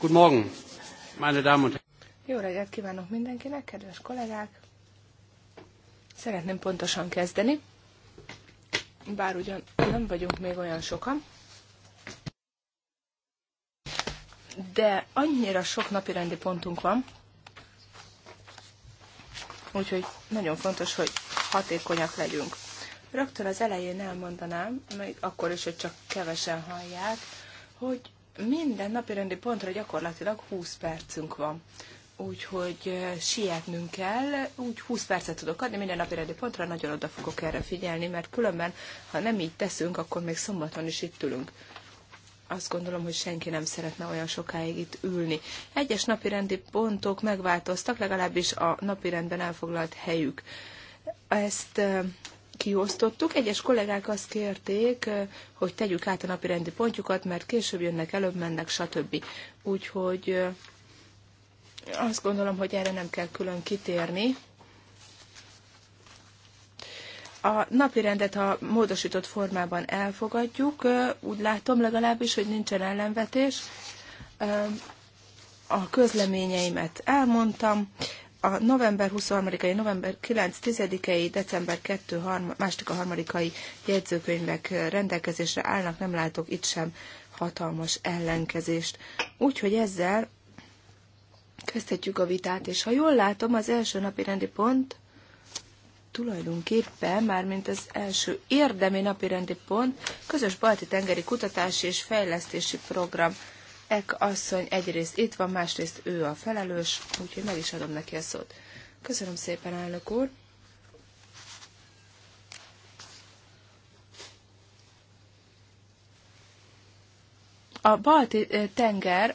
Guten Morgen, meine Damen und Jó reggelt kívánok mindenkinek, kedves kollégák! Szeretném pontosan kezdeni, bár ugyan nem vagyunk még olyan sokan, de annyira sok rendi pontunk van, úgyhogy nagyon fontos, hogy hatékonyak legyünk. Rögtön az elején elmondanám, még akkor is, hogy csak kevesen hallják, hogy minden napirendi pontra gyakorlatilag 20 percünk van. Úgyhogy sietnünk kell, úgy 20 percet tudok adni, minden napirendi pontra nagyon oda fogok erre figyelni, mert különben, ha nem így teszünk, akkor még szombaton is itt ülünk azt gondolom, hogy senki nem szeretne olyan sokáig itt ülni. Egyes napirendi pontok megváltoztak, legalábbis a napirendben elfoglalt helyük. Ezt kiosztottuk. Egyes kollégák azt kérték, hogy tegyük át a napi rendi pontjukat, mert később jönnek, előbb mennek, stb. Úgyhogy azt gondolom, hogy erre nem kell külön kitérni. A napi rendet a módosított formában elfogadjuk. Úgy látom legalábbis, hogy nincsen ellenvetés. A közleményeimet elmondtam a november 23-ai, november 9-10-ei, december 2 másik a harmadikai jegyzőkönyvek rendelkezésre állnak, nem látok itt sem hatalmas ellenkezést. Úgyhogy ezzel kezdhetjük a vitát, és ha jól látom, az első napi rendi pont tulajdonképpen, mármint az első érdemi napi rendi pont, közös balti tengeri kutatási és fejlesztési program Ek asszony egyrészt itt van, másrészt ő a felelős, úgyhogy meg is adom neki a szót. Köszönöm szépen, elnök úr! A balti eh, tenger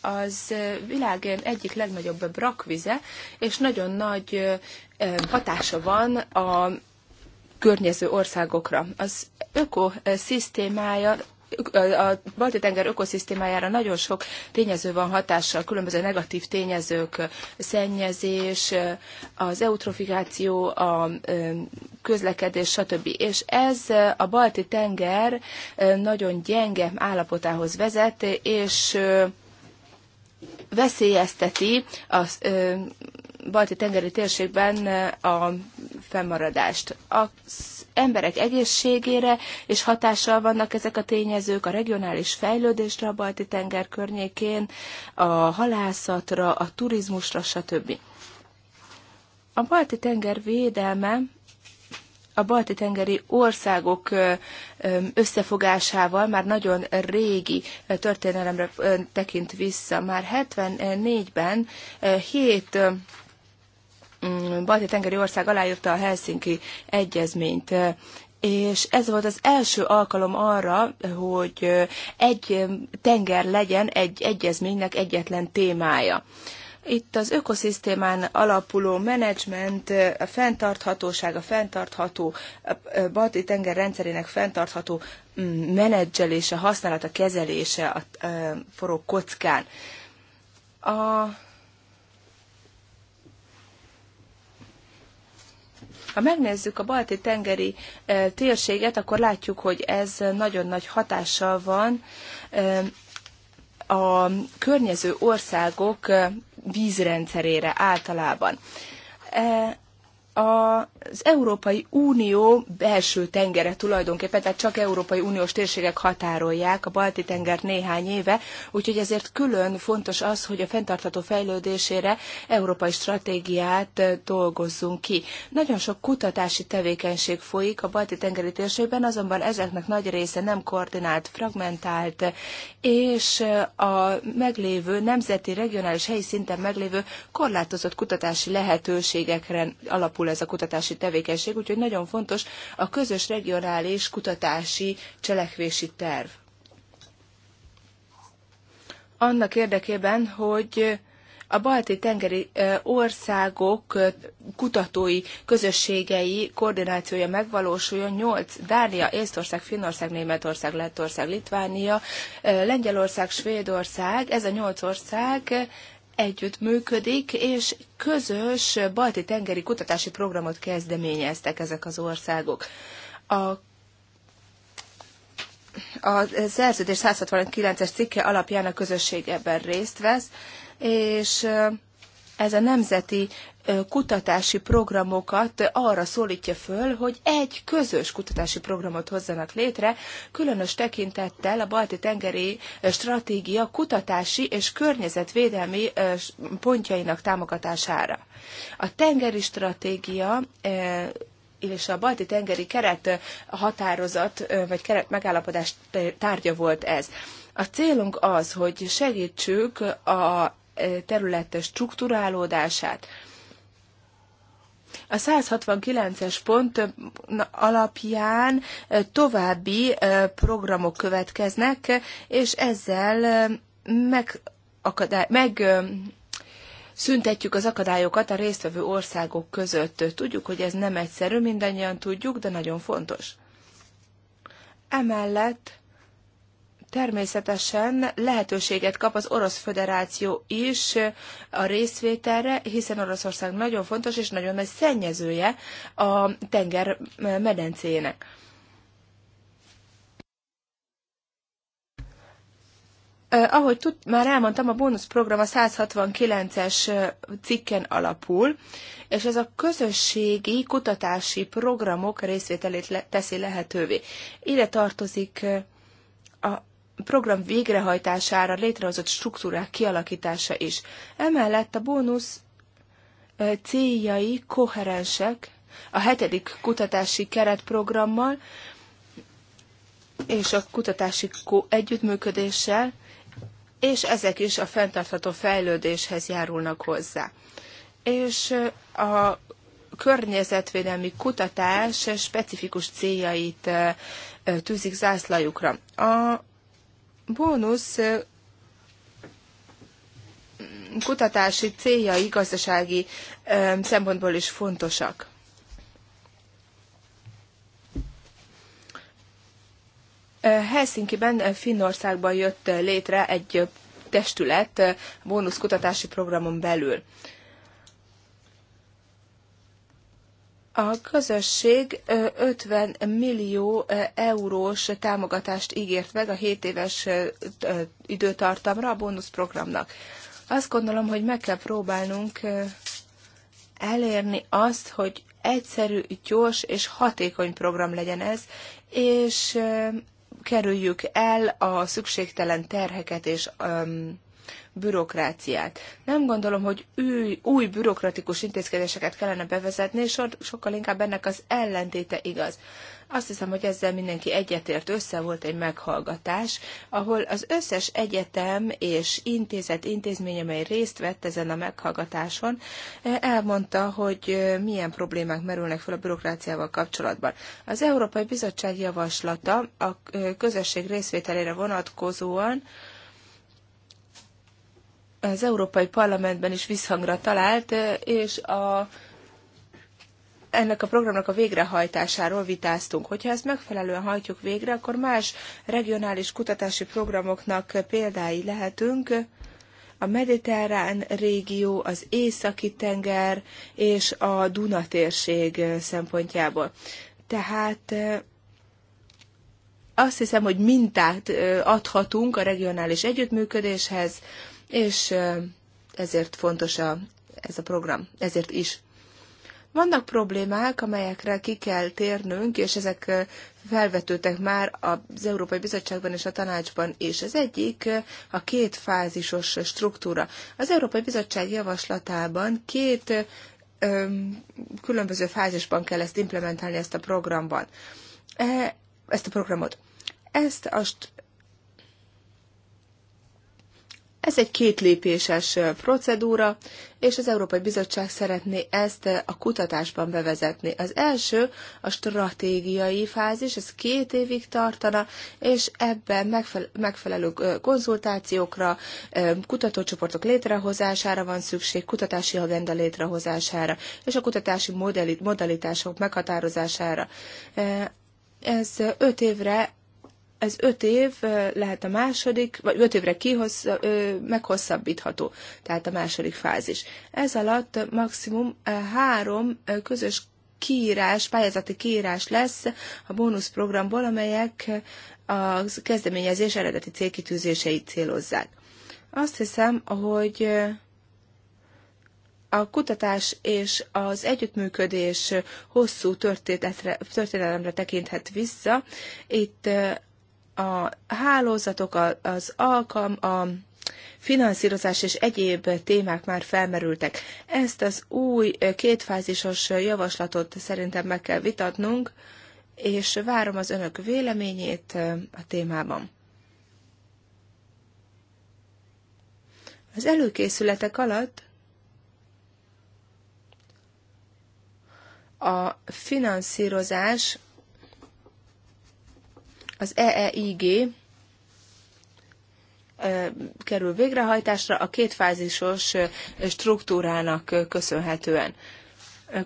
az eh, világén egyik legnagyobb brakvize, és nagyon nagy eh, hatása van a környező országokra. Az ökoszisztémája a Balti-tenger ökoszisztémájára nagyon sok tényező van hatással, különböző negatív tényezők, szennyezés, az eutrofikáció, a közlekedés, stb. És ez a Balti-tenger nagyon gyenge állapotához vezet, és veszélyezteti a balti tengeri térségben a fennmaradást. Az emberek egészségére és hatással vannak ezek a tényezők a regionális fejlődésre a balti tenger környékén, a halászatra, a turizmusra, stb. A balti tenger védelme a balti tengeri országok összefogásával már nagyon régi történelemre tekint vissza. Már 74-ben hét balti tengeri ország aláírta a Helsinki egyezményt, és ez volt az első alkalom arra, hogy egy tenger legyen egy egyezménynek egyetlen témája. Itt az ökoszisztémán alapuló menedzsment, a fenntarthatóság, a fenntartható balti tenger rendszerének fenntartható mm, menedzselése, használata, kezelése a e, forró kockán. A Ha megnézzük a balti tengeri e, térséget, akkor látjuk, hogy ez nagyon nagy hatással van e, a környező országok e, vízrendszerére általában az Európai Unió belső tengere tulajdonképpen, tehát csak Európai Uniós térségek határolják a Balti tengert néhány éve, úgyhogy ezért külön fontos az, hogy a fenntartható fejlődésére európai stratégiát dolgozzunk ki. Nagyon sok kutatási tevékenység folyik a Balti tengeri térségben, azonban ezeknek nagy része nem koordinált, fragmentált, és a meglévő nemzeti, regionális, helyi szinten meglévő korlátozott kutatási lehetőségekre alapul alakul ez a kutatási tevékenység, úgyhogy nagyon fontos a közös regionális kutatási cselekvési terv. Annak érdekében, hogy a balti tengeri országok kutatói közösségei koordinációja megvalósuljon. Nyolc Dánia, Észtország, Finnország, Németország, Lettország, Litvánia, Lengyelország, Svédország, ez a nyolc ország együtt működik, és közös balti tengeri kutatási programot kezdeményeztek ezek az országok. A a szerződés 169-es cikke alapján a közösség ebben részt vesz, és ez a nemzeti kutatási programokat arra szólítja föl, hogy egy közös kutatási programot hozzanak létre, különös tekintettel a balti tengeri stratégia kutatási és környezetvédelmi pontjainak támogatására. A tengeri stratégia és a balti tengeri keret határozat, vagy keret megállapodás tárgya volt ez. A célunk az, hogy segítsük a területes strukturálódását. A 169-es pont alapján további programok következnek, és ezzel meg, akadály, meg szüntetjük az akadályokat a résztvevő országok között. Tudjuk, hogy ez nem egyszerű, mindannyian tudjuk, de nagyon fontos. Emellett Természetesen lehetőséget kap az Orosz Föderáció is a részvételre, hiszen Oroszország nagyon fontos és nagyon nagy szennyezője a tenger medencének. Ahogy tud, már elmondtam, a bónuszprogram a 169-es cikken alapul, és ez a közösségi kutatási programok részvételét le, teszi lehetővé. Ide tartozik a program végrehajtására létrehozott struktúrák kialakítása is. Emellett a bónusz céljai koherensek a hetedik kutatási keretprogrammal és a kutatási együttműködéssel, és ezek is a fenntartható fejlődéshez járulnak hozzá. És a környezetvédelmi kutatás specifikus céljait tűzik zászlajukra. A bónusz kutatási céljai gazdasági szempontból is fontosak. Helsinki-ben, Finnországban jött létre egy testület bónuszkutatási programon belül. A közösség 50 millió eurós támogatást ígért meg a 7 éves időtartamra a bónuszprogramnak. Azt gondolom, hogy meg kell próbálnunk elérni azt, hogy egyszerű, gyors és hatékony program legyen ez, és kerüljük el a szükségtelen terheket és um, bürokráciát. Nem gondolom, hogy új, új bürokratikus intézkedéseket kellene bevezetni, és sokkal inkább ennek az ellentéte igaz. Azt hiszem, hogy ezzel mindenki egyetért. Össze volt egy meghallgatás, ahol az összes egyetem és intézet, intézmény, amely részt vett ezen a meghallgatáson, eh, elmondta, hogy eh, milyen problémák merülnek fel a bürokráciával kapcsolatban. Az Európai Bizottság javaslata a eh, közösség részvételére vonatkozóan az Európai Parlamentben is visszhangra talált, és a, ennek a programnak a végrehajtásáról vitáztunk. Hogyha ezt megfelelően hajtjuk végre, akkor más regionális kutatási programoknak példái lehetünk. A mediterrán régió, az északi tenger és a Duna térség szempontjából. Tehát azt hiszem, hogy mintát adhatunk a regionális együttműködéshez, és ezért fontos a, ez a program, ezért is. Vannak problémák, amelyekre ki kell térnünk, és ezek felvetődtek már az Európai Bizottságban és a Tanácsban is. Az egyik a két fázisos struktúra. Az Európai Bizottság javaslatában két ö, különböző fázisban kell ezt implementálni, ezt a programban. E, ezt a programot. Ezt a ez egy kétlépéses procedúra, és az Európai Bizottság szeretné ezt a kutatásban bevezetni. Az első a stratégiai fázis, ez két évig tartana, és ebben megfelelő konzultációkra, kutatócsoportok létrehozására van szükség, kutatási agenda létrehozására, és a kutatási modalitások meghatározására. Ez öt évre ez öt év lehet a második, vagy öt évre kihossz, meghosszabbítható, tehát a második fázis. Ez alatt maximum három közös kiírás, pályázati kiírás lesz a bónuszprogramból, amelyek a kezdeményezés eredeti célkitűzéseit célozzák. Azt hiszem, hogy a kutatás és az együttműködés hosszú történetre, történelemre tekinthet vissza. Itt a hálózatok, az alkalm, a finanszírozás és egyéb témák már felmerültek. Ezt az új kétfázisos javaslatot szerintem meg kell vitatnunk, és várom az önök véleményét a témában. Az előkészületek alatt a finanszírozás az EEIG kerül végrehajtásra a kétfázisos struktúrának köszönhetően.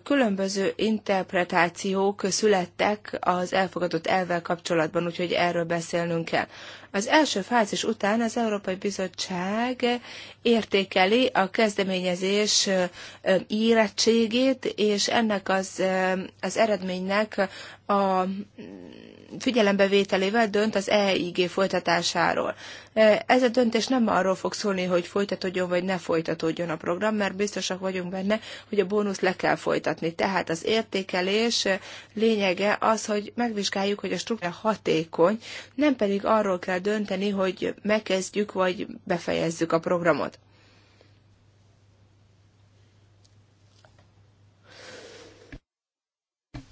Különböző interpretációk születtek az elfogadott elvvel kapcsolatban, úgyhogy erről beszélnünk kell. Az első fázis után az Európai Bizottság értékeli a kezdeményezés érettségét, és ennek az, az eredménynek a figyelembevételével dönt az EIG folytatásáról. Ez a döntés nem arról fog szólni, hogy folytatódjon vagy ne folytatódjon a program, mert biztosak vagyunk benne, hogy a bónusz le kell folytatni. Tehát az értékelés lényege az, hogy megvizsgáljuk, hogy a struktúra hatékony, nem pedig arról kell dönteni, hogy megkezdjük vagy befejezzük a programot.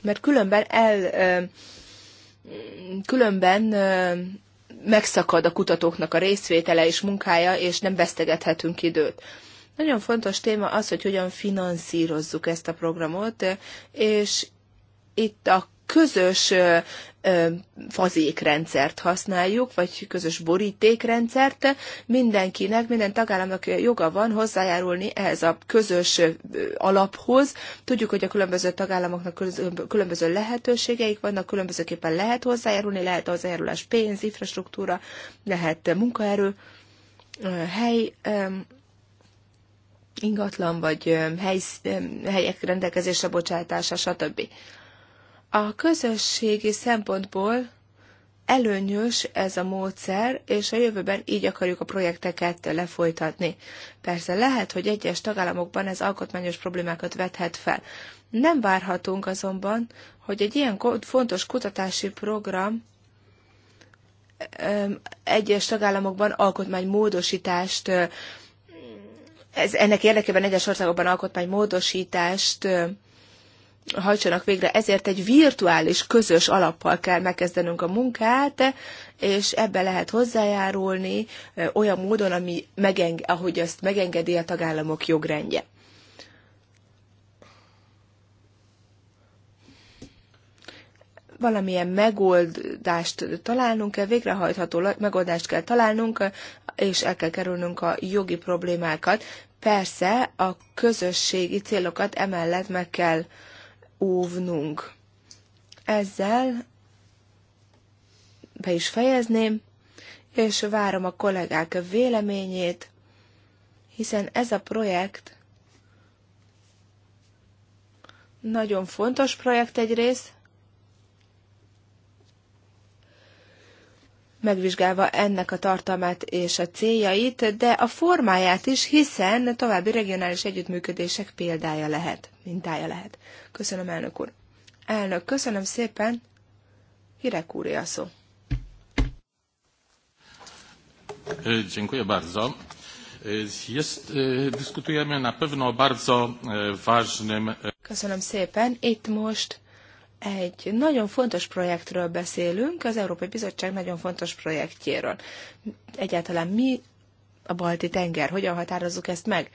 Mert különben el, különben megszakad a kutatóknak a részvétele és munkája, és nem vesztegethetünk időt. Nagyon fontos téma az, hogy hogyan finanszírozzuk ezt a programot, és itt a közös fazékrendszert használjuk, vagy közös borítékrendszert. Mindenkinek, minden tagállamnak joga van hozzájárulni ehhez a közös alaphoz. Tudjuk, hogy a különböző tagállamoknak különböző lehetőségeik vannak, különbözőképpen lehet hozzájárulni, lehet hozzájárulás pénz, infrastruktúra, lehet munkaerő, hely, ingatlan, vagy hely, helyek rendelkezésre bocsátása, stb. A közösségi szempontból előnyös ez a módszer, és a jövőben így akarjuk a projekteket lefolytatni. Persze lehet, hogy egyes tagállamokban ez alkotmányos problémákat vethet fel. Nem várhatunk azonban, hogy egy ilyen fontos kutatási program egyes tagállamokban alkotmánymódosítást ez, ennek érdekében egyes országokban alkotmánymódosítást módosítást hajtsanak végre. Ezért egy virtuális, közös alappal kell megkezdenünk a munkát, és ebbe lehet hozzájárulni olyan módon, ami megeng- ahogy azt megengedi a tagállamok jogrendje. valamilyen megoldást találnunk kell, végrehajtható megoldást kell találnunk, és el kell kerülnünk a jogi problémákat. Persze a közösségi célokat emellett meg kell óvnunk. Ezzel be is fejezném, és várom a kollégák véleményét, hiszen ez a projekt nagyon fontos projekt egyrészt, megvizsgálva ennek a tartalmát és a céljait, de a formáját is, hiszen további regionális együttműködések példája lehet, mintája lehet. Köszönöm, elnök úr. Elnök, köszönöm szépen. Hírek úr, a szó. E, dziękuję bardzo. E, jest, e, dyskutujemy na pewno bardzo ważnym... Köszönöm szépen. Itt most egy nagyon fontos projektről beszélünk, az Európai Bizottság nagyon fontos projektjéről. Egyáltalán mi a Balti tenger? Hogyan határozzuk ezt meg?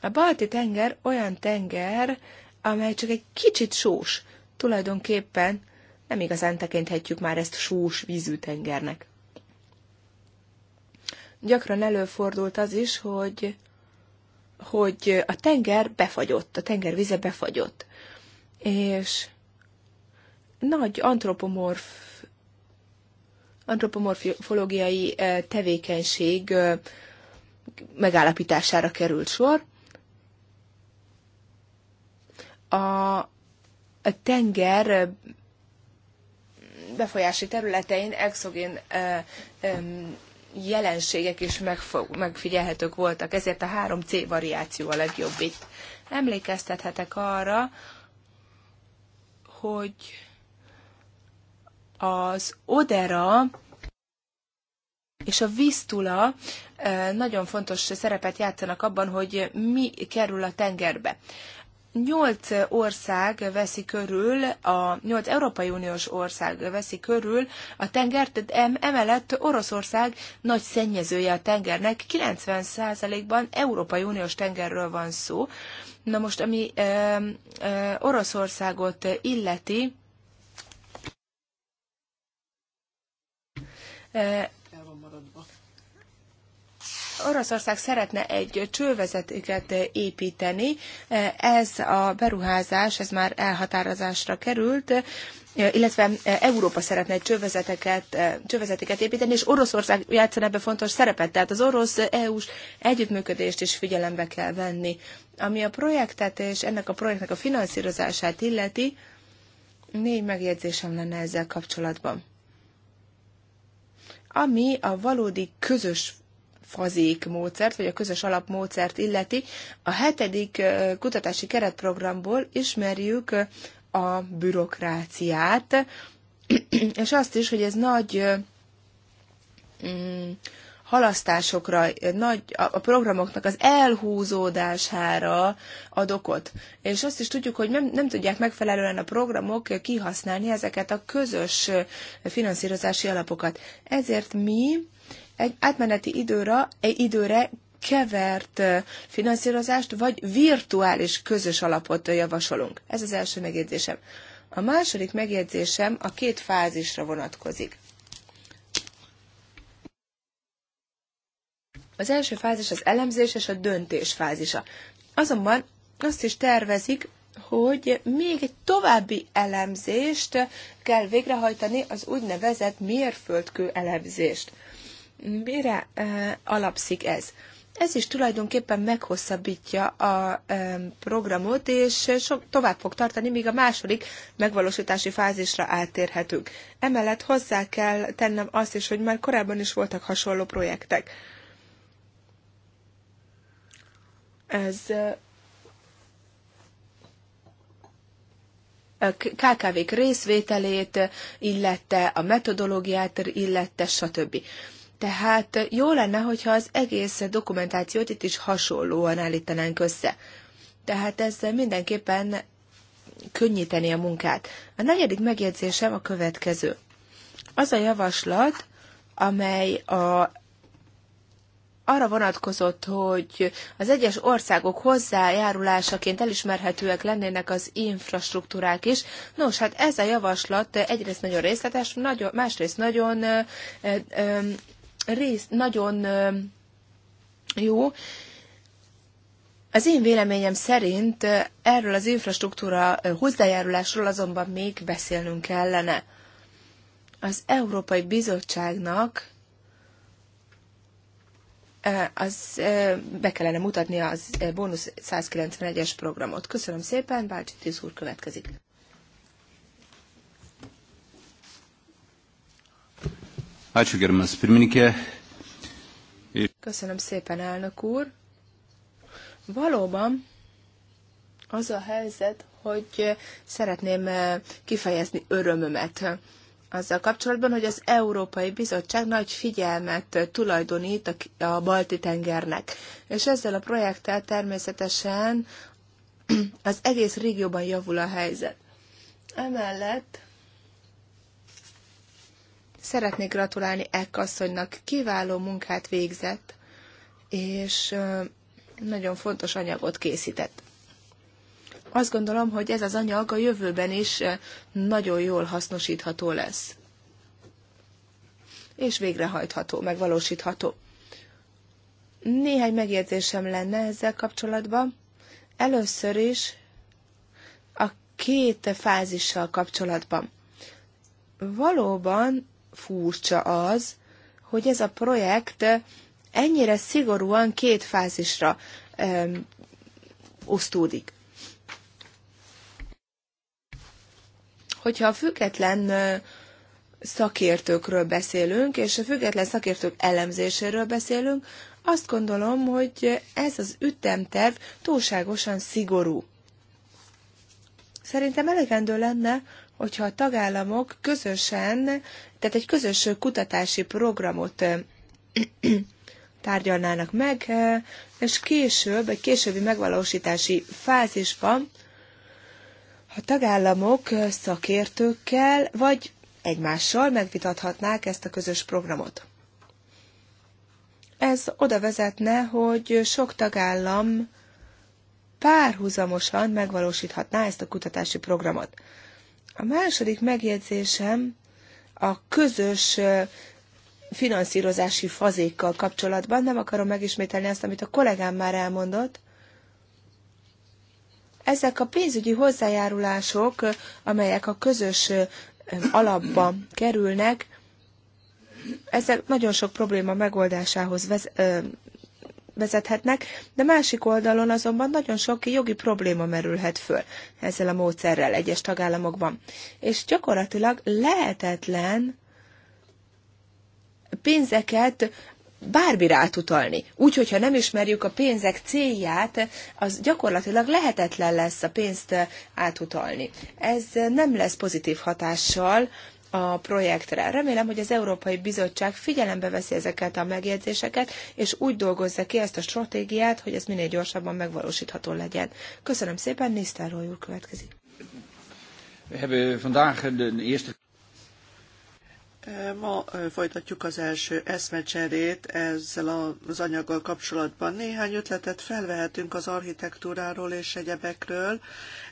A Balti tenger olyan tenger, amely csak egy kicsit sós. Tulajdonképpen nem igazán tekinthetjük már ezt sós vízű tengernek. Gyakran előfordult az is, hogy, hogy a tenger befagyott, a tenger vize befagyott. És nagy antropomorf antropomorfológiai tevékenység megállapítására került sor. A tenger befolyási területein exogén jelenségek is megfigyelhetők voltak, ezért a 3C variáció a legjobb itt. Emlékeztethetek arra, hogy az Odera és a víztula nagyon fontos szerepet játszanak abban, hogy mi kerül a tengerbe. Nyolc ország veszi körül, a nyolc Európai Uniós ország veszi körül a tengert, de emellett Oroszország nagy szennyezője a tengernek, 90%-ban Európai Uniós tengerről van szó. Na most, ami ö, ö, Oroszországot illeti, El van maradva. Oroszország szeretne egy csővezetéket építeni. Ez a beruházás, ez már elhatározásra került, illetve Európa szeretne egy csővezeteket, csővezetéket építeni, és Oroszország játszana ebbe fontos szerepet, tehát az orosz-EU-s együttműködést is figyelembe kell venni. Ami a projektet és ennek a projektnek a finanszírozását illeti, négy megjegyzésem lenne ezzel kapcsolatban ami a valódi közös fazék módszert, vagy a közös alapmódszert illeti, a hetedik kutatási keretprogramból ismerjük a bürokráciát, és azt is, hogy ez nagy mm, halasztásokra, nagy, a programoknak az elhúzódására ad okot. És azt is tudjuk, hogy nem, nem tudják megfelelően a programok kihasználni ezeket a közös finanszírozási alapokat. Ezért mi egy átmeneti időre, egy időre kevert finanszírozást, vagy virtuális közös alapot javasolunk. Ez az első megjegyzésem. A második megjegyzésem a két fázisra vonatkozik. Az első fázis az elemzés és a döntés fázisa. Azonban azt is tervezik, hogy még egy további elemzést kell végrehajtani, az úgynevezett mérföldkő elemzést. Mire e, alapszik ez? Ez is tulajdonképpen meghosszabbítja a e, programot, és sok tovább fog tartani, míg a második megvalósítási fázisra átérhetünk. Emellett hozzá kell tennem azt is, hogy már korábban is voltak hasonló projektek Ez KKV-k részvételét illette, a metodológiát illette, stb. Tehát jó lenne, hogyha az egész dokumentációt itt is hasonlóan állítanánk össze. Tehát ez mindenképpen könnyíteni a munkát. A negyedik megjegyzésem a következő. Az a javaslat, amely a arra vonatkozott, hogy az egyes országok hozzájárulásaként elismerhetőek lennének az infrastruktúrák is. Nos, hát ez a javaslat egyrészt nagyon részletes, nagyon, másrészt nagyon, rész, nagyon jó. Az én véleményem szerint erről az infrastruktúra hozzájárulásról azonban még beszélnünk kellene. Az Európai Bizottságnak az be kellene mutatni az bónusz 191-es programot. Köszönöm szépen, Bácsi Tűz úr következik. Köszönöm szépen, elnök úr. Valóban az a helyzet, hogy szeretném kifejezni örömömet azzal kapcsolatban, hogy az Európai Bizottság nagy figyelmet tulajdonít a balti tengernek. És ezzel a projekttel természetesen az egész régióban javul a helyzet. Emellett szeretnék gratulálni Eck asszonynak, kiváló munkát végzett, és nagyon fontos anyagot készített azt gondolom, hogy ez az anyag a jövőben is eh, nagyon jól hasznosítható lesz. És végrehajtható, megvalósítható. Néhány megjegyzésem lenne ezzel kapcsolatban. Először is a két fázissal kapcsolatban. Valóban furcsa az, hogy ez a projekt ennyire szigorúan két fázisra ö, osztódik. Hogyha a független szakértőkről beszélünk, és a független szakértők elemzéséről beszélünk, azt gondolom, hogy ez az ütemterv túlságosan szigorú. Szerintem elegendő lenne, hogyha a tagállamok közösen, tehát egy közös kutatási programot tárgyalnának meg, és később, egy későbbi megvalósítási fázisban a tagállamok szakértőkkel vagy egymással megvitathatnák ezt a közös programot. Ez oda vezetne, hogy sok tagállam párhuzamosan megvalósíthatná ezt a kutatási programot. A második megjegyzésem a közös finanszírozási fazékkal kapcsolatban. Nem akarom megismételni azt, amit a kollégám már elmondott, ezek a pénzügyi hozzájárulások, amelyek a közös alapba kerülnek, ezek nagyon sok probléma megoldásához vezethetnek, de másik oldalon azonban nagyon sok jogi probléma merülhet föl ezzel a módszerrel egyes tagállamokban. És gyakorlatilag lehetetlen pénzeket bármire utalni. Úgy, hogyha nem ismerjük a pénzek célját, az gyakorlatilag lehetetlen lesz a pénzt eh, átutalni. Ez eh, nem lesz pozitív hatással a projektre. Remélem, hogy az Európai Bizottság figyelembe veszi ezeket a megjegyzéseket, és úgy dolgozza ki ezt a stratégiát, hogy ez minél gyorsabban megvalósítható legyen. Köszönöm szépen, Nisztároly úr következik. We hebben vandaag de eerste Ma folytatjuk az első eszmecserét ezzel az anyaggal kapcsolatban. Néhány ötletet felvehetünk az architektúráról és egyebekről,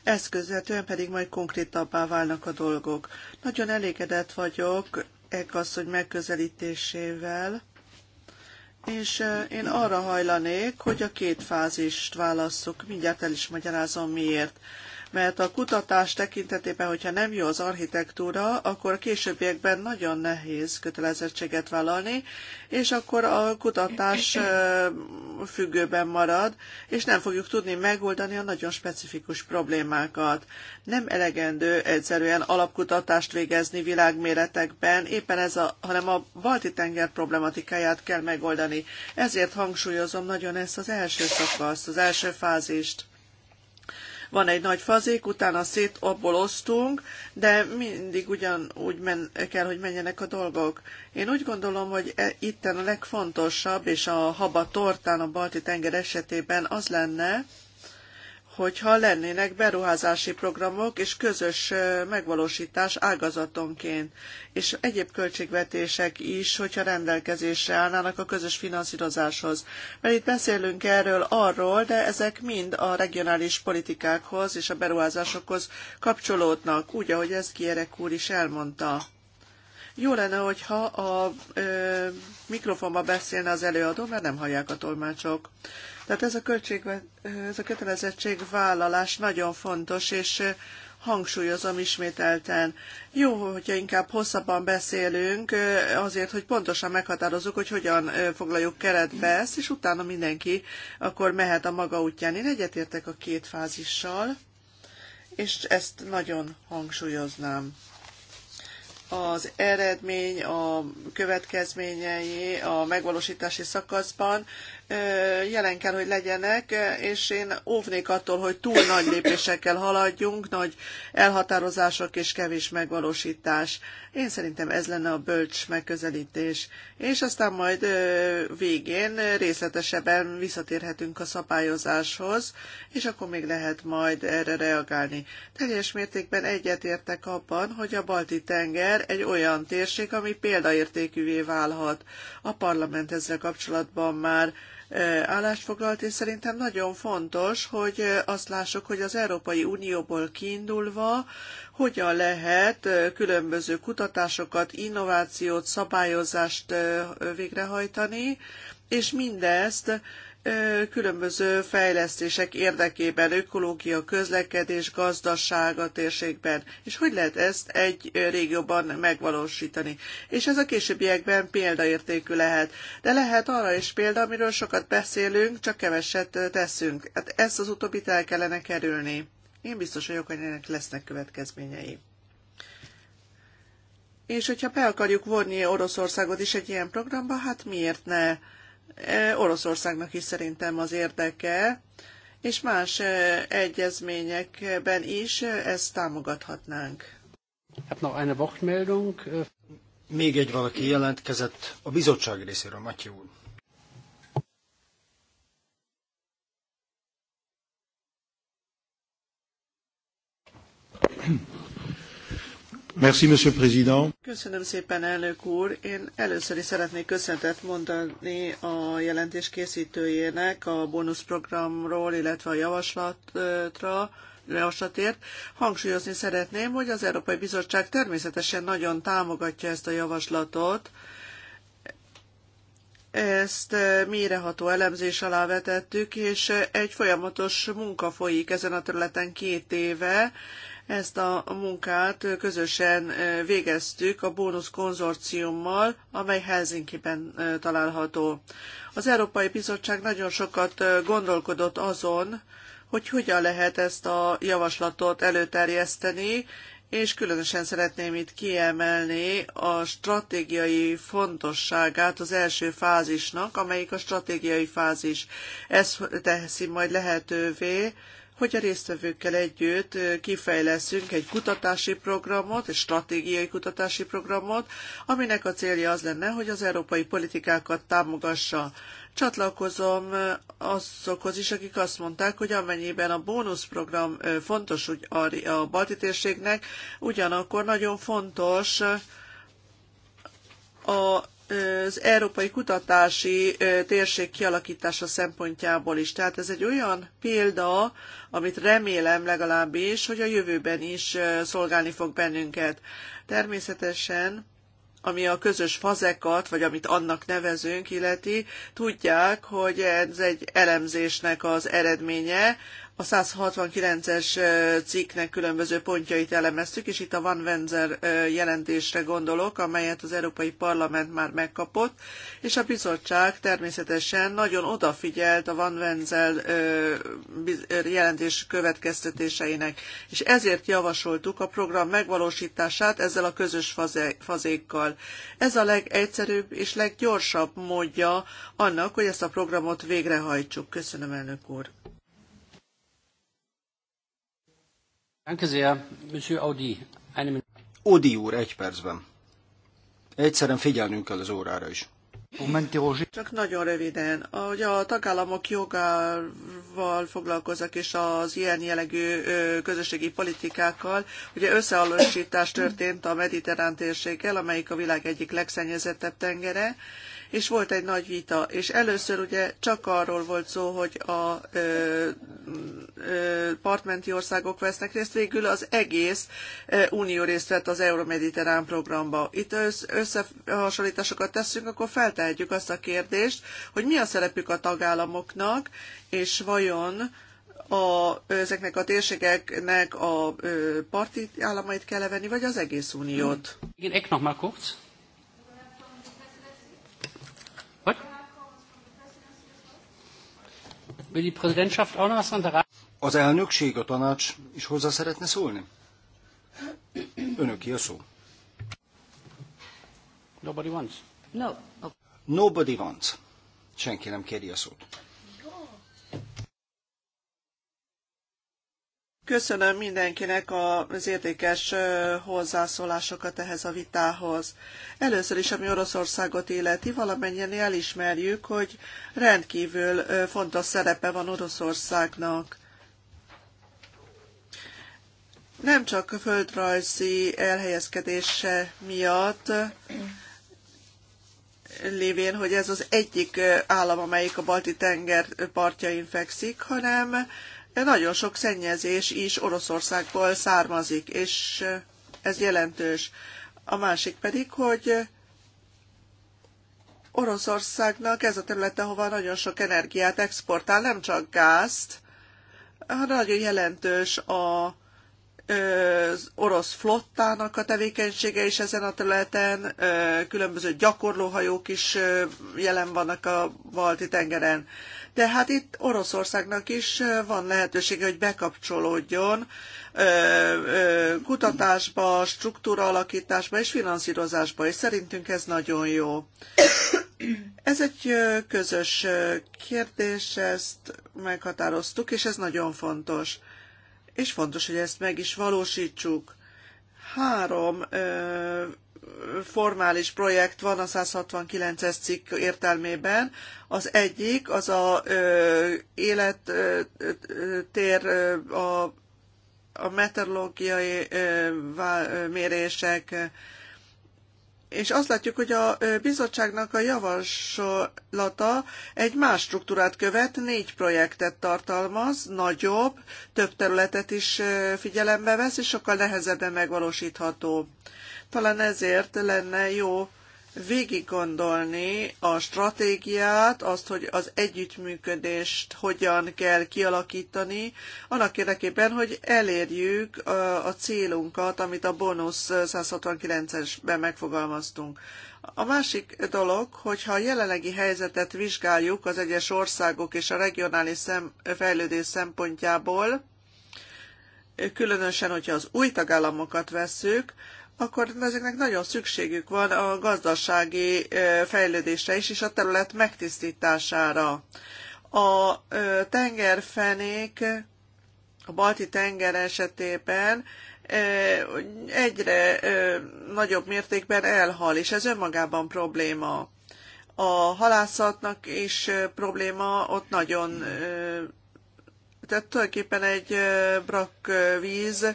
ezt közvetően pedig majd konkrétabbá válnak a dolgok. Nagyon elégedett vagyok hogy megközelítésével, és én arra hajlanék, hogy a két fázist válasszuk. Mindjárt el is magyarázom miért mert a kutatás tekintetében, hogyha nem jó az architektúra, akkor a későbbiekben nagyon nehéz kötelezettséget vállalni, és akkor a kutatás függőben marad, és nem fogjuk tudni megoldani a nagyon specifikus problémákat. Nem elegendő egyszerűen alapkutatást végezni világméretekben, éppen ez a, hanem a Balti-tenger problematikáját kell megoldani. Ezért hangsúlyozom nagyon ezt az első szakaszt, az első fázist. Van egy nagy fazék, utána szét abból osztunk, de mindig ugyanúgy men- kell, hogy menjenek a dolgok. Én úgy gondolom, hogy e- itten a legfontosabb, és a haba tortán a balti tenger esetében az lenne, hogyha lennének beruházási programok és közös megvalósítás ágazatonként, és egyéb költségvetések is, hogyha rendelkezésre állnának a közös finanszírozáshoz. Mert itt beszélünk erről arról, de ezek mind a regionális politikákhoz és a beruházásokhoz kapcsolódnak, úgy, ahogy ezt Kierek úr is elmondta. Jó lenne, hogyha a ö, mikrofonba beszélne az előadó, mert nem hallják a tolmácsok. Tehát ez a, költség, ez a vállalás nagyon fontos, és hangsúlyozom ismételten. Jó, hogyha inkább hosszabban beszélünk, azért, hogy pontosan meghatározzuk, hogy hogyan foglaljuk keretbe ezt, és utána mindenki akkor mehet a maga útján. Én egyetértek a két fázissal, és ezt nagyon hangsúlyoznám. Az eredmény, a következményei a megvalósítási szakaszban jelen kell, hogy legyenek, és én óvnék attól, hogy túl nagy lépésekkel haladjunk, nagy elhatározások és kevés megvalósítás. Én szerintem ez lenne a bölcs megközelítés. És aztán majd végén részletesebben visszatérhetünk a szabályozáshoz, és akkor még lehet majd erre reagálni. Teljes mértékben egyetértek abban, hogy a Balti-tenger egy olyan térség, ami példaértékűvé válhat. A parlament ezzel kapcsolatban már Eh, állást foglalt, és szerintem nagyon fontos, hogy eh, azt lássuk, hogy az Európai Unióból kiindulva hogyan lehet eh, különböző kutatásokat, innovációt, szabályozást végrehajtani, és mindezt különböző fejlesztések érdekében, ökológia, közlekedés, gazdaság a térségben. És hogy lehet ezt egy régióban megvalósítani? És ez a későbbiekben példaértékű lehet. De lehet arra is példa, amiről sokat beszélünk, csak keveset teszünk. Hát ezt az utóbbit el kellene kerülni. Én biztos vagyok, hogy ennek lesznek következményei. És hogyha be akarjuk vonni Oroszországot is egy ilyen programba, hát miért ne? E, Oroszországnak is szerintem az érdeke, és más e, egyezményekben is ezt támogathatnánk. Még egy valaki jelentkezett a bizottság részéről, Matyi úr. Merci, Monsieur Président. Köszönöm szépen, elnök úr. Én először is szeretnék köszöntet mondani a jelentés készítőjének a bónuszprogramról, illetve a javaslatra, javaslatért. Hangsúlyozni szeretném, hogy az Európai Bizottság természetesen nagyon támogatja ezt a javaslatot, ezt eh, méreható elemzés alá vetettük, és eh, egy folyamatos munka folyik ezen a területen két éve, ezt a munkát közösen végeztük a Bónusz Konzorciummal, amely Helsinki-ben található. Az Európai Bizottság nagyon sokat gondolkodott azon, hogy hogyan lehet ezt a javaslatot előterjeszteni, és különösen szeretném itt kiemelni a stratégiai fontosságát az első fázisnak, amelyik a stratégiai fázis. Ez teszi majd lehetővé, hogy a résztvevőkkel együtt kifejleszünk egy kutatási programot, egy stratégiai kutatási programot, aminek a célja az lenne, hogy az európai politikákat támogassa. Csatlakozom azokhoz is, akik azt mondták, hogy amennyiben a bónuszprogram fontos a balti térségnek, ugyanakkor nagyon fontos a az európai kutatási térség kialakítása szempontjából is. Tehát ez egy olyan példa, amit remélem legalábbis, hogy a jövőben is szolgálni fog bennünket. Természetesen ami a közös fazekat, vagy amit annak nevezünk illeti, tudják, hogy ez egy elemzésnek az eredménye, a 169-es cikknek különböző pontjait elemeztük, és itt a Van Wenzer jelentésre gondolok, amelyet az Európai Parlament már megkapott, és a bizottság természetesen nagyon odafigyelt a Van Wenzel jelentés következtetéseinek, és ezért javasoltuk a program megvalósítását ezzel a közös fazékkal. Ez a legegyszerűbb és leggyorsabb módja annak, hogy ezt a programot végrehajtsuk. Köszönöm, elnök úr! Danke sehr, Monsieur Audi. Audi úr, egy percben. Egyszerűen figyelnünk kell az órára is. Csak nagyon röviden. Ahogy a tagállamok jogával foglalkoznak, és az ilyen jellegű közösségi politikákkal, ugye összehallósítás történt a mediterrán térséggel, amelyik a világ egyik legszennyezettebb tengere, és volt egy nagy vita, és először ugye csak arról volt szó, hogy a ö, ö, partmenti országok vesznek részt, végül az egész ö, unió részt vett az Euromediterrán programba. Itt össz, összehasonlításokat teszünk, akkor feltehetjük azt a kérdést, hogy mi a szerepük a tagállamoknak, és vajon a, ezeknek a térségeknek a ö, parti államait kell venni, vagy az egész uniót? Én egy noch mal Az elnökség, a tanács is hozzá szeretne szólni? Önöki a szó. Nobody wants. No. Nobody wants. Senki nem kéri a szót. Köszönöm mindenkinek az értékes hozzászólásokat ehhez a vitához. Először is, ami Oroszországot illeti, valamennyien elismerjük, hogy rendkívül fontos szerepe van Oroszországnak nem csak a földrajzi elhelyezkedése miatt, lévén, hogy ez az egyik állam, amelyik a balti tenger partjain fekszik, hanem nagyon sok szennyezés is Oroszországból származik, és eh, ez jelentős. A másik pedig, hogy Oroszországnak ez a területe, ahova nagyon sok energiát exportál, nem csak gázt, hanem nagyon jelentős a az orosz flottának a tevékenysége is ezen a területen, különböző gyakorlóhajók is jelen vannak a balti tengeren de hát itt Oroszországnak is van lehetősége, hogy bekapcsolódjon kutatásba, struktúra alakításba és finanszírozásba, és szerintünk ez nagyon jó. Ez egy közös kérdés, ezt meghatároztuk, és ez nagyon fontos. És fontos, hogy ezt meg is valósítsuk. Három ö, formális projekt van a 169-es cikk értelmében. Az egyik az a ö, élettér, a, a meteorológiai ö, vá, ö, mérések, és azt látjuk, hogy a bizottságnak a javaslata egy más struktúrát követ, négy projektet tartalmaz, nagyobb, több területet is figyelembe vesz, és sokkal nehezebben megvalósítható. Talán ezért lenne jó végig gondolni a stratégiát, azt, hogy az együttműködést hogyan kell kialakítani, annak érdekében, hogy elérjük a célunkat, amit a bónusz 169-esben megfogalmaztunk. A másik dolog, hogyha a jelenlegi helyzetet vizsgáljuk az egyes országok és a regionális szem, fejlődés szempontjából, különösen, hogyha az új tagállamokat vesszük, akkor ezeknek nagyon szükségük van a gazdasági fejlődésre is, és a terület megtisztítására. A tengerfenék a balti tenger esetében egyre nagyobb mértékben elhal, és ez önmagában probléma. A halászatnak is probléma, ott nagyon, tehát tulajdonképpen egy brakvíz, víz,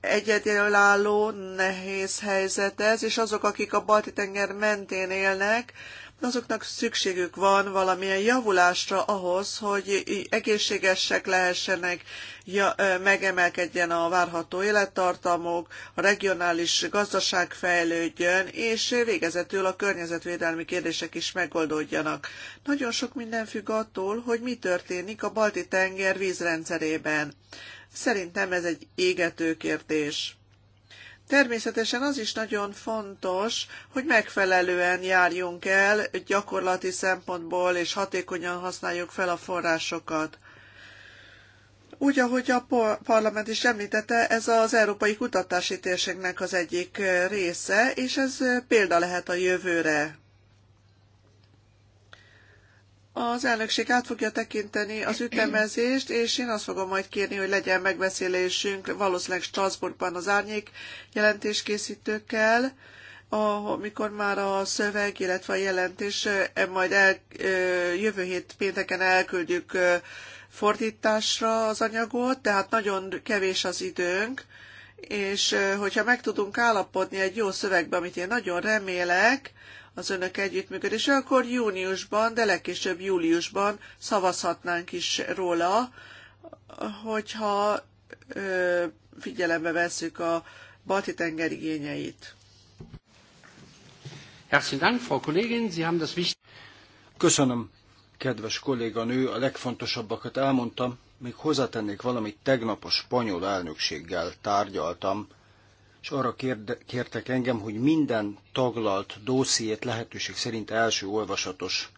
egyedülálló, nehéz helyzet ez, és azok, akik a Balti-tenger mentén élnek, azoknak szükségük van valamilyen javulásra ahhoz, hogy egészségesek lehessenek, ja, megemelkedjen a várható élettartamok, a regionális gazdaság fejlődjön, és végezetül a környezetvédelmi kérdések is megoldódjanak. Nagyon sok minden függ attól, hogy mi történik a Balti-tenger vízrendszerében. Szerintem ez egy égető kérdés. Természetesen az is nagyon fontos, hogy megfelelően járjunk el gyakorlati szempontból, és hatékonyan használjuk fel a forrásokat. Úgy, ahogy a parlament is említette, ez az európai kutatási térségnek az egyik része, és ez példa lehet a jövőre. Az elnökség át fogja tekinteni az ütemezést, és én azt fogom majd kérni, hogy legyen megbeszélésünk valószínűleg Strasbourgban az árnyék jelentéskészítőkkel, amikor már a szöveg, illetve a jelentés eh, majd el, eh, jövő hét pénteken elküldjük eh, fordításra az anyagot, tehát nagyon kevés az időnk, és hogyha meg tudunk állapodni egy jó szövegbe, amit én nagyon remélek, az önök együttműködése, akkor júniusban, de legkésőbb júliusban szavazhatnánk is róla, hogyha ö, figyelembe vesszük a balti tenger igényeit. Köszönöm, kedves kolléganő, a legfontosabbakat elmondtam. Még hozzátennék valamit, tegnap a spanyol elnökséggel tárgyaltam és arra kértek engem, hogy minden taglalt dossziét lehetőség szerint első olvasatos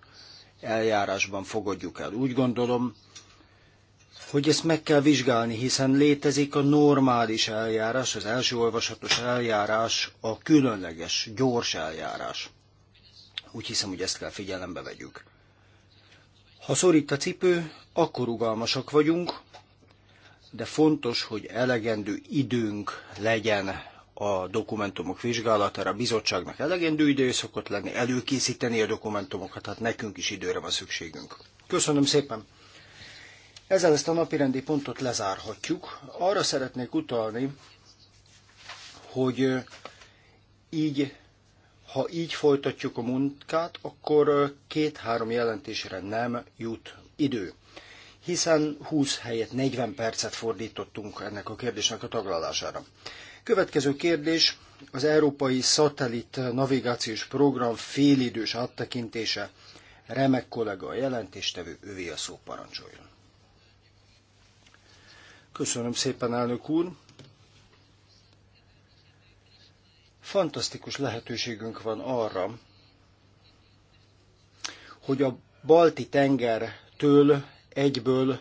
eljárásban fogadjuk el. Úgy gondolom, hogy ezt meg kell vizsgálni, hiszen létezik a normális eljárás, az első olvasatos eljárás, a különleges, gyors eljárás. Úgy hiszem, hogy ezt kell figyelembe vegyük. Ha szorít a cipő, akkor rugalmasak vagyunk, de fontos, hogy elegendő időnk legyen a dokumentumok vizsgálatára. A bizottságnak elegendő idő szokott lenni előkészíteni a dokumentumokat, hát nekünk is időre van szükségünk. Köszönöm szépen! Ezzel ezt a napirendi pontot lezárhatjuk. Arra szeretnék utalni, hogy így, ha így folytatjuk a munkát, akkor két-három jelentésre nem jut idő. Hiszen 20 helyett 40 percet fordítottunk ennek a kérdésnek a taglalására. Következő kérdés az Európai Szatellit Navigációs Program félidős áttekintése. Remek kollega a jelentéstevő, ővé a szó parancsoljon. Köszönöm szépen, elnök úr! Fantasztikus lehetőségünk van arra, hogy a Balti tengertől egyből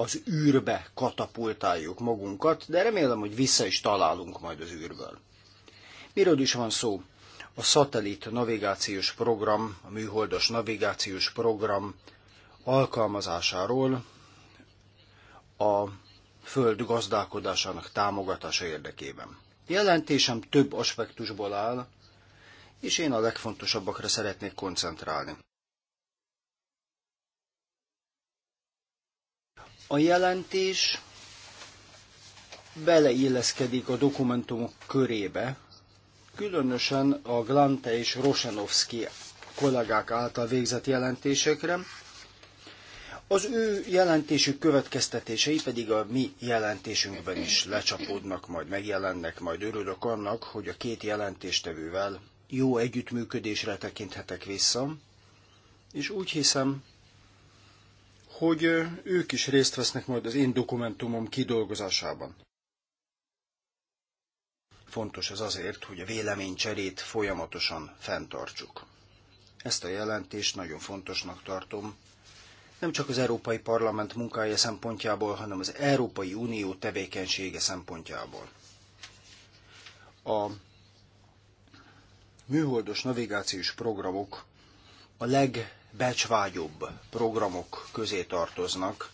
az űrbe katapultáljuk magunkat, de remélem, hogy vissza is találunk majd az űrből. Miről is van szó? A szatellit navigációs program, a műholdas navigációs program alkalmazásáról a föld gazdálkodásának támogatása érdekében. Jelentésem több aspektusból áll, és én a legfontosabbakra szeretnék koncentrálni. A jelentés beleilleszkedik a dokumentumok körébe, különösen a Glante és Rosenowski kollégák által végzett jelentésekre, az ő jelentésük következtetései pedig a mi jelentésünkben is lecsapódnak, majd megjelennek, majd örülök annak, hogy a két jelentéstevővel jó együttműködésre tekinthetek vissza, és úgy hiszem, hogy ők is részt vesznek majd az én dokumentumom kidolgozásában. Fontos ez azért, hogy a véleménycserét folyamatosan fenntartsuk. Ezt a jelentést nagyon fontosnak tartom, nem csak az Európai Parlament munkája szempontjából, hanem az Európai Unió tevékenysége szempontjából. A műholdos navigációs programok a leg becsvágyobb programok közé tartoznak,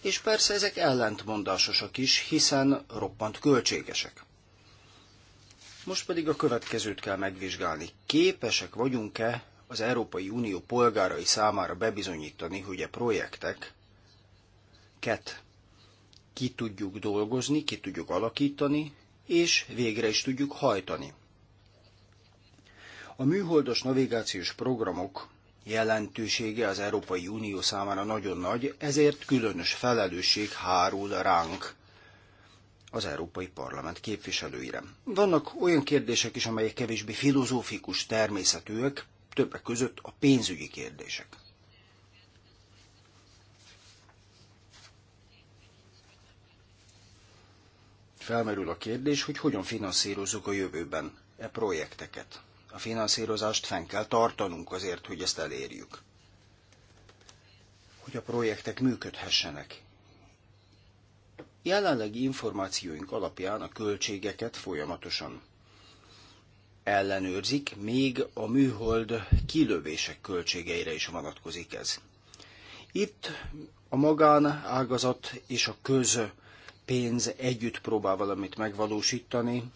és persze ezek ellentmondásosak is, hiszen roppant költségesek. Most pedig a következőt kell megvizsgálni. Képesek vagyunk-e az Európai Unió polgárai számára bebizonyítani, hogy a projektek, ket, ki tudjuk dolgozni, ki tudjuk alakítani, és végre is tudjuk hajtani. A műholdas navigációs programok jelentősége az Európai Unió számára nagyon nagy, ezért különös felelősség hárul ránk az Európai Parlament képviselőire. Vannak olyan kérdések is, amelyek kevésbé filozófikus természetűek, többek között a pénzügyi kérdések. Felmerül a kérdés, hogy hogyan finanszírozzuk a jövőben e projekteket a finanszírozást fenn kell tartanunk azért, hogy ezt elérjük. Hogy a projektek működhessenek. Jelenlegi információink alapján a költségeket folyamatosan ellenőrzik, még a műhold kilövések költségeire is vonatkozik ez. Itt a ágazat és a köz pénz együtt próbál valamit megvalósítani,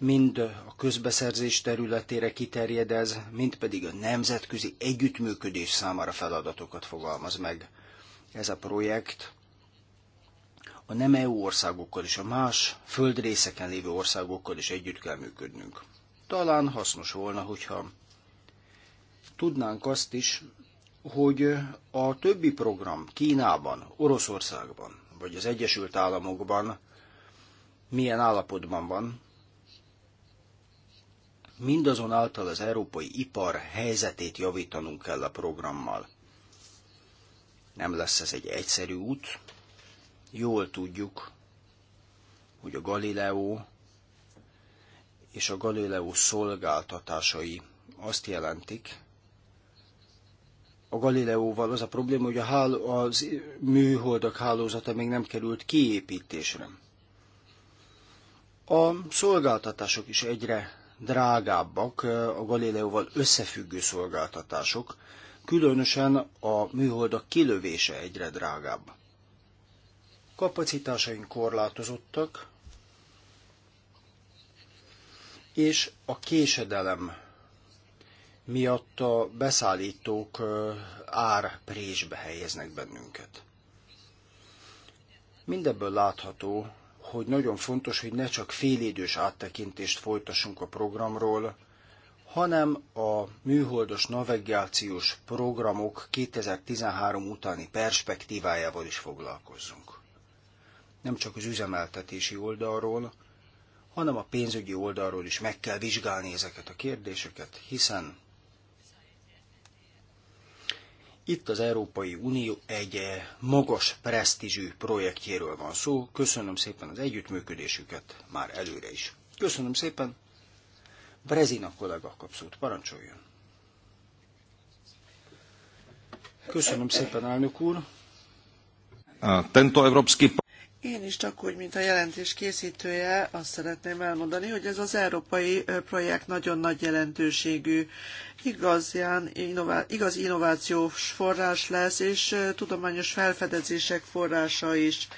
mind a közbeszerzés területére kiterjed ez, mind pedig a nemzetközi együttműködés számára feladatokat fogalmaz meg ez a projekt. A nem EU országokkal és a más földrészeken lévő országokkal is együtt kell működnünk. Talán hasznos volna, hogyha tudnánk azt is, hogy a többi program Kínában, Oroszországban vagy az Egyesült Államokban milyen állapotban van, mindazonáltal az európai ipar helyzetét javítanunk kell a programmal. Nem lesz ez egy egyszerű út. Jól tudjuk, hogy a Galileo és a Galileo szolgáltatásai azt jelentik, a Galileóval az a probléma, hogy a háló, az műholdak hálózata még nem került kiépítésre. A szolgáltatások is egyre drágábbak a Galileóval összefüggő szolgáltatások, különösen a műholdak kilövése egyre drágább. Kapacitásaink korlátozottak, és a késedelem miatt a beszállítók árprésbe helyeznek bennünket. Mindebből látható, hogy nagyon fontos, hogy ne csak félidős áttekintést folytassunk a programról, hanem a műholdos navigációs programok 2013 utáni perspektívájával is foglalkozzunk. Nem csak az üzemeltetési oldalról, hanem a pénzügyi oldalról is meg kell vizsgálni ezeket a kérdéseket, hiszen itt az Európai Unió egy eh, magas presztízsű projektjéről van szó. Köszönöm szépen az együttműködésüket már előre is. Köszönöm szépen. Brezina kollega kapszót parancsoljon. Köszönöm szépen, elnök úr. Tento evropský én is csak úgy, mint a jelentés készítője, azt szeretném elmondani, hogy ez az európai projekt nagyon nagy jelentőségű. igazán innová- igaz innovációs forrás lesz, és tudományos felfedezések forrása is.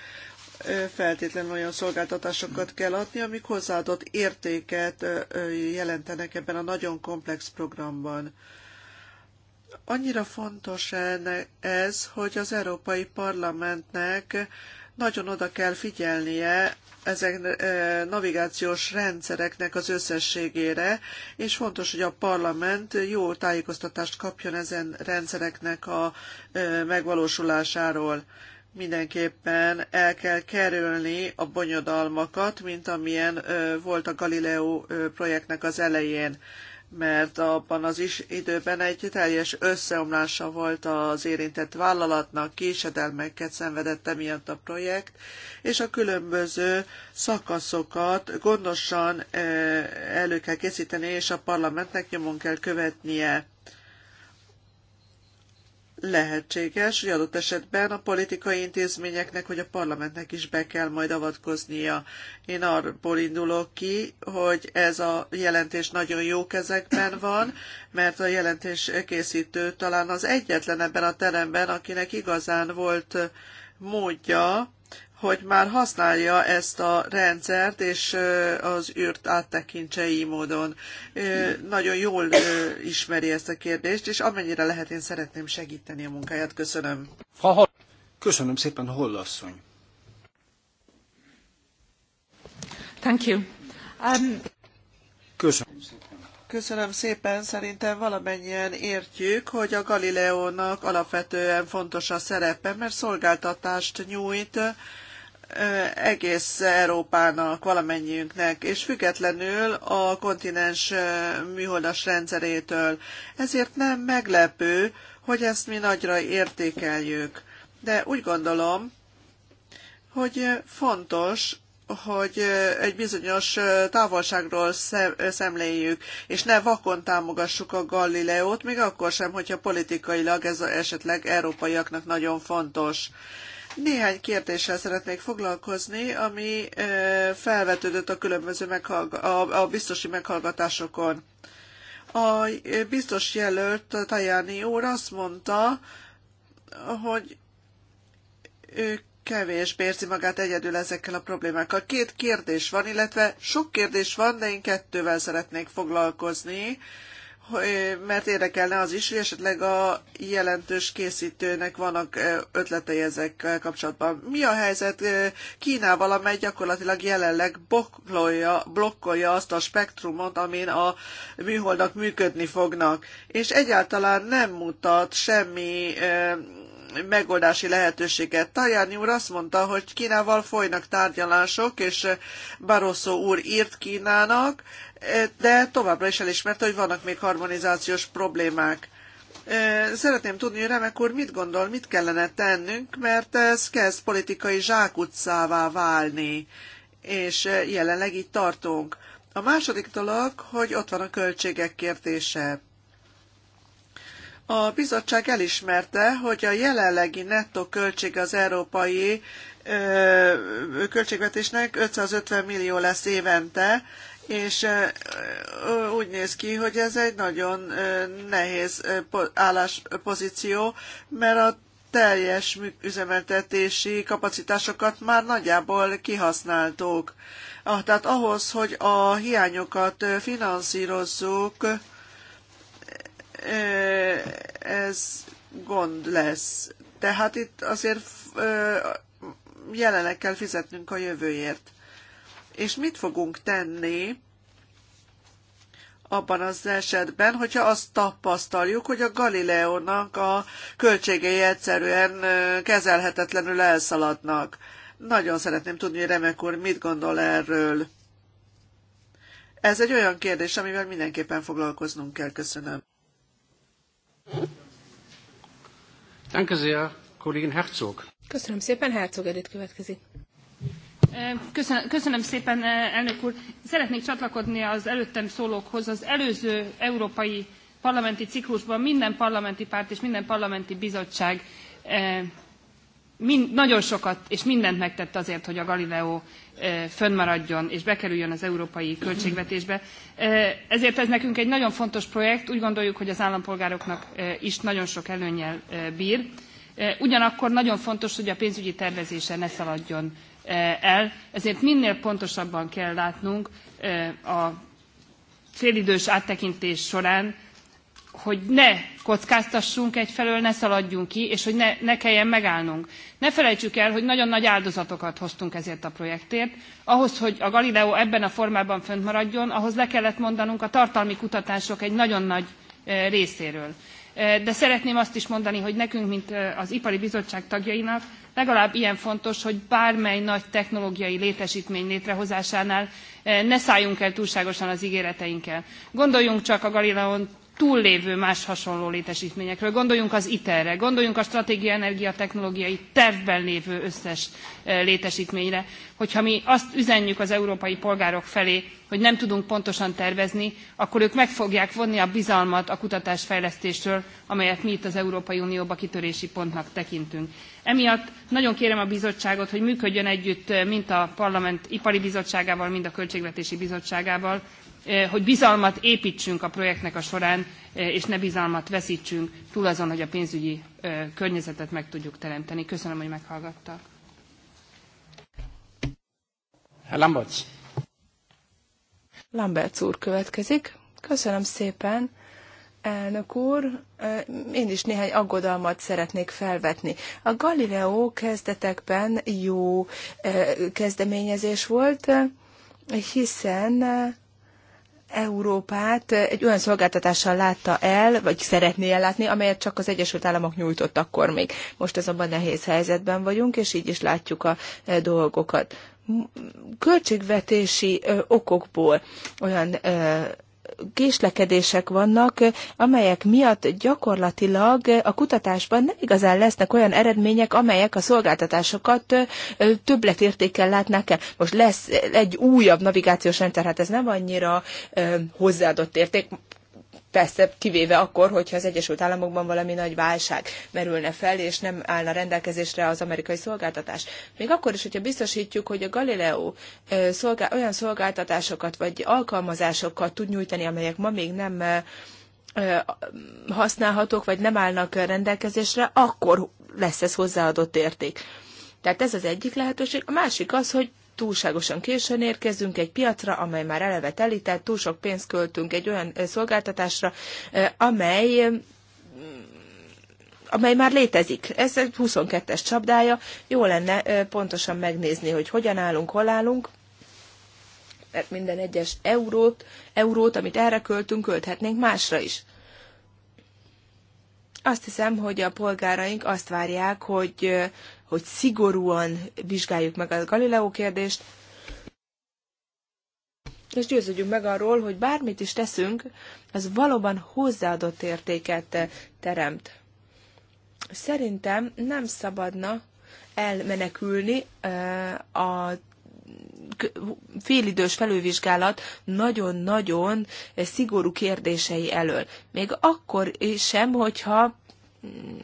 Feltétlenül olyan szolgáltatásokat kell adni, amik hozzáadott értéket jelentenek ebben a nagyon komplex programban annyira fontos ez, hogy az Európai Parlamentnek nagyon oda kell figyelnie ezek eh, navigációs rendszereknek az összességére, és fontos, hogy a parlament jó tájékoztatást kapjon ezen rendszereknek a eh, megvalósulásáról. Mindenképpen el kell kerülni a bonyodalmakat, mint amilyen eh, volt a Galileo projektnek az elején mert abban az is időben egy teljes összeomlása volt az érintett vállalatnak, késedelmeket szenvedett emiatt a projekt, és a különböző szakaszokat gondosan eh, elő kell készíteni, és a parlamentnek nyomon kell követnie lehetséges, hogy adott esetben a politikai intézményeknek, hogy a parlamentnek is be kell majd avatkoznia. Én arból indulok ki, hogy ez a jelentés nagyon jó kezekben van, mert a jelentés készítő talán az egyetlen ebben a teremben, akinek igazán volt módja hogy már használja ezt a rendszert, és az űrt áttekintse így módon. Nagyon jól ismeri ezt a kérdést, és amennyire lehet, én szeretném segíteni a munkáját. Köszönöm. Köszönöm szépen, Hollasszony. Thank you. Um... Köszönöm szépen. Köszönöm szépen, szerintem valamennyien értjük, hogy a Galileónak alapvetően fontos a szerepe, mert szolgáltatást nyújt egész Európának, valamennyiünknek, és függetlenül a kontinens műholdas rendszerétől. Ezért nem meglepő, hogy ezt mi nagyra értékeljük. De úgy gondolom, hogy fontos, hogy egy bizonyos távolságról szemléljük, és ne vakon támogassuk a Galileót, még akkor sem, hogyha politikailag ez esetleg európaiaknak nagyon fontos. Néhány kérdéssel szeretnék foglalkozni, ami felvetődött a különböző meghallga- a, a biztosi meghallgatásokon. A biztos jelölt Tajani úr azt mondta, hogy ő kevés érzi magát egyedül ezekkel a problémákkal. Két kérdés van, illetve sok kérdés van, de én kettővel szeretnék foglalkozni mert érdekelne az is, hogy esetleg a jelentős készítőnek vannak ötletei ezekkel kapcsolatban. Mi a helyzet Kínával, amely gyakorlatilag jelenleg blokkolja, blokkolja azt a spektrumot, amin a műholdak működni fognak, és egyáltalán nem mutat semmi megoldási lehetőséget. Tajani úr azt mondta, hogy Kínával folynak tárgyalások, és eh, Barroso úr írt Kínának, eh, de továbbra is elismerte, hogy vannak még harmonizációs problémák. Eh, szeretném tudni, hogy Remek úr mit gondol, mit kellene tennünk, mert ez kezd politikai zsákutcává válni, és jelenleg itt tartunk. A második dolog, hogy ott van a költségek kérdése. A bizottság elismerte, hogy a jelenlegi nettó költség az európai ö, költségvetésnek 550 millió lesz évente, és úgy néz ki, hogy ez egy nagyon nehéz álláspozíció, mert a teljes üzemeltetési kapacitásokat már nagyjából kihasználtuk. Ah, tehát ahhoz, hogy a hiányokat finanszírozzuk, ez gond lesz. Tehát itt azért jelenleg kell fizetnünk a jövőért. És mit fogunk tenni abban az esetben, hogyha azt tapasztaljuk, hogy a Galileónak a költségei egyszerűen kezelhetetlenül elszaladnak? Nagyon szeretném tudni, hogy Remek úr mit gondol erről. Ez egy olyan kérdés, amivel mindenképpen foglalkoznunk kell. Köszönöm. Danke sehr, Herzog. Köszönöm szépen, Herzog Edith következik. Köszönöm, köszönöm szépen, elnök úr. Szeretnék csatlakozni az előttem szólókhoz. Az előző európai parlamenti ciklusban minden parlamenti párt és minden parlamenti bizottság mind, nagyon sokat és mindent megtett azért, hogy a Galileo fönnmaradjon és bekerüljön az európai költségvetésbe. Ezért ez nekünk egy nagyon fontos projekt, úgy gondoljuk, hogy az állampolgároknak is nagyon sok előnyel bír. Ugyanakkor nagyon fontos, hogy a pénzügyi tervezése ne szaladjon el, ezért minél pontosabban kell látnunk a félidős áttekintés során, hogy ne kockáztassunk egyfelől, ne szaladjunk ki, és hogy ne, ne kelljen megállnunk. Ne felejtsük el, hogy nagyon nagy áldozatokat hoztunk ezért a projektért. Ahhoz, hogy a Galileo ebben a formában fönt maradjon, ahhoz le kellett mondanunk a tartalmi kutatások egy nagyon nagy eh, részéről. Eh, de szeretném azt is mondani, hogy nekünk, mint eh, az Ipari Bizottság tagjainak legalább ilyen fontos, hogy bármely nagy technológiai létesítmény létrehozásánál ne szálljunk el túlságosan az ígéreteinkkel. Gondoljunk csak a Galileon túllévő más hasonló létesítményekről. Gondoljunk az ITER-re, gondoljunk a stratégia energiatechnológiai tervben lévő összes eh, létesítményre. Hogyha mi azt üzenjük az európai polgárok felé, hogy nem tudunk pontosan tervezni, akkor ők meg fogják vonni a bizalmat a kutatásfejlesztésről, amelyet mi itt az Európai Unióba kitörési pontnak tekintünk. Emiatt nagyon kérem a bizottságot, hogy működjön együtt, eh, mint a parlament ipari bizottságával, mind a költségvetési bizottságával, Eh, hogy bizalmat építsünk a projektnek a során, eh, és ne bizalmat veszítsünk túl azon, hogy a pénzügyi eh, környezetet meg tudjuk teremteni. Köszönöm, hogy meghallgattak. Herr Lamberts. úr következik. Köszönöm szépen. Elnök úr, én is néhány aggodalmat szeretnék felvetni. A Galileo kezdetekben jó kezdeményezés volt, hiszen Európát egy olyan szolgáltatással látta el, vagy szeretné ellátni, amelyet csak az Egyesült Államok nyújtott akkor még. Most azonban nehéz helyzetben vagyunk, és így is látjuk a e, dolgokat. Költségvetési okokból olyan e, késlekedések vannak, amelyek miatt gyakorlatilag a kutatásban nem igazán lesznek olyan eredmények, amelyek a szolgáltatásokat többletértékkel látnák el. Most lesz egy újabb navigációs rendszer, hát ez nem annyira hozzáadott érték, persze kivéve akkor, hogyha az Egyesült Államokban valami nagy válság merülne fel, és nem állna rendelkezésre az amerikai szolgáltatás. Még akkor is, hogyha biztosítjuk, hogy a Galileo szolgá olyan szolgáltatásokat vagy alkalmazásokat tud nyújtani, amelyek ma még nem használhatók, vagy nem állnak rendelkezésre, akkor lesz ez hozzáadott érték. Tehát ez az egyik lehetőség. A másik az, hogy túlságosan későn érkezünk egy piacra, amely már eleve telített, túl sok pénzt költünk egy olyan szolgáltatásra, amely mm, amely már létezik. Ez egy 22-es csapdája. Jó lenne pontosan megnézni, hogy hogyan állunk, hol állunk, mert minden egyes eurót, eurót, amit erre költünk, költhetnénk másra is. Azt hiszem, hogy a polgáraink azt várják, hogy hogy szigorúan vizsgáljuk meg a Galileo kérdést, és győződjünk meg arról, hogy bármit is teszünk, az valóban hozzáadott értéket teremt. Szerintem nem szabadna elmenekülni eh, a félidős felővizsgálat nagyon-nagyon szigorú kérdései elől. Még akkor sem, hogyha mm,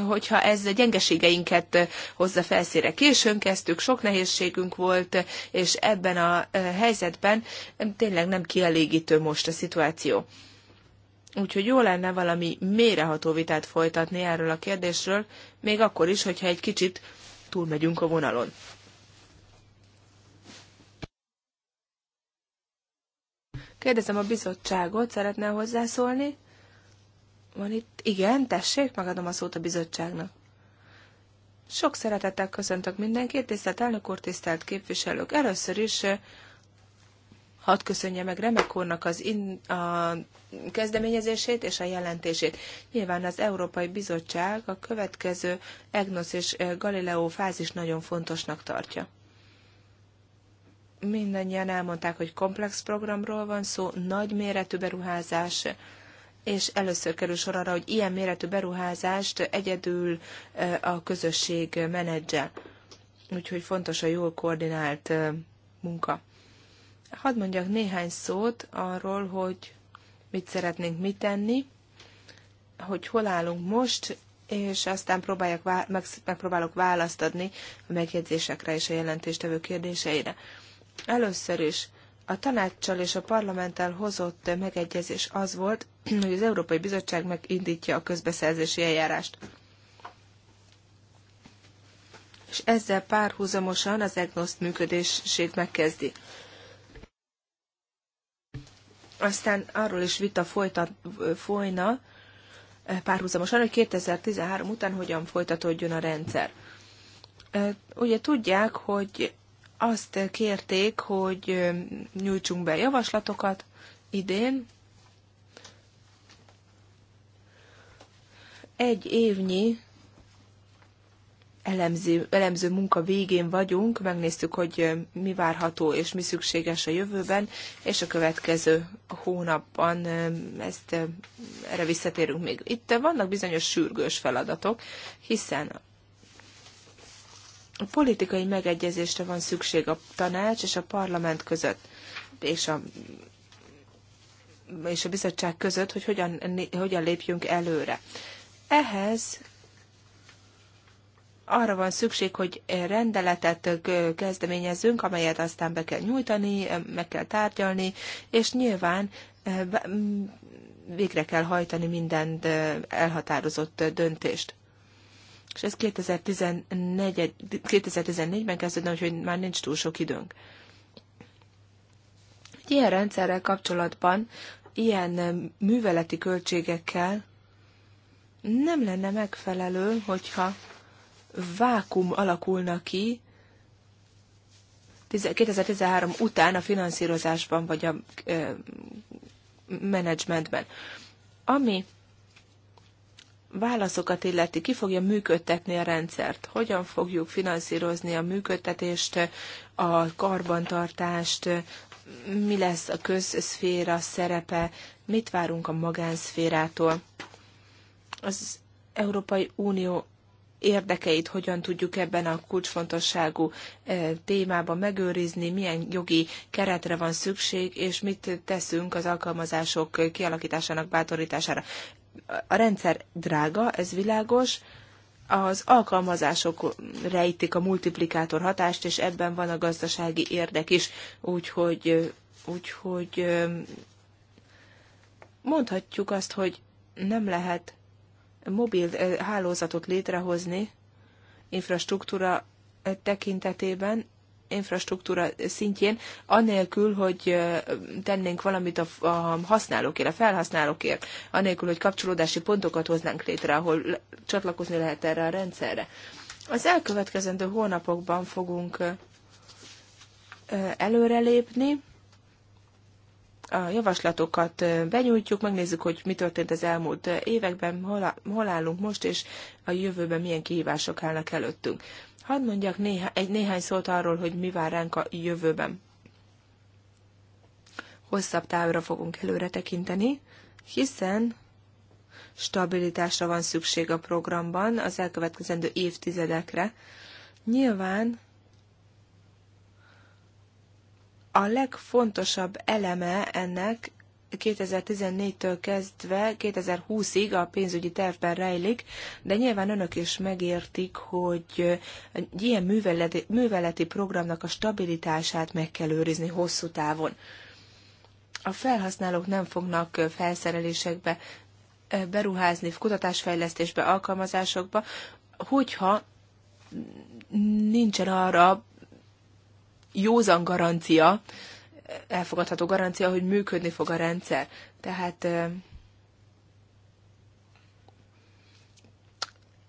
hogyha ez gyengeségeinket hozza felszére. Későn kezdtük, sok nehézségünk volt, és ebben a helyzetben tényleg nem kielégítő most a szituáció. Úgyhogy jó lenne valami méreható vitát folytatni erről a kérdésről, még akkor is, hogyha egy kicsit túlmegyünk a vonalon. Kérdezem a bizottságot, szeretne hozzászólni? Van itt? Igen, tessék, megadom a szót a bizottságnak. Sok szeretettel köszöntök mindenkit, tisztelt elnök úr, tisztelt képviselők. Először is eh, hadd köszönje meg Remek úrnak az in, a kezdeményezését és a jelentését. Nyilván az Európai Bizottság a következő EGNOS és eh, Galileo fázis nagyon fontosnak tartja. Mindennyian elmondták, hogy komplex programról van szó, nagy méretű beruházás, és először kerül sor arra, hogy ilyen méretű beruházást egyedül a közösség menedzse, Úgyhogy fontos a jól koordinált munka. Hadd mondjak néhány szót arról, hogy mit szeretnénk mit tenni, hogy hol állunk most, és aztán próbáljak, megpróbálok választ adni a megjegyzésekre és a jelentéstevő kérdéseire. Először is a tanácssal és a parlamenttel hozott megegyezés az volt, hogy az Európai Bizottság megindítja a közbeszerzési eljárást. És ezzel párhuzamosan az EGNOSZT működését megkezdi. Aztán arról is vita folyta, folyna eh, párhuzamosan, hogy 2013 után hogyan folytatódjon a rendszer. Eh, ugye tudják, hogy azt kérték, hogy nyújtsunk be javaslatokat idén. Egy évnyi elemző, elemző munka végén vagyunk, megnéztük, hogy mi várható és mi szükséges a jövőben, és a következő hónapban ezt erre visszatérünk még. Itt vannak bizonyos sürgős feladatok, hiszen a politikai megegyezésre van szükség a tanács és a parlament között, és a, és a bizottság között, hogy hogyan, hogyan lépjünk előre. Ehhez arra van szükség, hogy rendeletet kezdeményezünk, amelyet aztán be kell nyújtani, meg kell tárgyalni, és nyilván eh, végre kell hajtani mindent eh, elhatározott döntést és ez 2014, 2014-ben kezdődne, hogy már nincs túl sok időnk. Egy ilyen rendszerrel kapcsolatban, ilyen műveleti költségekkel nem lenne megfelelő, hogyha vákum alakulna ki 2013 után a finanszírozásban vagy a menedzsmentben. Ami válaszokat illeti, ki fogja működtetni a rendszert, hogyan fogjuk finanszírozni a működtetést, a karbantartást, mi lesz a közszféra szerepe, mit várunk a magánszférától. Az Európai Unió érdekeit hogyan tudjuk ebben a kulcsfontosságú e, témában megőrizni, milyen jogi keretre van szükség, és mit teszünk az alkalmazások kialakításának bátorítására a rendszer drága, ez világos, az alkalmazások rejtik a multiplikátor hatást, és ebben van a gazdasági érdek is, úgyhogy, úgyhogy mondhatjuk azt, hogy nem lehet mobil hálózatot létrehozni infrastruktúra tekintetében, infrastruktúra szintjén, anélkül, hogy tennénk valamit a használókért, a felhasználókért, anélkül, hogy kapcsolódási pontokat hoznánk létre, ahol csatlakozni lehet erre a rendszerre. Az elkövetkezendő hónapokban fogunk előrelépni, a javaslatokat benyújtjuk, megnézzük, hogy mi történt az elmúlt években, hol, állunk most, és a jövőben milyen kihívások állnak előttünk. Hadd mondjak néha, egy néhány szót arról, hogy mi vár ránk a jövőben. Hosszabb távra fogunk előre tekinteni, hiszen stabilitásra van szükség a programban az elkövetkezendő évtizedekre. Nyilván a legfontosabb eleme ennek 2014-től kezdve 2020-ig a pénzügyi tervben rejlik, de nyilván önök is megértik, hogy egy ilyen műveleti, műveleti programnak a stabilitását meg kell őrizni hosszú távon. A felhasználók nem fognak felszerelésekbe eh, beruházni, kutatásfejlesztésbe, alkalmazásokba, hogyha nincsen arra józan garancia, elfogadható garancia, hogy működni fog a rendszer. Tehát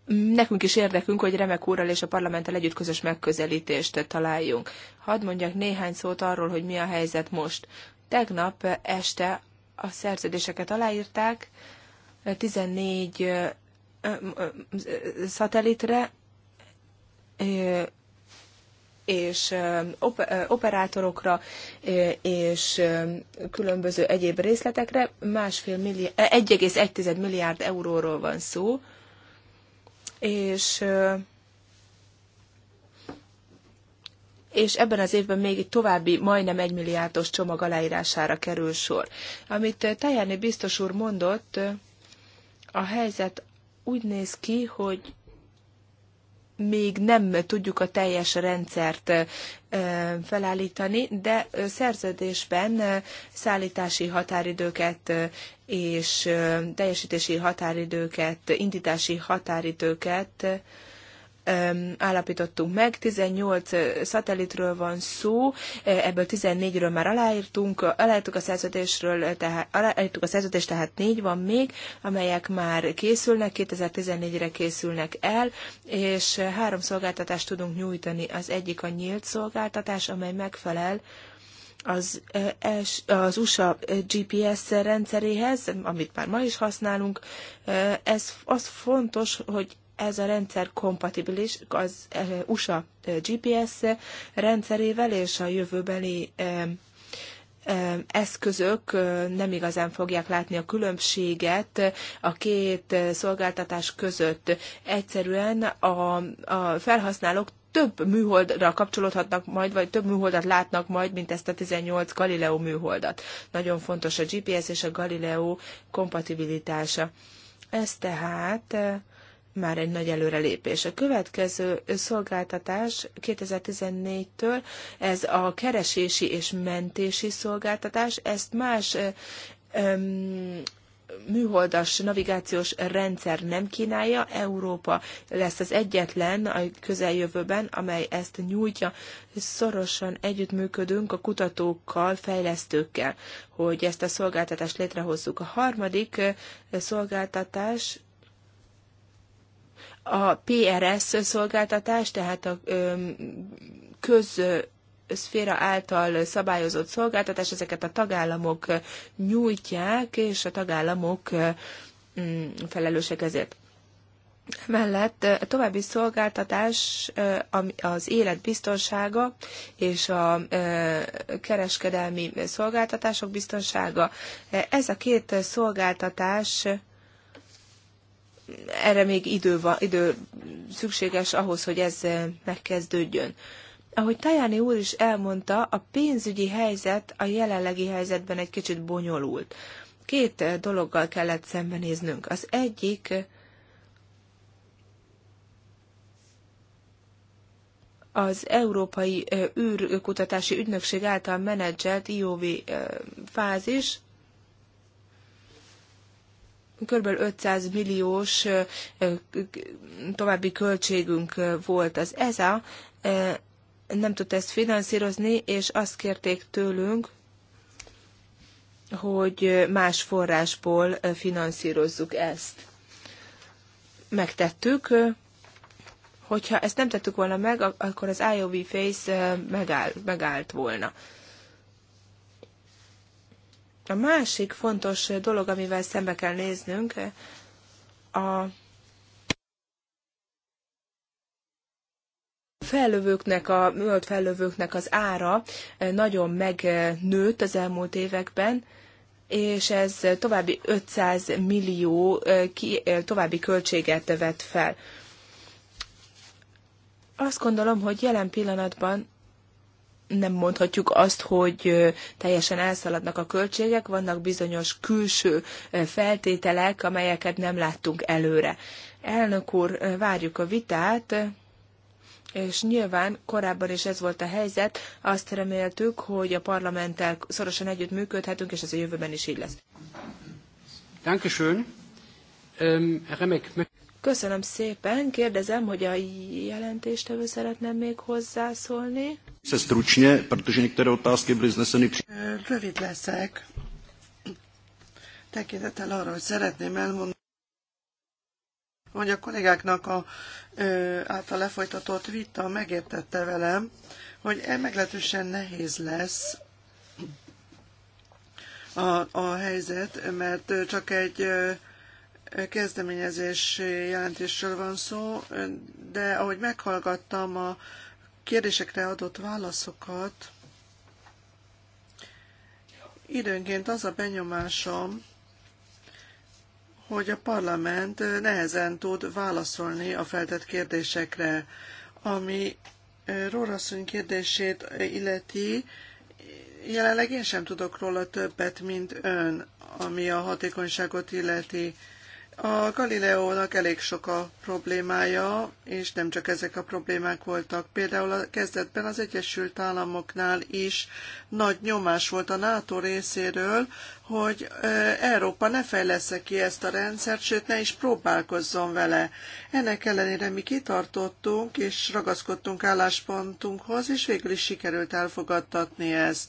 nekünk is érdekünk, hogy Remek úrral és a parlamenttel együtt közös megközelítést találjunk. Hadd mondjak néhány szót arról, hogy mi a helyzet most. Tegnap este a szerződéseket aláírták 14 szatelitre, és operátorokra, és különböző egyéb részletekre másfél milliárd, e, 1,1 milliárd euróról van szó, és és ebben az évben még egy további majdnem egy milliárdos csomag aláírására kerül sor. Amit Tajáni biztos úr mondott, a helyzet úgy néz ki, hogy még nem tudjuk a teljes rendszert felállítani, de szerződésben szállítási határidőket és teljesítési határidőket, indítási határidőket állapítottunk meg, 18 szatellitről van szó, ebből 14-ről már aláírtunk, aláírtuk a szerződésről, tehát, aláírtuk a szerződést, tehát négy van még, amelyek már készülnek, 2014-re készülnek el, és három szolgáltatást tudunk nyújtani. Az egyik a nyílt szolgáltatás, amely megfelel az, az USA GPS rendszeréhez, amit már ma is használunk. Ez az fontos, hogy ez a rendszer kompatibilis az eh, USA eh, GPS rendszerével, és a jövőbeli eh, eszközök nem igazán fogják látni a különbséget a két szolgáltatás között. Egyszerűen a, a felhasználók több műholdra kapcsolódhatnak majd, vagy több műholdat látnak majd, mint ezt a 18 Galileo műholdat. Nagyon fontos a GPS és a Galileo kompatibilitása. Ez tehát már egy nagy előrelépés. A következő szolgáltatás 2014-től ez a keresési és mentési szolgáltatás, ezt más öm, műholdas navigációs rendszer nem kínálja. Európa lesz az egyetlen a közeljövőben, amely ezt nyújtja. Szorosan együttműködünk a kutatókkal, fejlesztőkkel, hogy ezt a szolgáltatást létrehozzuk. A harmadik szolgáltatás a PRS szolgáltatás, tehát a köz szféra által szabályozott szolgáltatás, ezeket a tagállamok nyújtják, és a tagállamok mm, felelősek ezért. Mellett a további szolgáltatás az életbiztonsága és a kereskedelmi szolgáltatások biztonsága. Ez a két szolgáltatás erre még idő, van, idő szükséges ahhoz, hogy ez eh, megkezdődjön. Ahogy Tajáni úr is elmondta, a pénzügyi helyzet a jelenlegi helyzetben egy kicsit bonyolult. Két eh, dologgal kellett szembenéznünk. Az egyik eh, az Európai űrkutatási ügynökség által menedzselt IOV fázis, kb. 500 milliós további költségünk volt az ESA, nem tudta ezt finanszírozni, és azt kérték tőlünk, hogy más forrásból finanszírozzuk ezt. Megtettük, hogyha ezt nem tettük volna meg, akkor az IOV Face megáll, megállt volna. A másik fontos dolog, amivel szembe kell néznünk, a fellövőknek, a műhold fellövőknek az ára nagyon megnőtt az elmúlt években, és ez további 500 millió további költséget vett fel. Azt gondolom, hogy jelen pillanatban nem mondhatjuk azt, hogy teljesen elszaladnak a költségek, vannak bizonyos külső feltételek, amelyeket nem láttunk előre. Elnök úr, várjuk a vitát, és nyilván korábban is ez volt a helyzet, azt reméltük, hogy a parlamenttel szorosan együtt működhetünk, és ez a jövőben is így lesz. Dankeschön. Um, Remek, Köszönöm szépen. Kérdezem, hogy a jelentéstevő szeretne még hozzászólni. Se stručně, některé otázky byly zneseny. Rövid leszek. Tekintettel arra, hogy szeretném elmondani, hogy a kollégáknak a, ö, által lefolytatott vita megértette velem, hogy e meglehetősen nehéz lesz a, a helyzet, mert csak egy ö, kezdeményezés jelentésről van szó, de ahogy meghallgattam a kérdésekre adott válaszokat, időnként az a benyomásom, hogy a parlament nehezen tud válaszolni a feltett kérdésekre, ami Rórasszony kérdését illeti, jelenleg én sem tudok róla többet, mint ön, ami a hatékonyságot illeti. A Galileónak elég sok a problémája, és nem csak ezek a problémák voltak. Például a kezdetben az Egyesült Államoknál is nagy nyomás volt a NATO részéről, hogy Európa ne fejlesz ki ezt a rendszert, sőt ne is próbálkozzon vele. Ennek ellenére mi kitartottunk és ragaszkodtunk álláspontunkhoz, és végül is sikerült elfogadtatni ezt.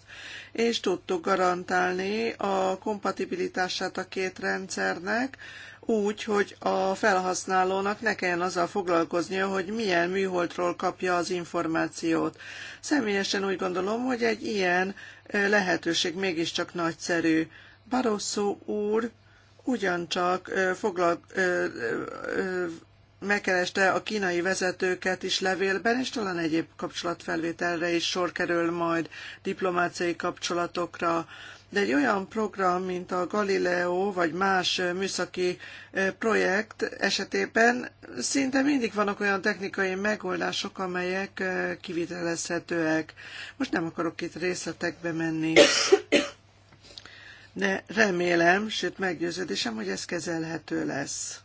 És tudtuk garantálni a kompatibilitását a két rendszernek, úgy, hogy a felhasználónak ne kelljen azzal foglalkoznia, hogy milyen műholdról kapja az információt. Személyesen úgy gondolom, hogy egy ilyen lehetőség mégiscsak nagyszerű. Barosszó úr ugyancsak foglalk megkereste a kínai vezetőket is levélben, és talán egyéb kapcsolatfelvételre is sor kerül majd diplomáciai kapcsolatokra de egy olyan program, mint a Galileo, vagy más műszaki projekt esetében szinte mindig vannak olyan technikai megoldások, amelyek kivitelezhetőek. Most nem akarok itt részletekbe menni. De remélem, sőt meggyőződésem, hogy ez kezelhető lesz.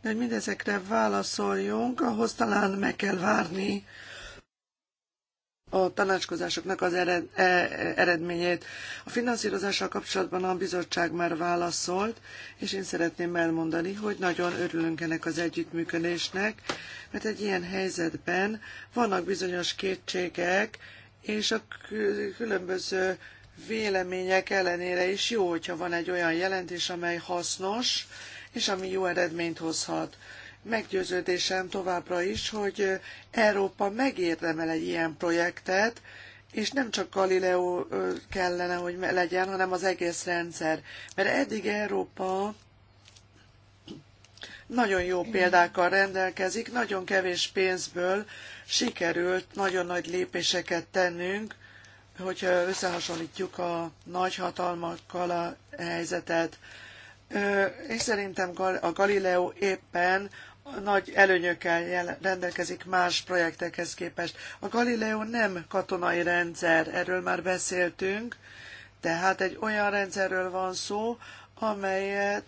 De hogy mindezekre válaszoljunk, ahhoz talán meg kell várni a tanácskozásoknak az e, eredményét. A finanszírozással kapcsolatban a bizottság már válaszolt, és én szeretném elmondani, hogy nagyon örülünk ennek az együttműködésnek, mert egy ilyen helyzetben vannak bizonyos kétségek, és a különböző vélemények ellenére is jó, hogyha van egy olyan jelentés, amely hasznos, és ami jó eredményt hozhat. Meggyőződésem továbbra is, hogy Európa megérdemel egy ilyen projektet, és nem csak Galileo kellene, hogy legyen, hanem az egész rendszer. Mert eddig Európa nagyon jó példákkal rendelkezik, nagyon kevés pénzből sikerült nagyon nagy lépéseket tennünk, hogyha összehasonlítjuk a nagy hatalmakkal a helyzetet. És szerintem a Galileo éppen nagy előnyökkel rendelkezik más projektekhez képest. A Galileo nem katonai rendszer, erről már beszéltünk, tehát egy olyan rendszerről van szó, amelynek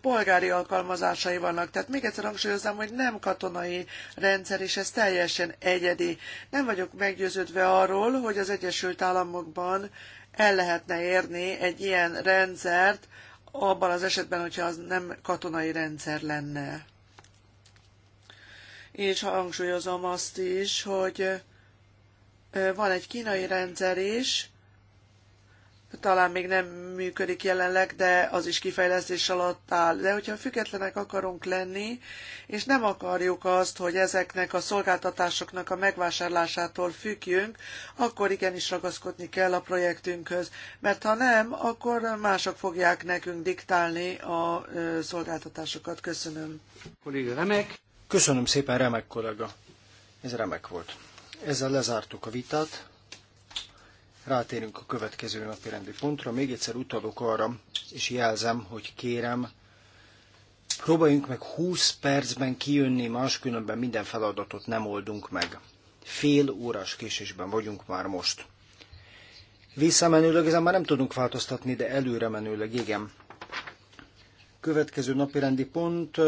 polgári alkalmazásai vannak. Tehát még egyszer hangsúlyozom, hogy nem katonai rendszer, és ez teljesen egyedi. Nem vagyok meggyőződve arról, hogy az Egyesült Államokban el lehetne érni egy ilyen rendszert, abban az esetben, hogyha az nem katonai rendszer lenne és hangsúlyozom azt is, hogy van egy kínai rendszer is, talán még nem működik jelenleg, de az is kifejlesztés alatt áll. De hogyha függetlenek akarunk lenni, és nem akarjuk azt, hogy ezeknek a szolgáltatásoknak a megvásárlásától függjünk, akkor igenis ragaszkodni kell a projektünkhöz. Mert ha nem, akkor mások fogják nekünk diktálni a szolgáltatásokat. Köszönöm. Kolléga Remek. Köszönöm szépen, remek kollega. Ez remek volt. Ezzel lezártuk a vitát. Rátérünk a következő napi rendi pontra. Még egyszer utalok arra, és jelzem, hogy kérem, próbáljunk meg 20 percben kijönni, máskülönben minden feladatot nem oldunk meg. Fél órás késésben vagyunk már most. Visszamenőleg ezen már nem tudunk változtatni, de előre menőleg igen. Következő napi rendi pont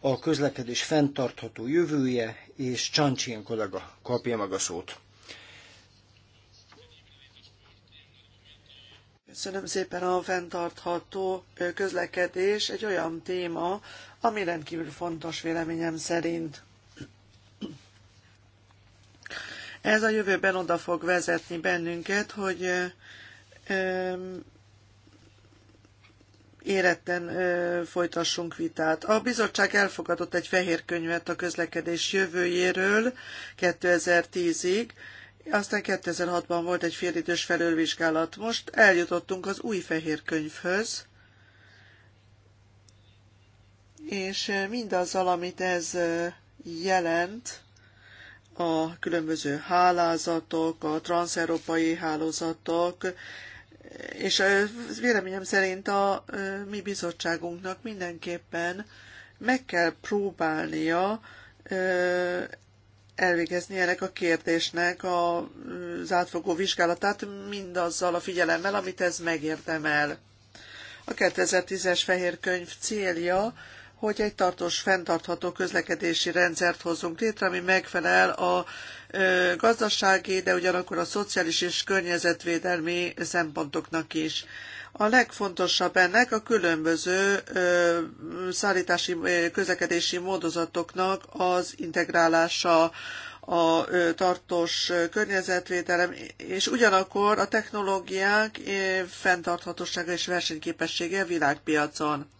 a közlekedés fenntartható jövője, és Csancsien kollega kapja meg a szót. Köszönöm szépen a fenntartható közlekedés, egy olyan téma, ami rendkívül fontos véleményem szerint. Ez a jövőben oda fog vezetni bennünket, hogy éretten ö, folytassunk vitát. A bizottság elfogadott egy fehér könyvet a közlekedés jövőjéről 2010-ig, aztán 2006-ban volt egy félidős felülvizsgálat. Most eljutottunk az új fehér könyvhöz, és mindazzal, amit ez jelent, a különböző hálózatok, a transzeurópai hálózatok, és véleményem szerint a mi bizottságunknak mindenképpen meg kell próbálnia elvégezni ennek a kérdésnek az átfogó vizsgálatát mindazzal a figyelemmel, amit ez megérdemel. A 2010-es fehér könyv célja hogy egy tartós, fenntartható közlekedési rendszert hozzunk létre, ami megfelel a gazdasági, de ugyanakkor a szociális és környezetvédelmi szempontoknak is. A legfontosabb ennek a különböző ö, szállítási közlekedési módozatoknak az integrálása, a tartós környezetvédelem, és ugyanakkor a technológiák fenntarthatósága és versenyképessége a világpiacon.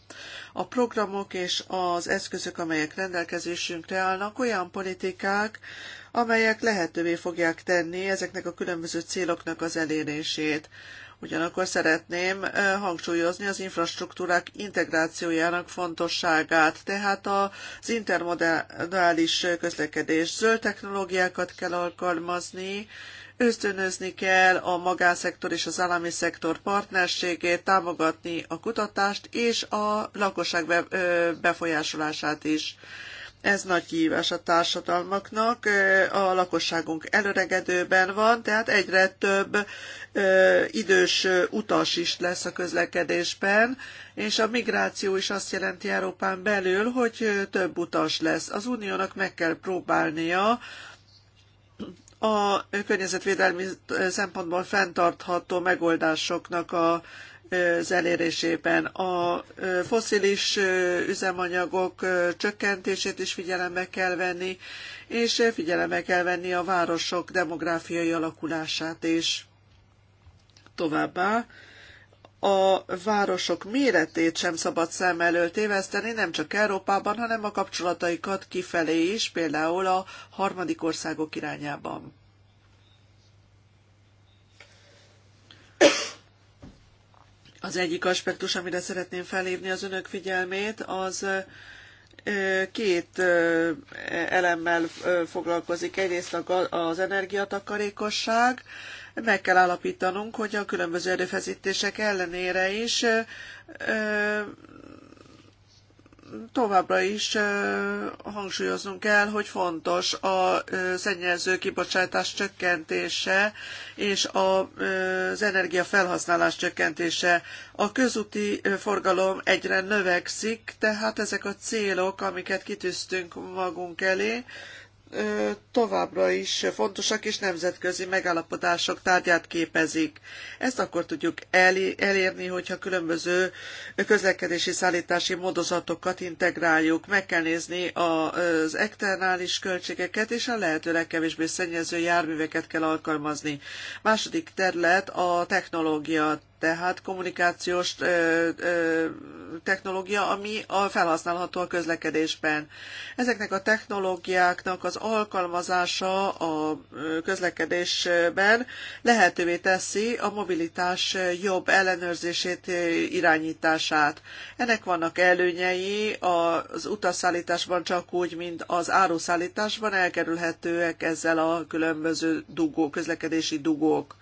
A programok és az eszközök, amelyek rendelkezésünkre állnak, olyan politikák, amelyek lehetővé fogják tenni ezeknek a különböző céloknak az elérését. Ugyanakkor szeretném hangsúlyozni az infrastruktúrák integrációjának fontosságát, tehát az intermodális közlekedés zöld technológiákat kell alkalmazni, Ösztönözni kell a magánszektor és az állami szektor partnerségét, támogatni a kutatást és a lakosság befolyásolását is. Ez nagy kihívás a társadalmaknak, a lakosságunk előregedőben van, tehát egyre több idős utas is lesz a közlekedésben, és a migráció is azt jelenti Európán belül, hogy több utas lesz. Az uniónak meg kell próbálnia a környezetvédelmi szempontból fenntartható megoldásoknak a az elérésében. A foszilis üzemanyagok csökkentését is figyelembe kell venni, és figyelembe kell venni a városok demográfiai alakulását is. Továbbá a városok méretét sem szabad szem elől téveszteni, nem csak Európában, hanem a kapcsolataikat kifelé is, például a harmadik országok irányában. Az egyik aspektus, amire szeretném felhívni az önök figyelmét, az két elemmel foglalkozik. Egyrészt az energiatakarékosság, meg kell alapítanunk, hogy a különböző erőfeszítések ellenére is továbbra is hangsúlyoznunk kell, hogy fontos a szennyező kibocsátás csökkentése és az energiafelhasználás csökkentése. A közúti forgalom egyre növekszik, tehát ezek a célok, amiket kitűztünk magunk elé, továbbra is fontosak és nemzetközi megállapodások tárgyát képezik. Ezt akkor tudjuk elérni, hogyha különböző közlekedési szállítási módozatokat integráljuk. Meg kell nézni az externális költségeket, és a lehető legkevésbé szennyező járműveket kell alkalmazni. Második terület a technológia tehát kommunikációs ö, ö, technológia, ami a felhasználható a közlekedésben. Ezeknek a technológiáknak az alkalmazása a közlekedésben lehetővé teszi a mobilitás jobb ellenőrzését, irányítását. Ennek vannak előnyei, az utasszállításban csak úgy, mint az áruszállításban elkerülhetőek ezzel a különböző dugó, közlekedési dugók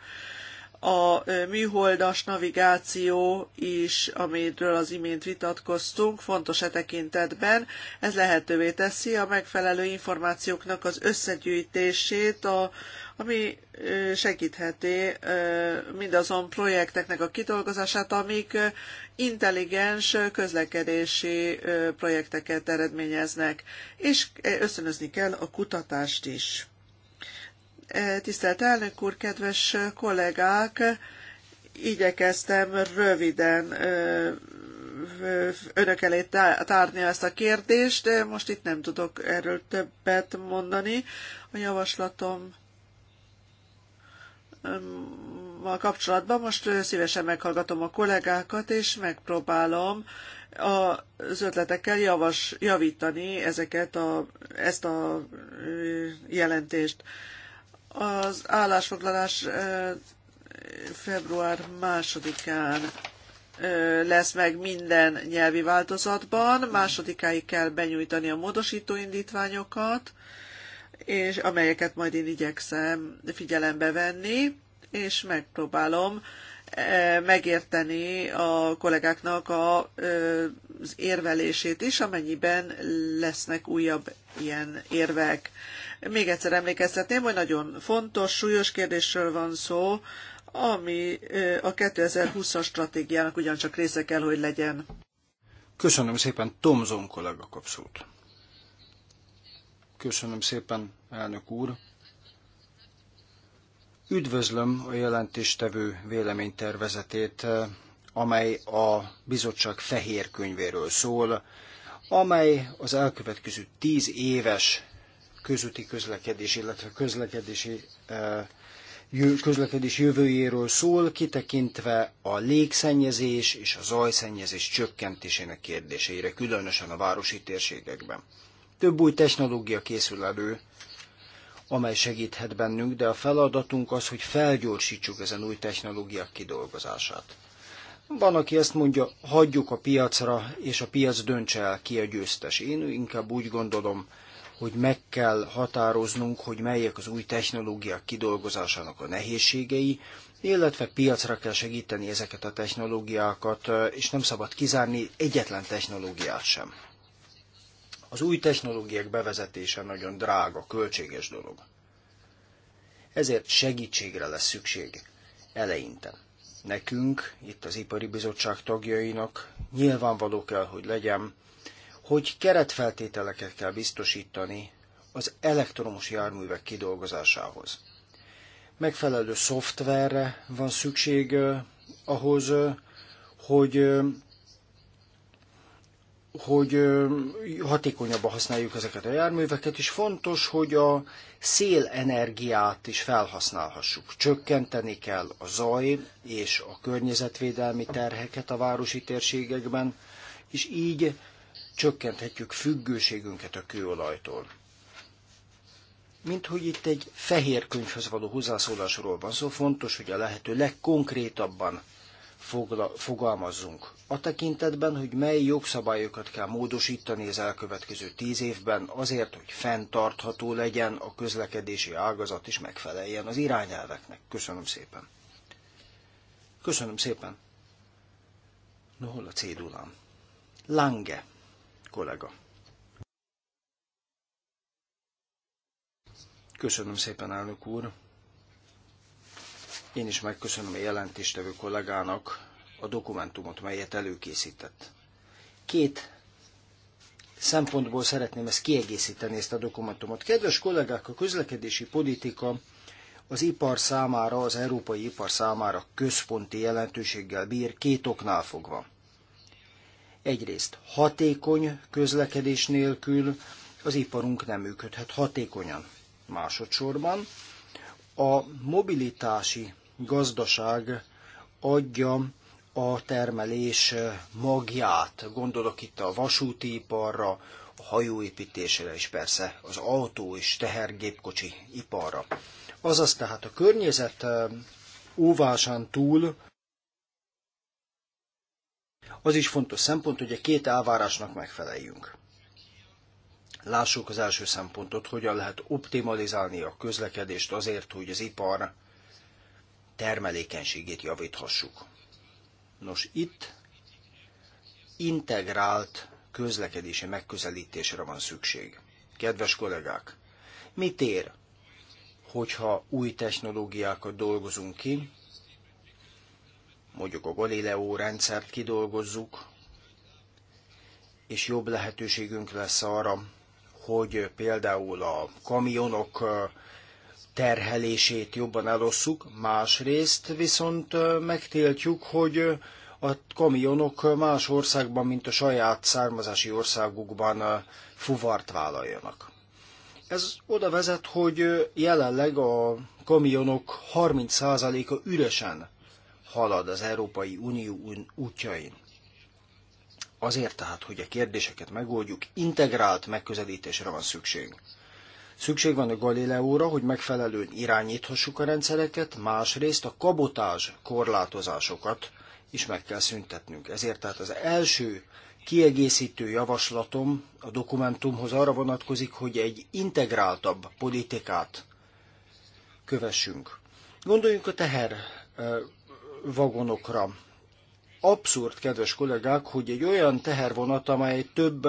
a műholdas navigáció is, amiről az imént vitatkoztunk, fontos e tekintetben. Ez lehetővé teszi a megfelelő információknak az összegyűjtését, a, ami segítheti mindazon projekteknek a kidolgozását, amik intelligens közlekedési projekteket eredményeznek, és összönözni kell a kutatást is. Tisztelt elnök úr, kedves kollégák! Igyekeztem röviden önök elé tárni ezt a kérdést. Most itt nem tudok erről többet mondani. A javaslatom a kapcsolatban most szívesen meghallgatom a kollégákat, és megpróbálom az ötletekkel javas, javítani ezeket a, ezt a jelentést. Az állásfoglalás február másodikán lesz meg minden nyelvi változatban, másodikáig kell benyújtani a módosító indítványokat, és amelyeket majd én igyekszem figyelembe venni, és megpróbálom megérteni a kollégáknak a, az érvelését is, amennyiben lesznek újabb ilyen érvek. Még egyszer emlékeztetném, hogy nagyon fontos, súlyos kérdésről van szó, ami a 2020-as stratégiának ugyancsak része kell, hogy legyen. Köszönöm szépen, Tom Zon kollega kapszót. Köszönöm szépen, elnök úr. Üdvözlöm a jelentéstevő véleménytervezetét, amely a bizottság fehér könyvéről szól, amely az elkövetkező tíz éves közúti közlekedés, illetve közlekedési e, közlekedés jövőjéről szól, kitekintve a légszennyezés és a zajszennyezés csökkentésének kérdéseire, különösen a városi térségekben. Több új technológia készül elő, amely segíthet bennünk, de a feladatunk az, hogy felgyorsítsuk ezen új technológiák kidolgozását. Van, aki ezt mondja, hagyjuk a piacra, és a piac döntse el ki a győztes. Én inkább úgy gondolom, hogy meg kell határoznunk, hogy melyek az új technológiák kidolgozásának a nehézségei, illetve piacra kell segíteni ezeket a technológiákat, és nem szabad kizárni egyetlen technológiát sem. Az új technológiák bevezetése nagyon drága, költséges dolog. Ezért segítségre lesz szükség eleinte. Nekünk, itt az Ipari Bizottság tagjainak nyilvánvaló kell, hogy legyen, hogy keretfeltételeket kell biztosítani az elektromos járművek kidolgozásához. Megfelelő szoftverre van szükség ahhoz, hogy hogy hatékonyabban használjuk ezeket a járműveket, és fontos, hogy a szélenergiát is felhasználhassuk. Csökkenteni kell a zaj és a környezetvédelmi terheket a városi térségekben, és így csökkenthetjük függőségünket a kőolajtól. Mint hogy itt egy fehér könyvhöz való hozzászólásról van szó, fontos, hogy a lehető legkonkrétabban fogla, fogalmazzunk. A tekintetben, hogy mely jogszabályokat kell módosítani az elkövetkező tíz évben azért, hogy fenntartható legyen a közlekedési ágazat is megfeleljen az irányelveknek. Köszönöm szépen. Köszönöm szépen. No, hol a cédulám? Lange kollega. Köszönöm szépen, elnök úr. Én is megköszönöm a jelentéstevő kollégának a dokumentumot, melyet előkészített. Két szempontból szeretném ezt kiegészíteni, ezt a dokumentumot. Kedves kollégák, a közlekedési politika az ipar számára, az európai ipar számára központi jelentőséggel bír két oknál fogva. Egyrészt hatékony közlekedés nélkül az iparunk nem működhet hatékonyan. Másodszorban a mobilitási gazdaság adja a termelés magját. Gondolok itt a vasúti iparra, a hajóépítésre és persze az autó és tehergépkocsi iparra. Azaz tehát a környezet óvásán túl az is fontos szempont, hogy a két elvárásnak megfeleljünk. Lássuk az első szempontot, hogyan lehet optimalizálni a közlekedést azért, hogy az ipar termelékenységét javíthassuk. Nos, itt integrált közlekedési megközelítésre van szükség. Kedves kollégák, mit ér, hogyha új technológiákat dolgozunk ki, mondjuk a Galileo rendszert kidolgozzuk, és jobb lehetőségünk lesz arra, hogy például a kamionok terhelését jobban elosszuk, másrészt viszont megtiltjuk, hogy a kamionok más országban, mint a saját származási országukban fuvart vállaljanak. Ez oda vezet, hogy jelenleg a kamionok 30%-a üresen halad az Európai Unió útjain. Azért tehát, hogy a kérdéseket megoldjuk, integrált megközelítésre van szükség. Szükség van a Galileóra, hogy megfelelően irányíthassuk a rendszereket, másrészt a kabotás korlátozásokat is meg kell szüntetnünk. Ezért tehát az első kiegészítő javaslatom a dokumentumhoz arra vonatkozik, hogy egy integráltabb politikát kövessünk. Gondoljunk a teher vagonokra. Abszurd, kedves kollégák, hogy egy olyan tehervonat, amely több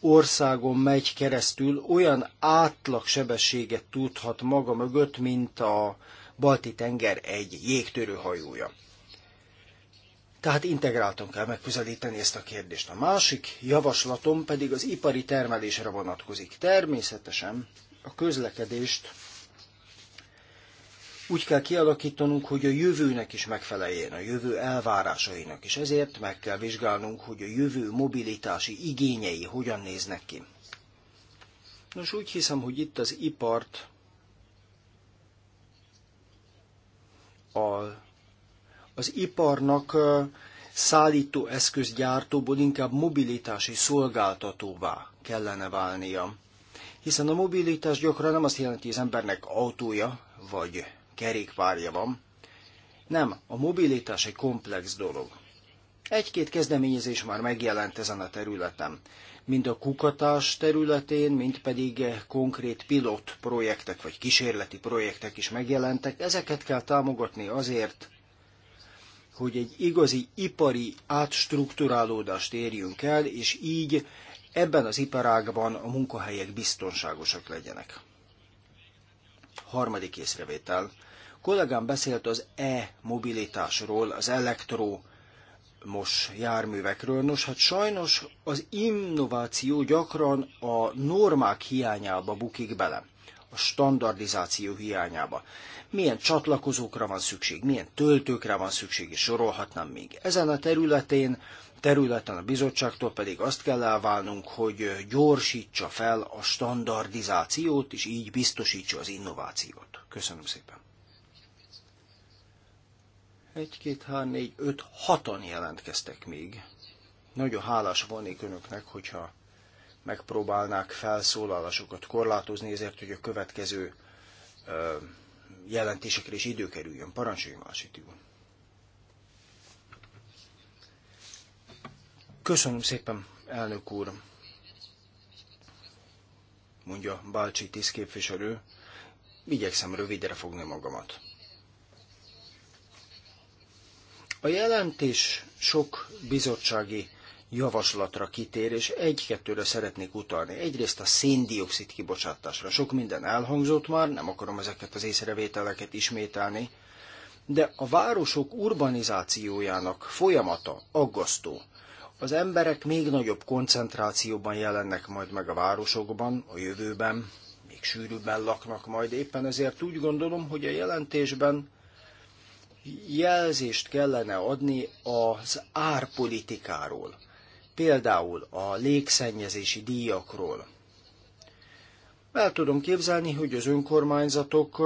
országon megy keresztül, olyan átlagsebességet tudhat maga mögött, mint a Balti tenger egy jégtörő hajója. Tehát integráltan kell megközelíteni ezt a kérdést. A másik javaslatom pedig az ipari termelésre vonatkozik. Természetesen a közlekedést úgy kell kialakítanunk, hogy a jövőnek is megfeleljen, a jövő elvárásainak, és ezért meg kell vizsgálnunk, hogy a jövő mobilitási igényei hogyan néznek ki. Nos, úgy hiszem, hogy itt az ipart a, az iparnak szállító eszközgyártóból inkább mobilitási szolgáltatóvá kellene válnia. Hiszen a mobilitás gyakran nem azt jelenti, hogy az embernek autója vagy kerékpárja van. Nem, a mobilitás egy komplex dolog. Egy-két kezdeményezés már megjelent ezen a területen, mind a kukatás területén, mind pedig konkrét pilot projektek vagy kísérleti projektek is megjelentek. Ezeket kell támogatni azért, hogy egy igazi ipari átstruktúrálódást érjünk el, és így ebben az iparágban a munkahelyek biztonságosak legyenek. Harmadik észrevétel. Kollégám beszélt az e-mobilitásról, az elektró most járművekről. Nos, hát sajnos az innováció gyakran a normák hiányába bukik bele, a standardizáció hiányába. Milyen csatlakozókra van szükség, milyen töltőkre van szükség, és sorolhatnám még. Ezen a területén, területen a bizottságtól pedig azt kell elválnunk, hogy gyorsítsa fel a standardizációt, és így biztosítsa az innovációt. Köszönöm szépen. Egy, két, hár, négy, öt, hatan jelentkeztek még. Nagyon hálás volnék önöknek, hogyha megpróbálnák felszólalásokat korlátozni, ezért, hogy a következő ö, jelentésekre is idő kerüljön. Parancsoljon, Köszönöm szépen, elnök úr, mondja Bálcsi tisztképviselő. Igyekszem rövidre fogni magamat. A jelentés sok bizottsági javaslatra kitér, és egy-kettőre szeretnék utalni. Egyrészt a széndiokszid kibocsátásra. Sok minden elhangzott már, nem akarom ezeket az észrevételeket ismételni, de a városok urbanizációjának folyamata aggasztó. Az emberek még nagyobb koncentrációban jelennek majd meg a városokban, a jövőben, még sűrűbben laknak majd. Éppen ezért úgy gondolom, hogy a jelentésben jelzést kellene adni az árpolitikáról, például a légszennyezési díjakról. El tudom képzelni, hogy az önkormányzatok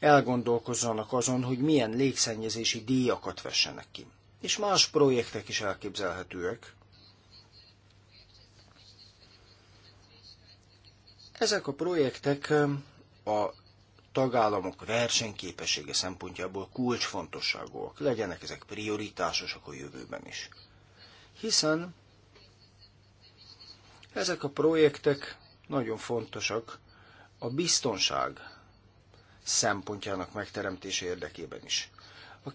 elgondolkozzanak azon, hogy milyen légszennyezési díjakat vessenek ki. És más projektek is elképzelhetőek. Ezek a projektek a tagállamok versenyképessége szempontjából kulcsfontosságúak. Legyenek ezek prioritásosak a jövőben is. Hiszen ezek a projektek nagyon fontosak a biztonság szempontjának megteremtése érdekében is. A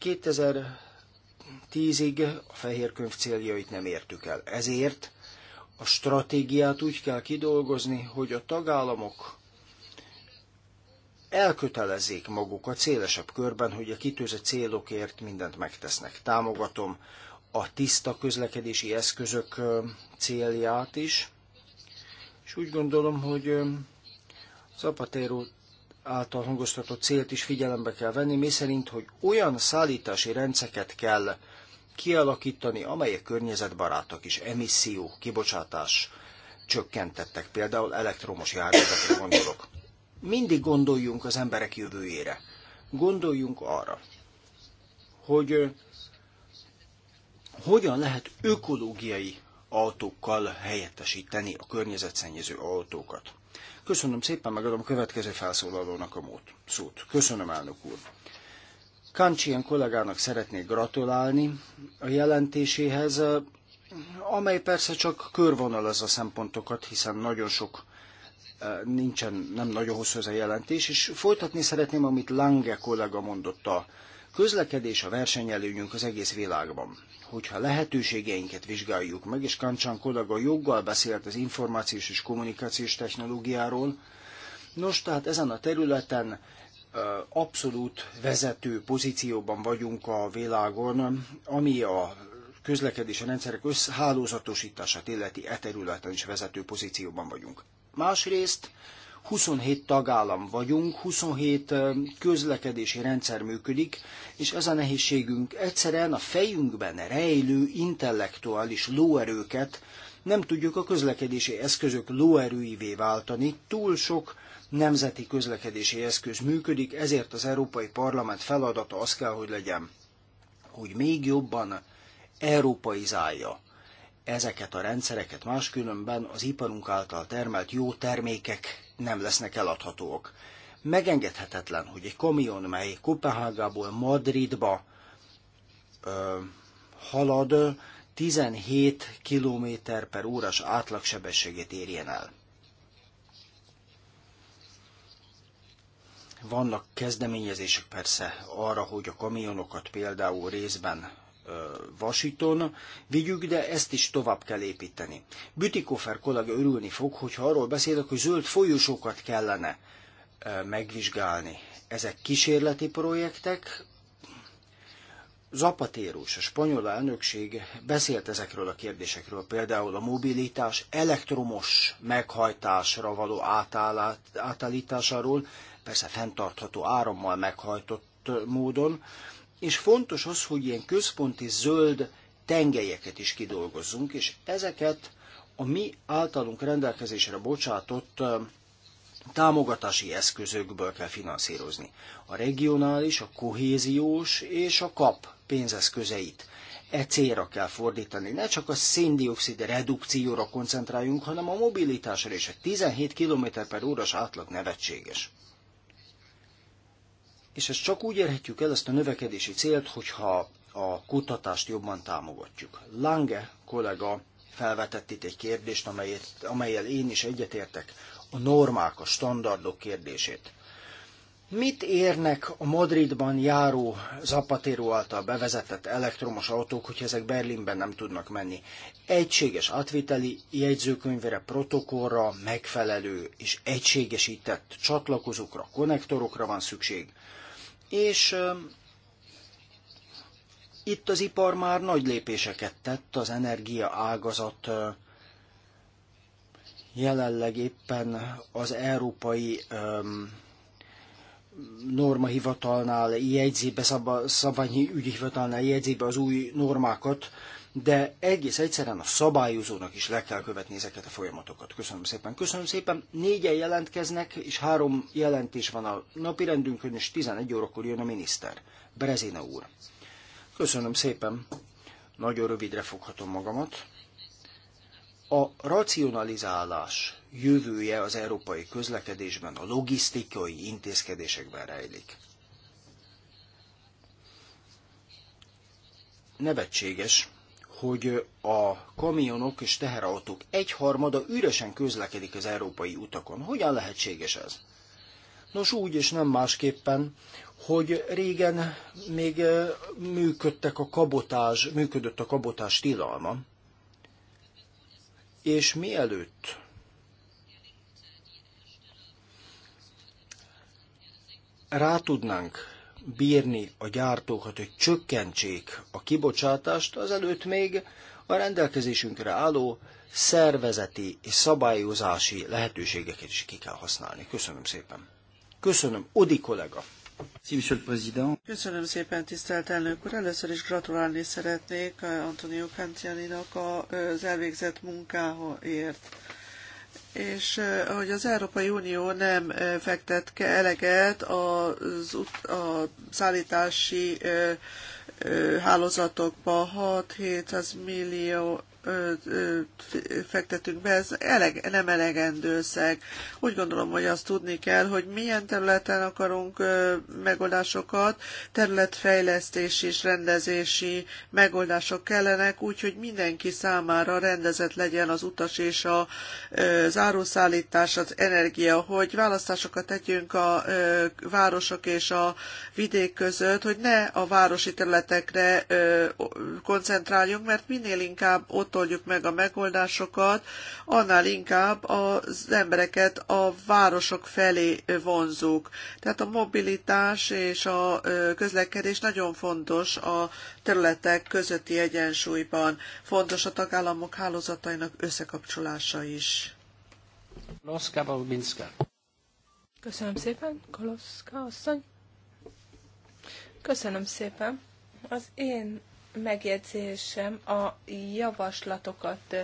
2010-ig a fehér könyv céljait nem értük el. Ezért a stratégiát úgy kell kidolgozni, hogy a tagállamok elkötelezzék magukat szélesebb körben, hogy a kitűzött célokért mindent megtesznek. Támogatom a tiszta közlekedési eszközök célját is, és úgy gondolom, hogy Zapatero által hangoztatott célt is figyelembe kell venni, szerint, hogy olyan szállítási rendszeket kell kialakítani, amelyek környezetbarátak és emisszió, kibocsátás csökkentettek, például elektromos járművekre gondolok mindig gondoljunk az emberek jövőjére. Gondoljunk arra, hogy hogyan lehet ökológiai autókkal helyettesíteni a környezetszennyező autókat. Köszönöm szépen, megadom a következő felszólalónak a mód, szót. Köszönöm, elnök úr. Kancsien kollégának szeretnék gratulálni a jelentéséhez, amely persze csak körvonalazza szempontokat, hiszen nagyon sok nincsen, nem nagyon hosszú ez a jelentés, és folytatni szeretném, amit Lange kollega mondott a közlekedés a versenyelőnyünk az egész világban. Hogyha lehetőségeinket vizsgáljuk meg, és Kancsán kollega joggal beszélt az információs és kommunikációs technológiáról, nos, tehát ezen a területen abszolút vezető pozícióban vagyunk a világon, ami a közlekedési rendszerek összhálózatosítását illeti e területen is vezető pozícióban vagyunk. Másrészt 27 tagállam vagyunk, 27 közlekedési rendszer működik, és ez a nehézségünk egyszerűen a fejünkben rejlő intellektuális lóerőket nem tudjuk a közlekedési eszközök lóerőivé váltani, túl sok nemzeti közlekedési eszköz működik, ezért az Európai Parlament feladata az kell, hogy legyen, hogy még jobban európaizálja ezeket a rendszereket, máskülönben az iparunk által termelt jó termékek nem lesznek eladhatóak. Megengedhetetlen, hogy egy kamion, mely Kopenhágából Madridba ö, halad, 17 km per órás átlagsebességet érjen el. Vannak kezdeményezések persze arra, hogy a kamionokat például részben vasiton vigyük, de ezt is tovább kell építeni. Bütikofer kollega örülni fog, hogyha arról beszélek, hogy zöld folyosókat kellene megvizsgálni. Ezek kísérleti projektek, Zapatérus, a spanyol elnökség beszélt ezekről a kérdésekről, például a mobilitás elektromos meghajtásra való átállát, átállításáról, persze fenntartható árammal meghajtott módon, és fontos az, hogy ilyen központi zöld tengelyeket is kidolgozzunk, és ezeket a mi általunk rendelkezésre bocsátott támogatási eszközökből kell finanszírozni. A regionális, a kohéziós és a kap pénzeszközeit. E célra kell fordítani. Ne csak a széndiokszid redukcióra koncentráljunk, hanem a mobilitásra és a 17 km per órás átlag nevetséges és ezt csak úgy érhetjük el, ezt a növekedési célt, hogyha a kutatást jobban támogatjuk. Lange kollega felvetett itt egy kérdést, amelyet, amelyel én is egyetértek, a normák, a standardok kérdését. Mit érnek a Madridban járó Zapatero által bevezetett elektromos autók, hogyha ezek Berlinben nem tudnak menni? Egységes átviteli jegyzőkönyvre, protokollra, megfelelő és egységesített csatlakozókra, konnektorokra van szükség és itt az ipar már nagy lépéseket tett, az energia ágazat jelenleg éppen az európai normahivatalnál jegyzi be, szabványi ügyhivatalnál jegyzi be az új normákat, de egész egyszerűen a szabályozónak is le kell követni ezeket a folyamatokat. Köszönöm szépen. Köszönöm szépen. Négyen jelentkeznek, és három jelentés van a napi rendünkön, és 11 órakor jön a miniszter, Brezina úr. Köszönöm szépen. Nagyon rövidre foghatom magamat. A racionalizálás jövője az európai közlekedésben, a logisztikai intézkedésekben rejlik. Nevetséges, hogy a kamionok és teherautók egyharmada üresen közlekedik az európai utakon. Hogyan lehetséges ez? Nos úgy és nem másképpen, hogy régen még működtek a kabotás, működött a kabotás tilalma, és mielőtt rá tudnánk bírni a gyártókat, hogy csökkentsék a kibocsátást, azelőtt még a rendelkezésünkre álló szervezeti és szabályozási lehetőségeket is ki kell használni. Köszönöm szépen. Köszönöm, Odi kollega. Köszönöm szépen, tisztelt elnök úr! Először is gratulálni szeretnék eh, Antonio Cantianinak eh, az elvégzett munkáért és hogy az Európai Unió nem fektet ke eleget az ut- a szállítási hálózatokba 6-700 millió fektetünk be, ez eleg, nem elegendő összeg. Úgy gondolom, hogy azt tudni kell, hogy milyen területen akarunk megoldásokat, területfejlesztési és rendezési megoldások kellenek, úgyhogy mindenki számára rendezett legyen az utas és a zárószállítás, az energia, hogy választásokat tegyünk a városok és a vidék között, hogy ne a városi területekre koncentráljunk, mert minél inkább ott fontoljuk meg a megoldásokat, annál inkább az embereket a városok felé vonzuk. Tehát a mobilitás és a közlekedés nagyon fontos a területek közötti egyensúlyban. Fontos a tagállamok hálózatainak összekapcsolása is. Köszönöm szépen, Koloszka asszony. Köszönöm szépen. Az én megjegyzésem a javaslatokat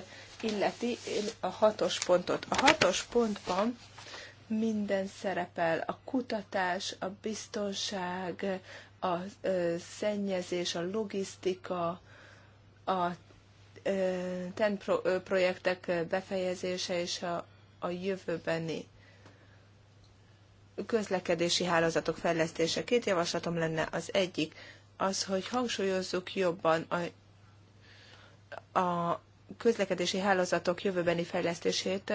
illeti a hatos pontot. A hatos pontban minden szerepel, a kutatás, a biztonság, a szennyezés, a logisztika, a TEN projektek befejezése és a, a jövőbeni közlekedési hálózatok fejlesztése. Két javaslatom lenne az egyik az, hogy hangsúlyozzuk jobban a, a közlekedési hálózatok jövőbeni fejlesztését,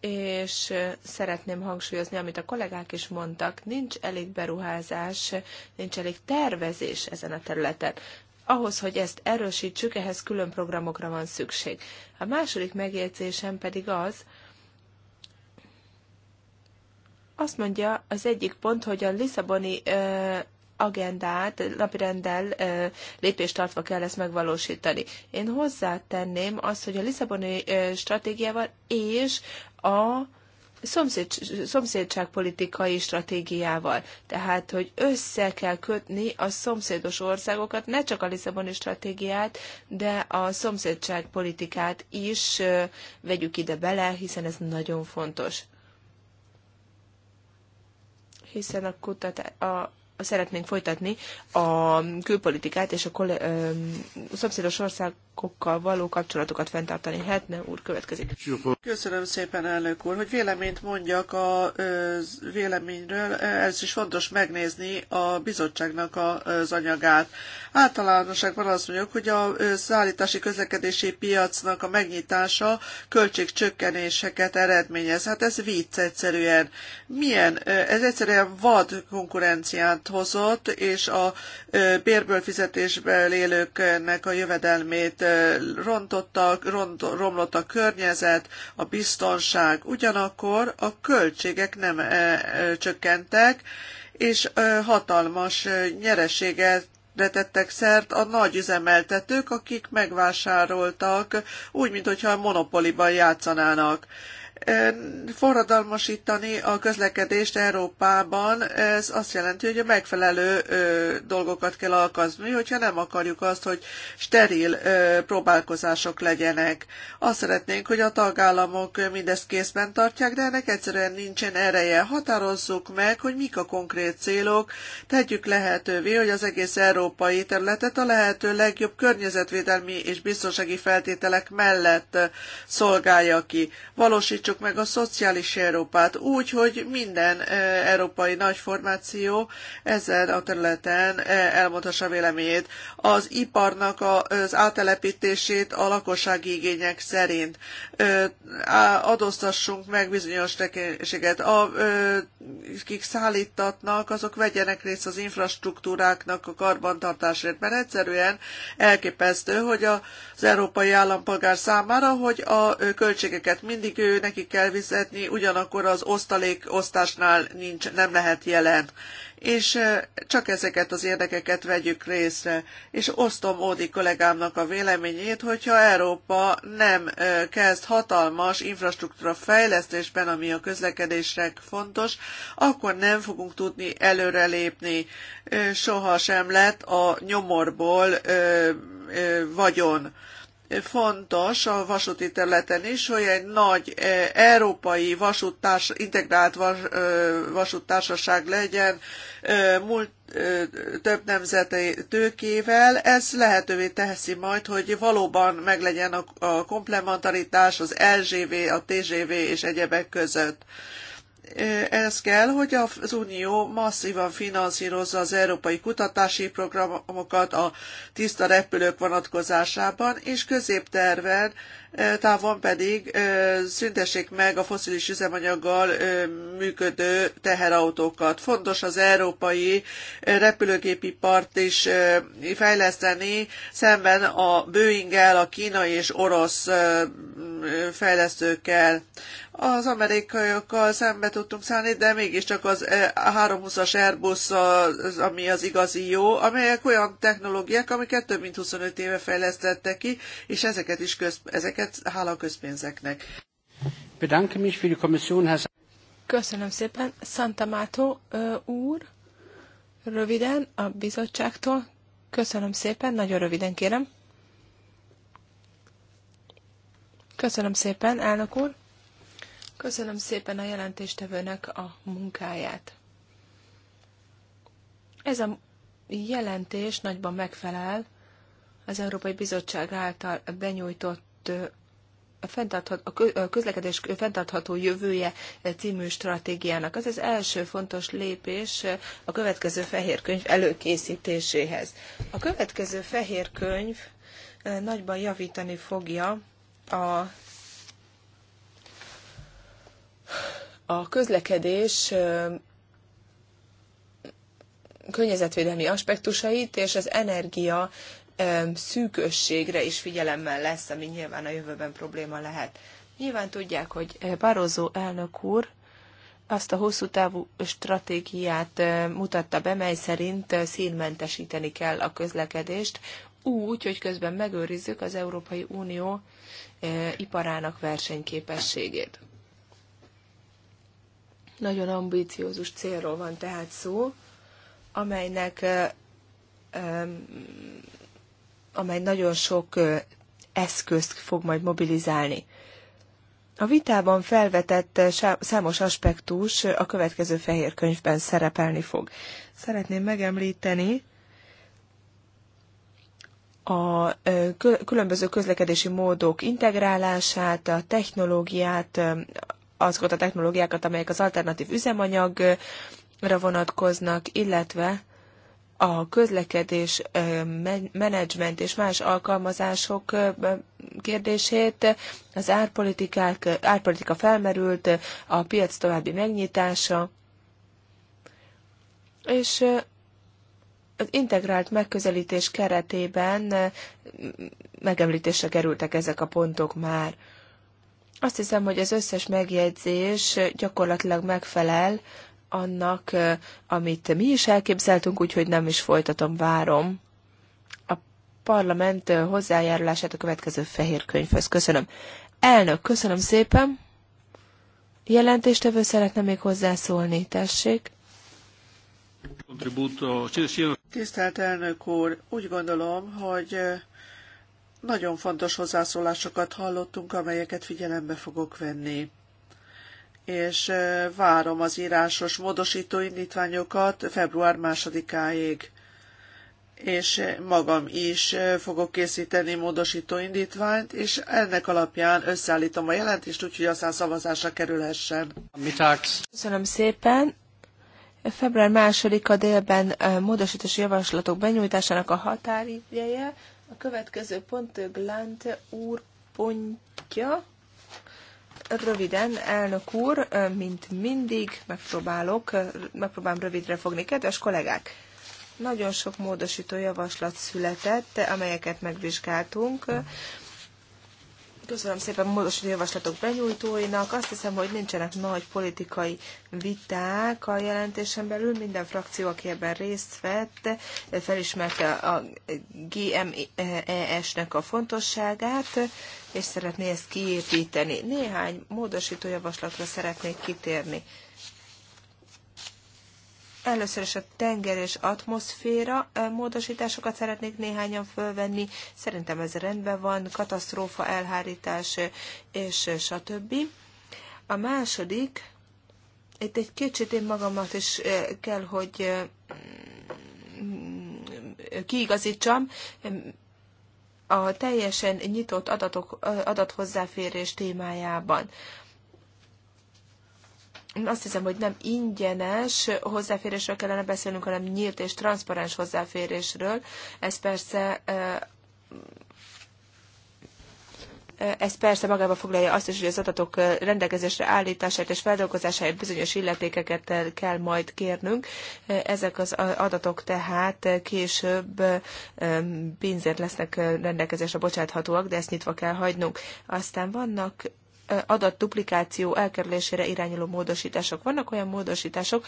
és szeretném hangsúlyozni, amit a kollégák is mondtak, nincs elég beruházás, nincs elég tervezés ezen a területen. Ahhoz, hogy ezt erősítsük, ehhez külön programokra van szükség. A második megjegyzésem pedig az, azt mondja az egyik pont, hogy a Lisszaboni agendát napirenddel lépést tartva kell ezt megvalósítani. Én hozzátenném azt, hogy a Lisszaboni stratégiával és a szomszéd, szomszédságpolitikai stratégiával. Tehát, hogy össze kell kötni a szomszédos országokat, ne csak a Lisszaboni stratégiát, de a szomszédságpolitikát is vegyük ide bele, hiszen ez nagyon fontos. Hiszen a, kutatá- a szeretnénk folytatni a külpolitikát és a szomszédos ország bankokkal való kapcsolatokat fenntartani. Hetne úr, következik. Köszönöm szépen, elnök úr, hogy véleményt mondjak a véleményről. Ez is fontos megnézni a bizottságnak az anyagát. Általánosságban azt mondjuk, hogy a szállítási közlekedési piacnak a megnyitása költségcsökkenéseket eredményez. Hát ez vicc egyszerűen. Milyen? Ez egyszerűen vad konkurenciát hozott, és a bérből fizetésből élőknek a jövedelmét a, ront, romlott a környezet, a biztonság, ugyanakkor a költségek nem csökkentek, és hatalmas nyereséget tettek szert a nagy üzemeltetők, akik megvásároltak, úgy, mintha monopoliban játszanának forradalmasítani a közlekedést Európában, ez azt jelenti, hogy a megfelelő dolgokat kell alkalmazni, hogyha nem akarjuk azt, hogy steril próbálkozások legyenek. Azt szeretnénk, hogy a tagállamok mindezt készben tartják, de ennek egyszerűen nincsen ereje. Határozzuk meg, hogy mik a konkrét célok, tegyük lehetővé, hogy az egész európai területet a lehető legjobb környezetvédelmi és biztonsági feltételek mellett szolgálja ki. Valósítsuk valósítsuk meg a szociális Európát úgy, hogy minden eh, európai nagyformáció ezen a területen eh, elmondhassa véleményét. Az iparnak az átelepítését a lakossági igények szerint eh, adóztassunk meg bizonyos tekintéséget. kik szállítatnak, azok vegyenek részt az infrastruktúráknak a karbantartásért, mert egyszerűen elképesztő, hogy az európai állampolgár számára, hogy a költségeket mindig ő, neki neki kell fizetni, ugyanakkor az osztalék osztásnál nincs, nem lehet jelen. És csak ezeket az érdekeket vegyük részre. És osztom Ódi kollégámnak a véleményét, hogyha Európa nem kezd hatalmas infrastruktúra fejlesztésben, ami a közlekedésre fontos, akkor nem fogunk tudni előrelépni. Soha sem lett a nyomorból vagyon fontos a vasúti területen is, hogy egy nagy e, európai vasúttárs, integrált vas, vasúttársaság legyen múlt, több nemzeti tőkével. Ez lehetővé teszi majd, hogy valóban meglegyen a, a komplementaritás az LGV, a TGV és egyebek között ez kell, hogy az Unió masszívan finanszírozza az európai kutatási programokat a tiszta repülők vonatkozásában, és középterven távon pedig szüntessék meg a foszilis üzemanyaggal működő teherautókat. Fontos az európai repülőgépi part is fejleszteni szemben a Boeing-el, a kínai és orosz fejlesztőkkel. Az amerikaiakkal szembe tudtunk szállni, de mégiscsak az 320-as Airbus, az, ami az igazi jó, amelyek olyan technológiák, amiket több mint 25 éve fejlesztettek ki, és ezeket is köz, ezek ezeket, hála a közpénzeknek. Köszönöm szépen. Santa Mato úr, röviden a bizottságtól. Köszönöm szépen, nagyon röviden kérem. Köszönöm szépen, elnök úr. Köszönöm szépen a jelentéstevőnek a munkáját. Ez a jelentés nagyban megfelel az Európai Bizottság által benyújtott a, a közlekedés fenntartható jövője című stratégiának. Az az első fontos lépés a következő fehér könyv előkészítéséhez. A következő fehér könyv nagyban javítani fogja a a közlekedés környezetvédelmi aspektusait és az energia szűkösségre is figyelemmel lesz, ami nyilván a jövőben probléma lehet. Nyilván tudják, hogy eh, Barozó elnök úr azt a hosszú távú stratégiát eh, mutatta be, mely szerint eh, színmentesíteni kell a közlekedést, úgy, hogy közben megőrizzük az Európai Unió iparának versenyképességét. Nagyon ambíciózus célról van tehát szó, amelynek amely nagyon sok eszközt fog majd mobilizálni. A vitában felvetett számos aspektus a következő fehér könyvben szerepelni fog. Szeretném megemlíteni a különböző közlekedési módok integrálását, a technológiát, azokat a technológiákat, amelyek az alternatív üzemanyagra vonatkoznak, illetve a közlekedés, menedzsment és más alkalmazások kérdését, az árpolitikák, árpolitika felmerült, a piac további megnyitása, és az integrált megközelítés keretében megemlítésre kerültek ezek a pontok már. Azt hiszem, hogy az összes megjegyzés gyakorlatilag megfelel annak, amit mi is elképzeltünk, úgyhogy nem is folytatom, várom a parlament hozzájárulását a következő fehér könyvhöz. Köszönöm. Elnök, köszönöm szépen. Jelentéstevő szeretne még hozzászólni, tessék. Tisztelt elnök úr, úgy gondolom, hogy nagyon fontos hozzászólásokat hallottunk, amelyeket figyelembe fogok venni és várom az írásos módosító indítványokat február másodikáig. És magam is fogok készíteni módosító indítványt, és ennek alapján összeállítom a jelentést, úgyhogy aztán szavazásra kerülhessen. Mit? Köszönöm szépen. Február másodika délben módosítás javaslatok benyújtásának a határideje. A következő pont Glant úr pontja röviden, elnök úr, mint mindig megpróbálok, megpróbálom rövidre fogni. Kedves kollégák, nagyon sok módosító javaslat született, amelyeket megvizsgáltunk. Köszönöm szépen módosító javaslatok benyújtóinak. Azt hiszem, hogy nincsenek nagy politikai viták a jelentésen belül. Minden frakció, aki ebben részt vett, felismerte a GMES-nek a fontosságát, és szeretné ezt kiépíteni. Néhány módosító javaslatra szeretnék kitérni. Először is a tenger és atmoszféra módosításokat szeretnék néhányan fölvenni. Szerintem ez rendben van, katasztrófa elhárítás és stb. A második, itt egy kicsit én magamat is kell, hogy mm, kiigazítsam, a teljesen nyitott adatok, adathozzáférés témájában azt hiszem, hogy nem ingyenes hozzáférésről kellene beszélnünk, hanem nyílt és transzparens hozzáférésről. Ez persze ez persze magába foglalja azt is, hogy az adatok rendelkezésre állítását és feldolgozásáért bizonyos illetékeket kell majd kérnünk. Ezek az adatok tehát később pénzért lesznek rendelkezésre bocsáthatóak, de ezt nyitva kell hagynunk. Aztán vannak adatduplikáció elkerülésére irányuló módosítások. Vannak olyan módosítások,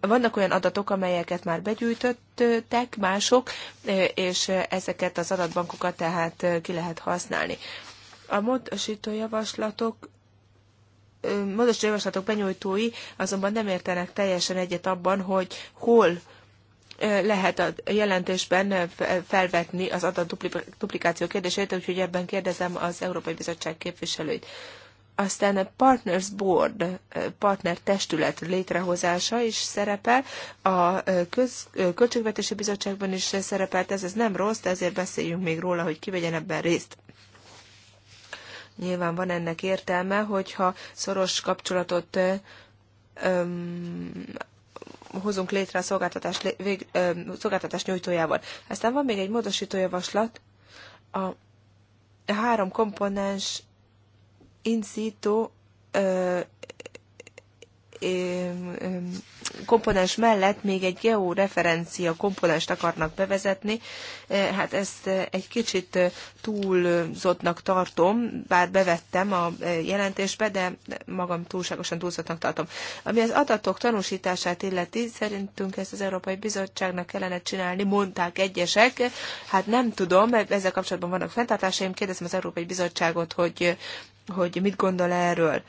vannak olyan adatok, amelyeket már begyűjtöttek mások, és ezeket az adatbankokat tehát ki lehet használni. A módosító javaslatok módosító javaslatok benyújtói azonban nem értenek teljesen egyet abban, hogy hol lehet a jelentésben felvetni az adatduplikáció kérdését, úgyhogy ebben kérdezem az Európai Bizottság képviselőit. Aztán a Partners Board, partner testület létrehozása is szerepel, a köz, Költségvetési Bizottságban is szerepelt ez, ez nem rossz, de ezért beszéljünk még róla, hogy ki vegyen ebben részt. Nyilván van ennek értelme, hogyha szoros kapcsolatot öm, hozunk létre a szolgáltatás, vég, öm, szolgáltatás nyújtójával. Aztán van még egy módosítójavaslat, a három komponens in situ komponens mellett még egy georeferencia komponest akarnak bevezetni. Eh, hát ezt eh, egy kicsit eh, túlzottnak tartom, bár bevettem a jelentésbe, de magam túlságosan túlzottnak tartom. Ami az adatok tanúsítását illeti, szerintünk ezt az Európai Bizottságnak kellene csinálni, mondták egyesek. Hát nem tudom, ezzel kapcsolatban vannak fenntartásaim, kérdezem az Európai Bizottságot, hogy, hogy mit gondol erről.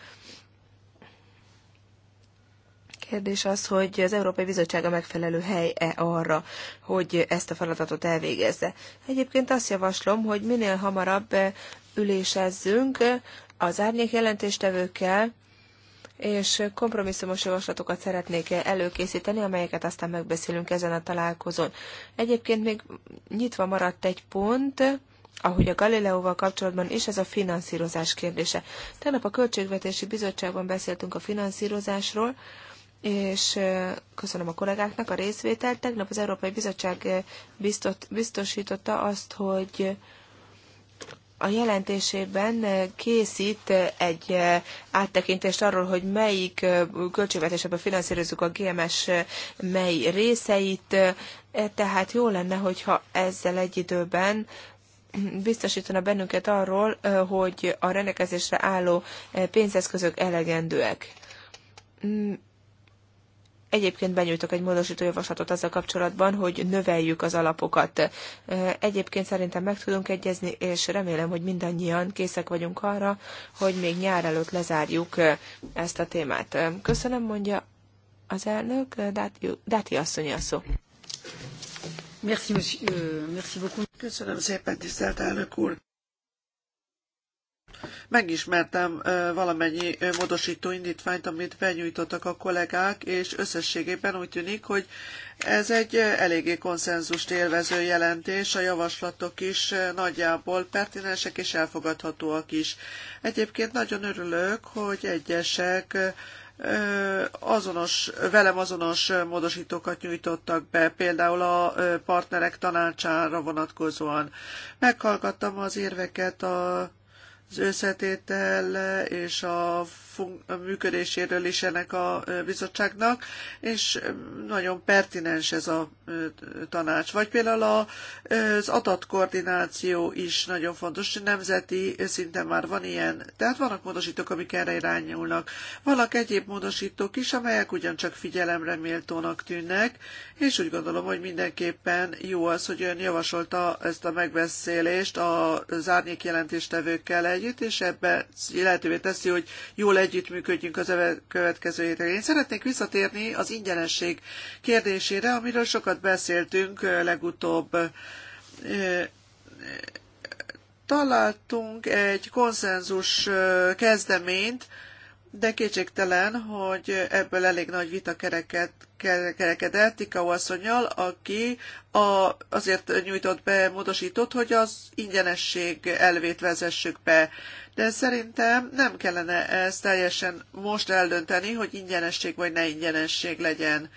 Kérdés az, hogy az Európai Bizottság a megfelelő hely-e arra, hogy ezt a feladatot elvégezze. Egyébként azt javaslom, hogy minél hamarabb eh, ülésezzünk eh, az árnyék jelentéstevőkkel, és kompromisszumos javaslatokat szeretnék -e előkészíteni, amelyeket aztán megbeszélünk ezen a találkozón. Egyébként még nyitva maradt egy pont, ahogy a Galileóval kapcsolatban is, ez a finanszírozás kérdése. Tegnap a Költségvetési Bizottságban beszéltünk a finanszírozásról, és köszönöm a kollégáknak a részvételt. Tegnap az Európai Bizottság biztot, biztosította azt, hogy a jelentésében készít egy áttekintést arról, hogy melyik költségvetésebben finanszírozzuk a GMS mely részeit, tehát jó lenne, hogyha ezzel egy időben biztosítana bennünket arról, hogy a rendelkezésre álló pénzeszközök elegendőek mm, Egyébként benyújtok egy módosító javaslatot azzal kapcsolatban, hogy növeljük az alapokat. Egyébként szerintem meg tudunk egyezni, és remélem, hogy mindannyian készek vagyunk arra, hogy még nyár előtt lezárjuk ezt a témát. Köszönöm, mondja az elnök, Dáti, asszony a szó. Merci, monsieur, euh, merci beaucoup. Köszönöm szépen, tisztelt elnök úr. Megismertem valamennyi módosító indítványt, amit benyújtottak a kollégák, és összességében úgy tűnik, hogy ez egy eléggé konszenzust élvező jelentés, a javaslatok is nagyjából pertinensek és elfogadhatóak is. Egyébként nagyon örülök, hogy egyesek azonos, velem azonos módosítókat nyújtottak be, például a partnerek tanácsára vonatkozóan. Meghallgattam az érveket a az összetétel és a működéséről is ennek a bizottságnak, és nagyon pertinens ez a tanács. Vagy például a, az adatkoordináció is nagyon fontos, nemzeti szinten már van ilyen, tehát vannak módosítók, amik erre irányulnak. Vannak egyéb módosítók is, amelyek ugyancsak figyelemre méltónak tűnnek, és úgy gondolom, hogy mindenképpen jó az, hogy ön javasolta ezt a megbeszélést az árnyék jelentéstevőkkel együtt, és ebbe lehetővé teszi, hogy jól együttműködjünk az következő héten. Én szeretnék visszatérni az ingyenesség kérdésére, amiről sokat beszéltünk legutóbb. Találtunk egy konszenzus kezdeményt, de kétségtelen, hogy ebből elég nagy vita kereket, kerekedett Tikau asszonyal, aki a, azért nyújtott be módosított, hogy az ingyenesség elvét vezessük be de szerintem nem kellene ezt teljesen most eldönteni, hogy ingyenesség vagy ne ingyenesség legyen.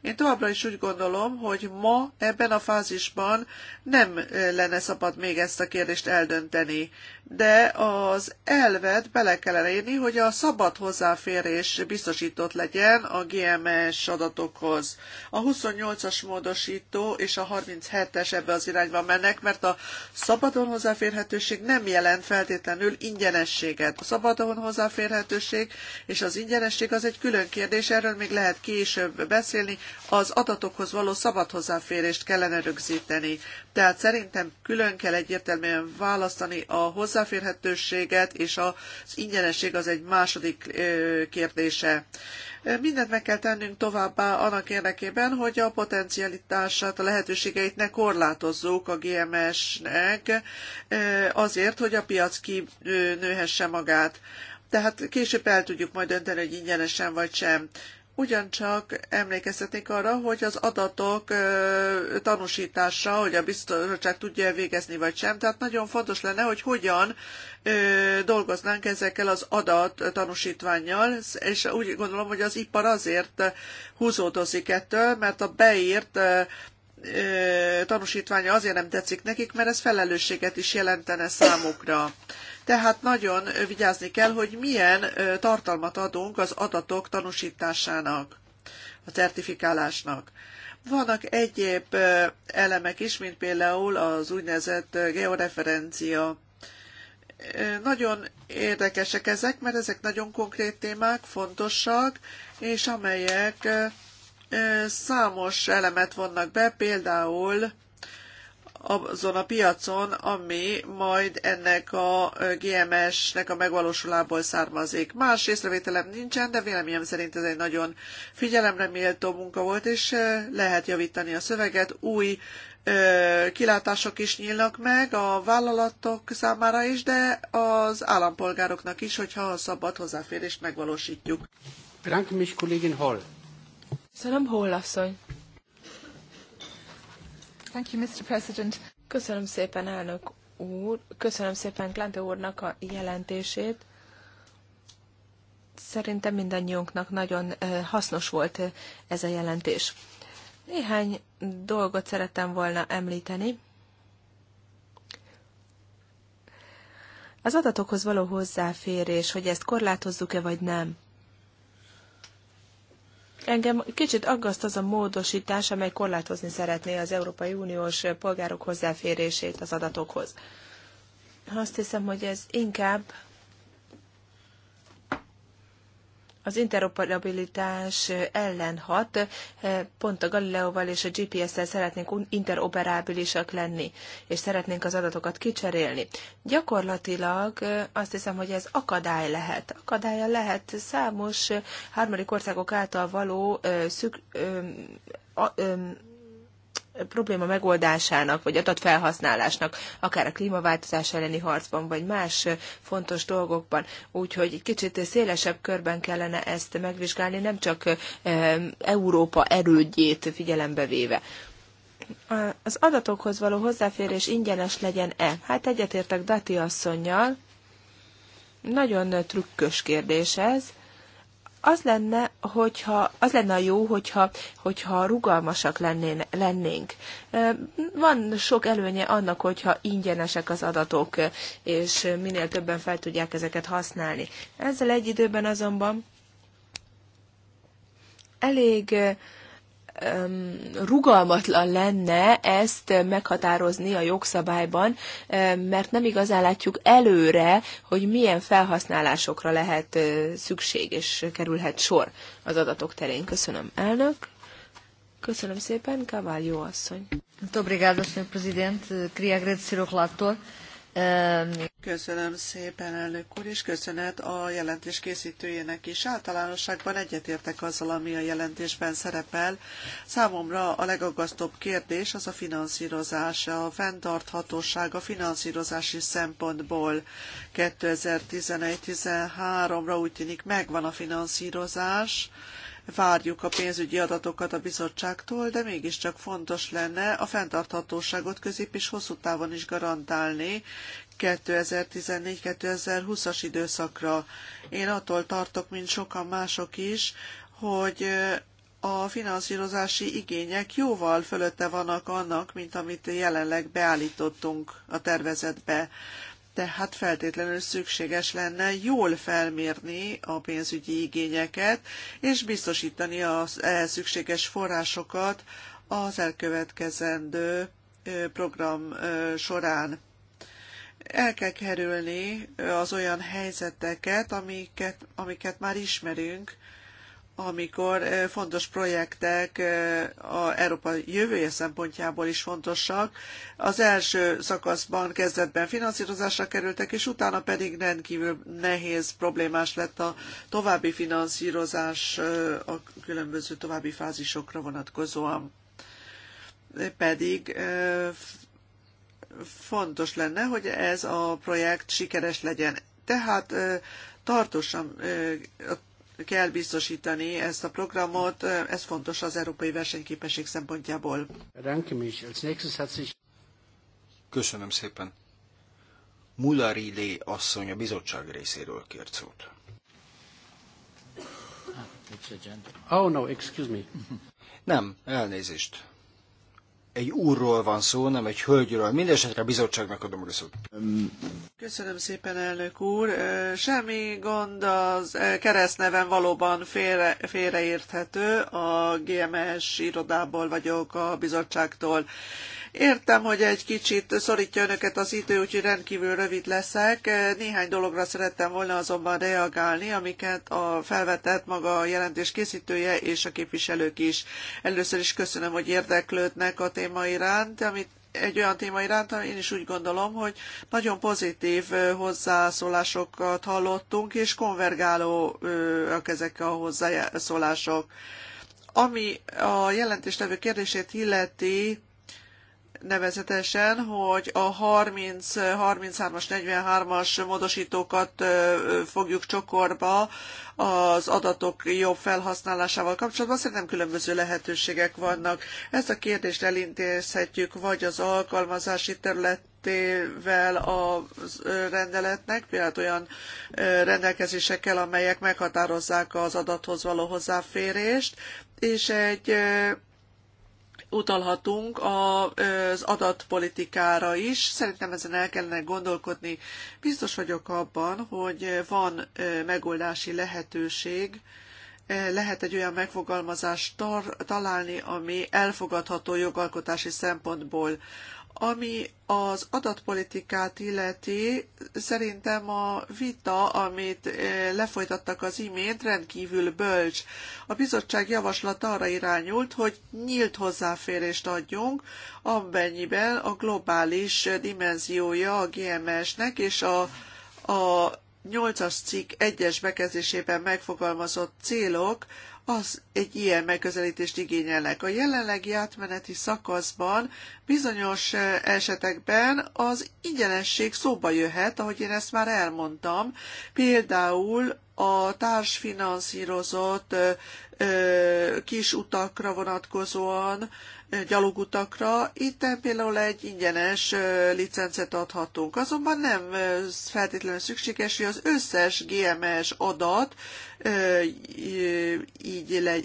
Én továbbra is úgy gondolom, hogy ma ebben a fázisban nem lenne szabad még ezt a kérdést eldönteni de az elvet bele kellene írni, hogy a szabad hozzáférés biztosított legyen a GMS adatokhoz. A 28-as módosító és a 37-es ebbe az irányba mennek, mert a szabadon hozzáférhetőség nem jelent feltétlenül ingyenességet. A szabadon hozzáférhetőség és az ingyenesség az egy külön kérdés, erről még lehet később beszélni. Az adatokhoz való szabad hozzáférést kellene rögzíteni. Tehát szerintem külön kell egyértelműen választani a hozzáférhetőséget, és az ingyenesség az egy második kérdése. Mindent meg kell tennünk továbbá annak érdekében, hogy a potenciálitását, a lehetőségeit ne korlátozzuk a GMS-nek azért, hogy a piac kinőhesse magát. Tehát később el tudjuk majd dönteni, hogy ingyenesen vagy sem. Ugyancsak emlékeztetnék arra, hogy az adatok tanúsítása, hogy a biztonság tudja végezni vagy sem, tehát nagyon fontos lenne, hogy hogyan dolgoznánk ezekkel az adat tanúsítványjal, és úgy gondolom, hogy az ipar azért húzódozik ettől, mert a beírt tanúsítványa azért nem tetszik nekik, mert ez felelősséget is jelentene számukra. Tehát nagyon vigyázni kell, hogy milyen tartalmat adunk az adatok tanúsításának, a certifikálásnak. Vannak egyéb elemek is, mint például az úgynevezett georeferencia. Nagyon érdekesek ezek, mert ezek nagyon konkrét témák, fontosak, és amelyek Számos elemet vonnak be, például azon a piacon, ami majd ennek a GMS-nek a megvalósulából származik. Más észrevételem nincsen, de véleményem szerint ez egy nagyon figyelemre méltó munka volt, és lehet javítani a szöveget. Új kilátások is nyílnak meg a vállalatok számára is, de az állampolgároknak is, hogyha a szabad hozzáférést megvalósítjuk. Bedanke mich, Hall. Köszönöm, asszony. Thank you, Mr. President. Köszönöm szépen, elnök úr. Köszönöm szépen Glante úrnak a jelentését. Szerintem mindannyiunknak nagyon hasznos volt ez a jelentés. Néhány dolgot szerettem volna említeni. Az adatokhoz való hozzáférés, hogy ezt korlátozzuk-e vagy nem. Engem kicsit aggaszt az a módosítás, amely korlátozni szeretné az Európai Uniós polgárok hozzáférését az adatokhoz. Azt hiszem, hogy ez inkább az interoperabilitás ellen hat, eh, pont a Galileo-val és a GPS-tel szeretnénk interoperábilisak lenni, és szeretnénk az adatokat kicserélni. Gyakorlatilag eh, azt hiszem, hogy ez akadály lehet. Akadálya lehet számos eh, harmadik országok által való szük, ö, ö, probléma megoldásának, vagy adatfelhasználásnak, akár a klímaváltozás elleni harcban, vagy más fontos dolgokban. Úgyhogy egy kicsit szélesebb körben kellene ezt megvizsgálni, nem csak Európa erődjét figyelembe véve az adatokhoz való hozzáférés ingyenes legyen-e? Hát egyetértek Dati asszonynal. Nagyon trükkös kérdés ez az lenne, hogyha, az lenne a jó, hogyha, hogyha rugalmasak lennén, lennénk. Van sok előnye annak, hogyha ingyenesek az adatok, és minél többen fel tudják ezeket használni. Ezzel egy időben azonban elég rugalmatlan lenne ezt meghatározni a jogszabályban, mert nem igazán látjuk előre, hogy milyen felhasználásokra lehet szükség és kerülhet sor az adatok terén. Köszönöm, elnök. Köszönöm szépen, Cavallo asszony. Muito obrigada, Sr. Presidente. Queria agradecer ao relator. Eh, Köszönöm szépen, elnök úr, és köszönet a jelentés készítőjének is. Általánosságban egyetértek azzal, ami a jelentésben szerepel. Számomra a legaggasztóbb kérdés az a finanszírozás, a fenntarthatóság a finanszírozási szempontból. 2011-13-ra úgy tűnik megvan a finanszírozás, várjuk a pénzügyi adatokat a bizottságtól, de mégiscsak fontos lenne a fenntarthatóságot közép és hosszú távon is garantálni, 2014-2020-as időszakra. Én attól tartok, mint sokan mások is, hogy a finanszírozási igények jóval fölötte vannak annak, mint amit jelenleg beállítottunk a tervezetbe. Tehát feltétlenül szükséges lenne jól felmérni a pénzügyi igényeket, és biztosítani az ehhez szükséges forrásokat az elkövetkezendő program során el kell kerülni az olyan helyzeteket, amiket, amiket már ismerünk, amikor fontos projektek a Európa jövője szempontjából is fontosak. Az első szakaszban kezdetben finanszírozásra kerültek, és utána pedig rendkívül nehéz, problémás lett a további finanszírozás a különböző további fázisokra vonatkozóan pedig fontos lenne, hogy ez a projekt sikeres legyen. Tehát tartósan kell biztosítani ezt a programot, ez fontos az európai versenyképesség szempontjából. Köszönöm szépen. Mulari Lé asszony a bizottság részéről kért szót. Ah, oh no, excuse me. Nem, elnézést egy úrról van szó, nem egy hölgyről. Mindenesetre a bizottságnak adom a szót. Köszönöm szépen, elnök úr. Semmi gond, az keresztnevem valóban félre, félreérthető. A GMS irodából vagyok a bizottságtól. Értem, hogy egy kicsit szorítja önöket az idő, úgyhogy rendkívül rövid leszek. Néhány dologra szerettem volna azonban reagálni, amiket a felvetett maga a jelentés készítője és a képviselők is. Először is köszönöm, hogy érdeklődnek a téma iránt, amit egy olyan téma iránt, én is úgy gondolom, hogy nagyon pozitív hozzászólásokat hallottunk, és konvergálóak ezek a hozzászólások. Ami a jelentéstevő kérdését illeti, nevezetesen, hogy a 30, 33-as, 43-as módosítókat fogjuk csokorba az adatok jobb felhasználásával kapcsolatban. Szerintem különböző lehetőségek vannak. Ezt a kérdést elintézhetjük vagy az alkalmazási terület tével a rendeletnek, például olyan rendelkezésekkel, amelyek meghatározzák az adathoz való hozzáférést, és egy utalhatunk az adatpolitikára is. Szerintem ezen el kellene gondolkodni. Biztos vagyok abban, hogy van megoldási lehetőség, lehet egy olyan megfogalmazást találni, ami elfogadható jogalkotási szempontból. Ami az adatpolitikát illeti, szerintem a vita, amit eh, lefolytattak az imént, rendkívül bölcs. A bizottság javaslata arra irányult, hogy nyílt hozzáférést adjunk, amennyiben a globális dimenziója a GMS-nek és a, a 8-as cikk 1-es bekezdésében megfogalmazott célok az egy ilyen megközelítést igényelnek. A jelenlegi átmeneti szakaszban bizonyos eh, esetekben az ingyenesség szóba jöhet, ahogy én ezt már elmondtam, például a társfinanszírozott eh, eh, kis utakra vonatkozóan, gyalogutakra. Itt például egy ingyenes licencet adhatunk. Azonban nem feltétlenül szükséges, hogy az összes GMS adat így le,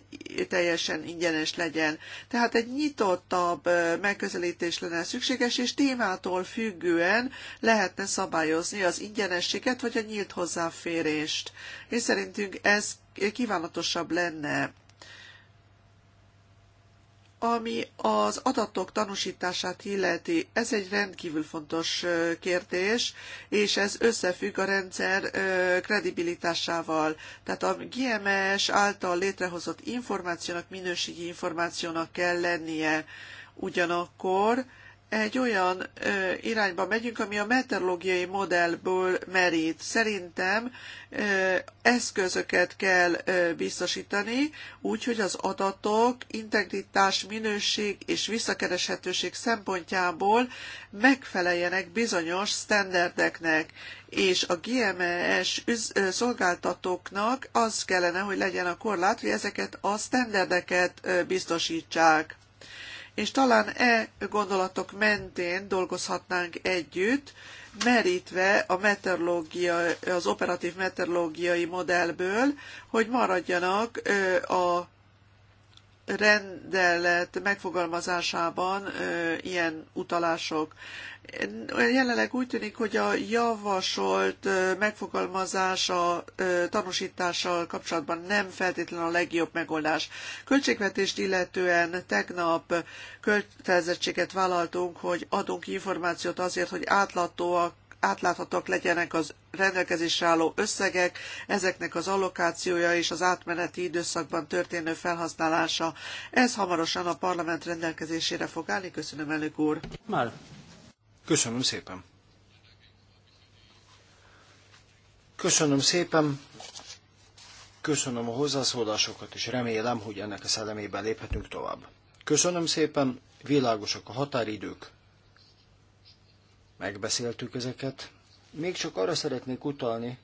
teljesen ingyenes legyen. Tehát egy nyitottabb megközelítés lenne szükséges, és témától függően lehetne szabályozni az ingyenességet, vagy a nyílt hozzáférést. És szerintünk ez kívánatosabb lenne ami az adatok tanúsítását illeti, ez egy rendkívül fontos kérdés, és ez összefügg a rendszer kredibilitásával. Tehát a GMS által létrehozott információnak, minőségi információnak kell lennie ugyanakkor, egy olyan ö, irányba megyünk, ami a meteorológiai modellből merít. Szerintem ö, eszközöket kell ö, biztosítani, úgy, hogy az adatok integritás, minőség és visszakereshetőség szempontjából megfeleljenek bizonyos sztenderdeknek. és a GMS szolgáltatóknak az kellene, hogy legyen a korlát, hogy ezeket a standardeket biztosítsák és talán e gondolatok mentén dolgozhatnánk együtt, merítve a meteorológia, az operatív meteorológiai modellből, hogy maradjanak a rendelet megfogalmazásában ö, ilyen utalások. Jelenleg úgy tűnik, hogy a javasolt ö, megfogalmazása ö, tanúsítással kapcsolatban nem feltétlenül a legjobb megoldás. Költségvetést illetően tegnap kötelezettséget vállaltunk, hogy adunk információt azért, hogy átlatóak átláthatóak legyenek az rendelkezésre álló összegek, ezeknek az allokációja és az átmeneti időszakban történő felhasználása. Ez hamarosan a parlament rendelkezésére fog állni. Köszönöm, elnök úr. Már. Köszönöm szépen. Köszönöm szépen. Köszönöm a hozzászólásokat, és remélem, hogy ennek a szellemében léphetünk tovább. Köszönöm szépen, világosak a határidők, megbeszéltük ezeket. Még csak arra szeretnék utalni,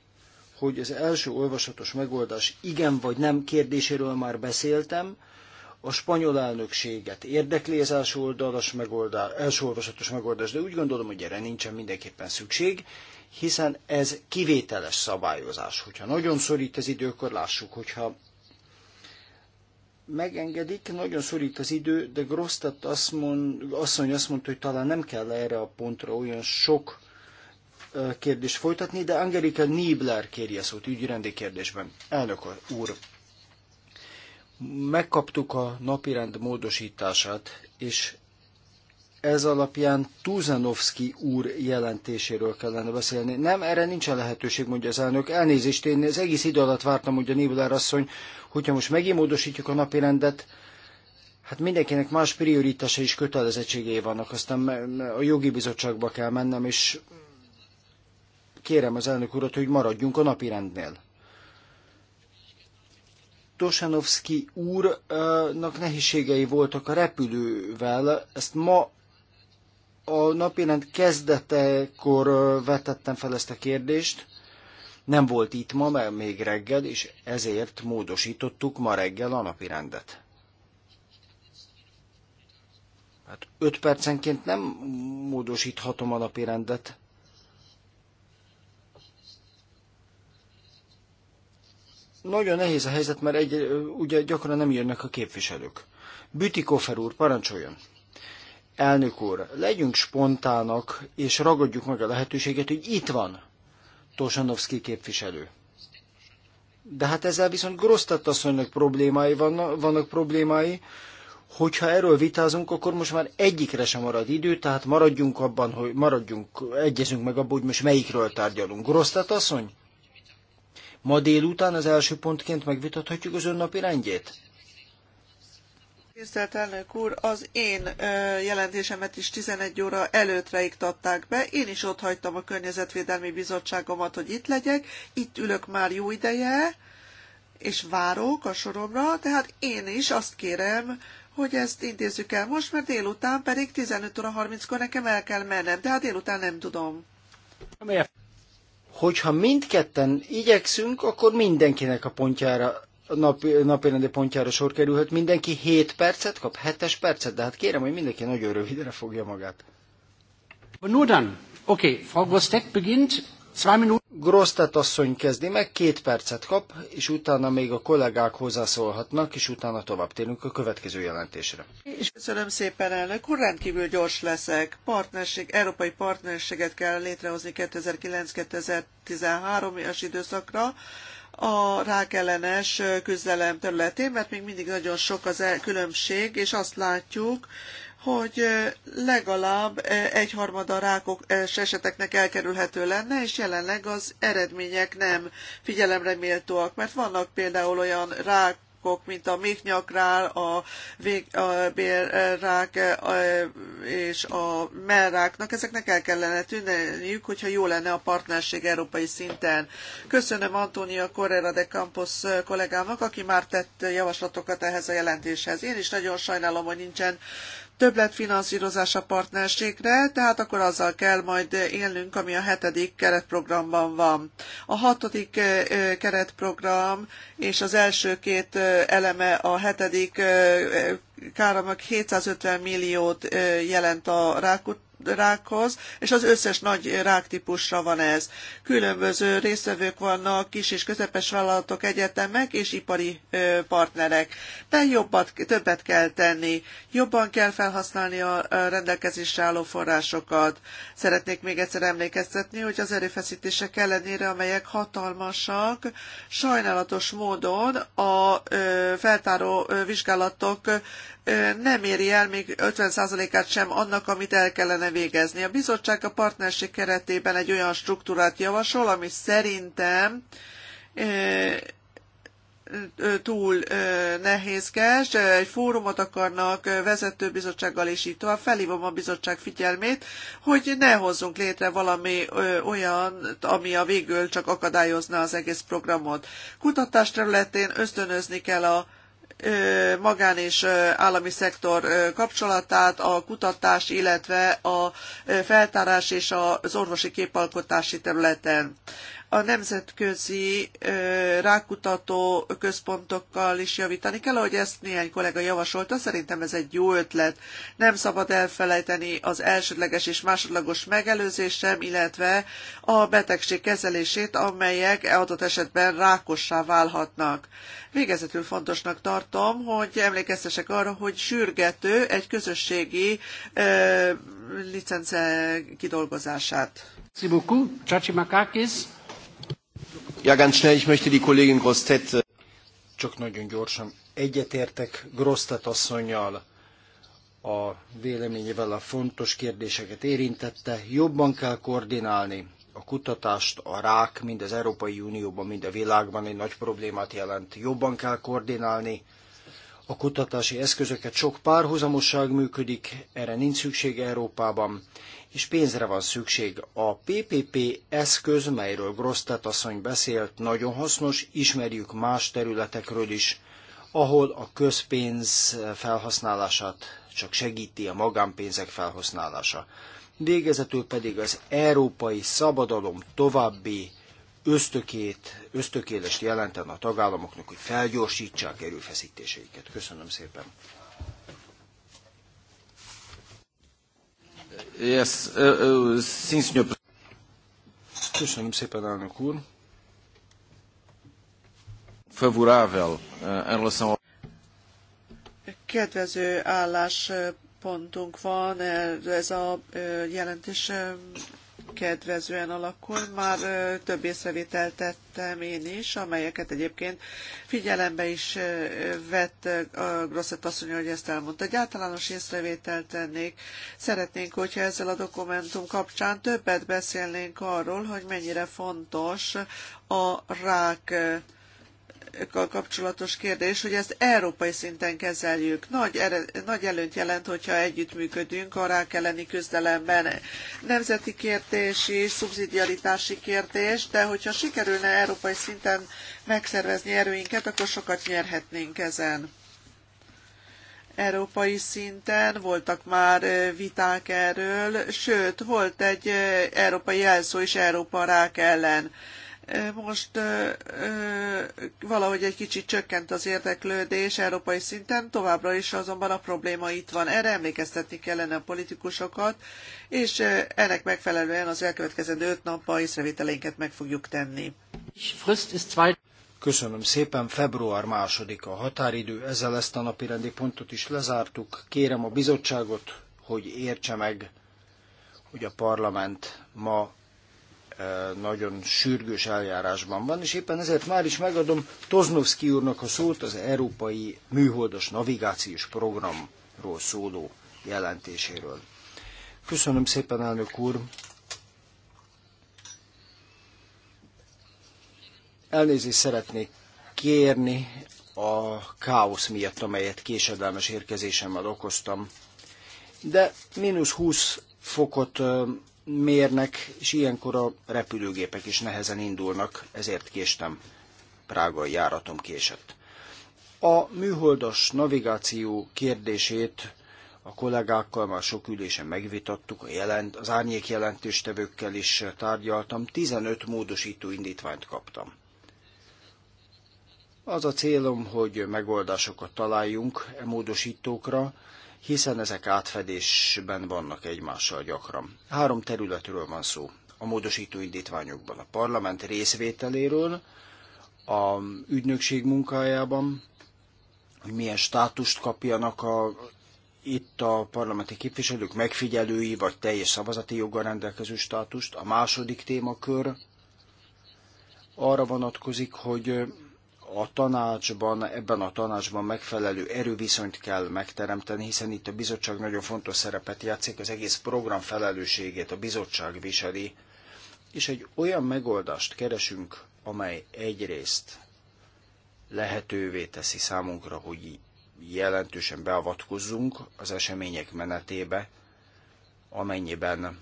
hogy az első olvasatos megoldás igen vagy nem kérdéséről már beszéltem, a spanyol elnökséget érdekli az első, oldalas megoldás, első olvasatos megoldás, de úgy gondolom, hogy erre nincsen mindenképpen szükség, hiszen ez kivételes szabályozás. Hogyha nagyon szorít az idő, akkor lássuk, hogyha megengedik, nagyon szorít az idő, de Grosztat azt mond, asszony azt mondta, hogy talán nem kell erre a pontra olyan sok kérdést folytatni, de Angelika Niebler kéri a szót ügyrendi kérdésben. Elnök úr, megkaptuk a napirend módosítását, és ez alapján Tuzanovszki úr jelentéséről kellene beszélni. Nem, erre nincsen lehetőség, mondja az elnök. Elnézést, én az egész idő alatt vártam, mondja a asszony, hogyha most megimódosítjuk a napi rendet, hát mindenkinek más prioritása és kötelezettségei vannak. Aztán a jogi bizottságba kell mennem, és kérem az elnök urat, hogy maradjunk a napi rendnél. Tosanovszki úrnak nehézségei voltak a repülővel, ezt ma a napirend kezdetekor vetettem fel ezt a kérdést, nem volt itt ma, mert még reggel, és ezért módosítottuk ma reggel a napirendet. Hát öt percenként nem módosíthatom a napirendet. Nagyon nehéz a helyzet, mert egy, ugye gyakran nem jönnek a képviselők. Bütikofer úr, parancsoljon! Elnök úr, legyünk spontának, és ragadjuk meg a lehetőséget, hogy itt van Tosanovszki képviselő. De hát ezzel viszont Grosztett asszonynak problémái vannak, vannak problémái, hogyha erről vitázunk, akkor most már egyikre sem marad idő, tehát maradjunk abban, hogy maradjunk, egyezünk meg abban, hogy most melyikről tárgyalunk. Grosztát asszony? Ma délután az első pontként megvitathatjuk az önnapi rendjét? Tisztelt elnök úr, az én jelentésemet is 11 óra előttre iktatták be. Én is ott hagytam a Környezetvédelmi Bizottságomat, hogy itt legyek. Itt ülök már jó ideje, és várok a soromra, tehát én is azt kérem, hogy ezt intézzük el most, mert délután pedig 15 óra 30-kor nekem el kell mennem, de hát délután nem tudom. Hogyha mindketten igyekszünk, akkor mindenkinek a pontjára nap, napirendi pontjára sor kerülhet. Mindenki 7 percet kap, 7-es percet, de hát kérem, hogy mindenki nagyon rövidre fogja magát. Nur dann. Okay, Frau Gostek beginnt. 2 Minuten. Grosztet asszony kezdi meg, két percet kap, és utána még a kollégák hozzászólhatnak, és utána tovább térünk a következő jelentésre. És köszönöm szépen, elnök úr, rendkívül gyors leszek. Partnerség, európai partnerséget kell létrehozni 2009-2013-as időszakra, a rákellenes küzdelem területén, mert még mindig nagyon sok az e- különbség, és azt látjuk, hogy legalább egyharmada rákok eseteknek elkerülhető lenne, és jelenleg az eredmények nem figyelemre méltóak, mert vannak például olyan rák rákok, mint a méhnyakrál, a, vég, a bélrák e, és a mellráknak, ezeknek el kellene tűnniük, hogyha jó lenne a partnerség európai szinten. Köszönöm Antonia Correra de Campos kollégámnak, aki már tett javaslatokat ehhez a jelentéshez. Én is nagyon sajnálom, hogy nincsen többletfinanszírozás a partnerségre, tehát akkor azzal kell majd élnünk, ami a hetedik keretprogramban van. A hatodik keretprogram és az első két eleme a hetedik káramnak 750 milliót jelent a rákut rákhoz, és az összes nagy ráktípusra van ez. Különböző részvevők vannak, kis és közepes vállalatok, egyetemek és ipari partnerek. De jobbat, többet kell tenni, jobban kell felhasználni a rendelkezésre álló forrásokat. Szeretnék még egyszer emlékeztetni, hogy az erőfeszítések ellenére, amelyek hatalmasak, sajnálatos módon a feltáró vizsgálatok nem éri el még 50%-át sem annak, amit el kellene végezni. A bizottság a partnerség keretében egy olyan struktúrát javasol, ami szerintem túl nehézkes, egy fórumot akarnak vezetőbizottsággal is így tovább. Felhívom a bizottság figyelmét, hogy ne hozzunk létre valami olyan, ami a végül csak akadályozná az egész programot. Kutatás területén ösztönözni kell a magán és állami szektor kapcsolatát, a kutatás, illetve a feltárás és az orvosi képalkotási területen a nemzetközi rákutató központokkal is javítani kell, ahogy ezt néhány kollega javasolta, szerintem ez egy jó ötlet. Nem szabad elfelejteni az elsődleges és másodlagos megelőzés sem, illetve a betegség kezelését, amelyek adott esetben rákossá válhatnak. Végezetül fontosnak tartom, hogy emlékeztesek arra, hogy sürgető egy közösségi ö, licence kidolgozását. Merci Makakis. Ja, ganz schnell, ich möchte die Kollegin äh, Csak nagyon gyorsan. Egyetértek Grosztett asszonyjal a véleményével a fontos kérdéseket érintette. Jobban kell koordinálni a kutatást, a rák mind az Európai Unióban, mind a világban egy nagy problémát jelent. Jobban kell koordinálni a kutatási eszközöket. Sok párhuzamosság működik, erre nincs szükség Európában, és pénzre van szükség. A PPP eszköz, melyről Grosztet asszony beszélt, nagyon hasznos, ismerjük más területekről is, ahol a közpénz felhasználását csak segíti a magánpénzek felhasználása. Végezetül pedig az európai szabadalom további ösztökét, ösztökélest jelenten a tagállamoknak, hogy felgyorsítsák erőfeszítéseiket. Köszönöm szépen! Yes, uh, uh, Köszönöm szépen, elnök úr. Favorável uh, Kedvező álláspontunk van, ez a jelentés kedvezően alakul. Már több észrevételt tettem én is, amelyeket egyébként figyelembe is vett a Grosszett asszony, hogy ezt elmondta. Egy általános észrevételt tennék. Szeretnénk, hogyha ezzel a dokumentum kapcsán többet beszélnénk arról, hogy mennyire fontos a rák kapcsolatos kérdés, hogy ezt európai szinten kezeljük. Nagy, nagy előnyt jelent, hogyha együttműködünk a rák elleni küzdelemben. Nemzeti kérdés is, szubszidiaritási kérdés, de hogyha sikerülne európai szinten megszervezni erőinket, akkor sokat nyerhetnénk ezen. Európai szinten voltak már viták erről, sőt, volt egy európai jelszó is Európa rák ellen most valahogy egy kicsit csökkent az érdeklődés európai szinten, továbbra is azonban a probléma itt van. Erre emlékeztetni kellene a politikusokat, és ennek megfelelően az elkövetkezendő öt napban észrevételénket meg fogjuk tenni. Köszönöm szépen, február második a határidő, ezzel ezt a napi rendi pontot is lezártuk. Kérem a bizottságot, hogy értse meg, hogy a parlament ma nagyon sürgős eljárásban van, és éppen ezért már is megadom Toznovszki úrnak a szót az Európai Műholdas Navigációs Programról szóló jelentéséről. Köszönöm szépen, elnök úr! Elnézést szeretnék kérni a káosz miatt, amelyet késedelmes érkezésemmel okoztam. De mínusz 20 fokot mérnek, és ilyenkor a repülőgépek is nehezen indulnak, ezért késtem. Prágai járatom késett. A műholdas navigáció kérdését a kollégákkal már sok ülésen megvitattuk, a jelent, az árnyék jelentéstevőkkel is tárgyaltam, 15 módosító indítványt kaptam. Az a célom, hogy megoldásokat találjunk e módosítókra, hiszen ezek átfedésben vannak egymással gyakran. Három területről van szó. A módosító indítványokban a parlament részvételéről, a ügynökség munkájában, hogy milyen státust kapjanak a, itt a parlamenti képviselők megfigyelői vagy teljes szavazati joggal rendelkező státust. A második témakör arra vonatkozik, hogy a tanácsban, ebben a tanácsban megfelelő erőviszonyt kell megteremteni, hiszen itt a bizottság nagyon fontos szerepet játszik, az egész program felelősségét a bizottság viseli, és egy olyan megoldást keresünk, amely egyrészt lehetővé teszi számunkra, hogy jelentősen beavatkozzunk az események menetébe, amennyiben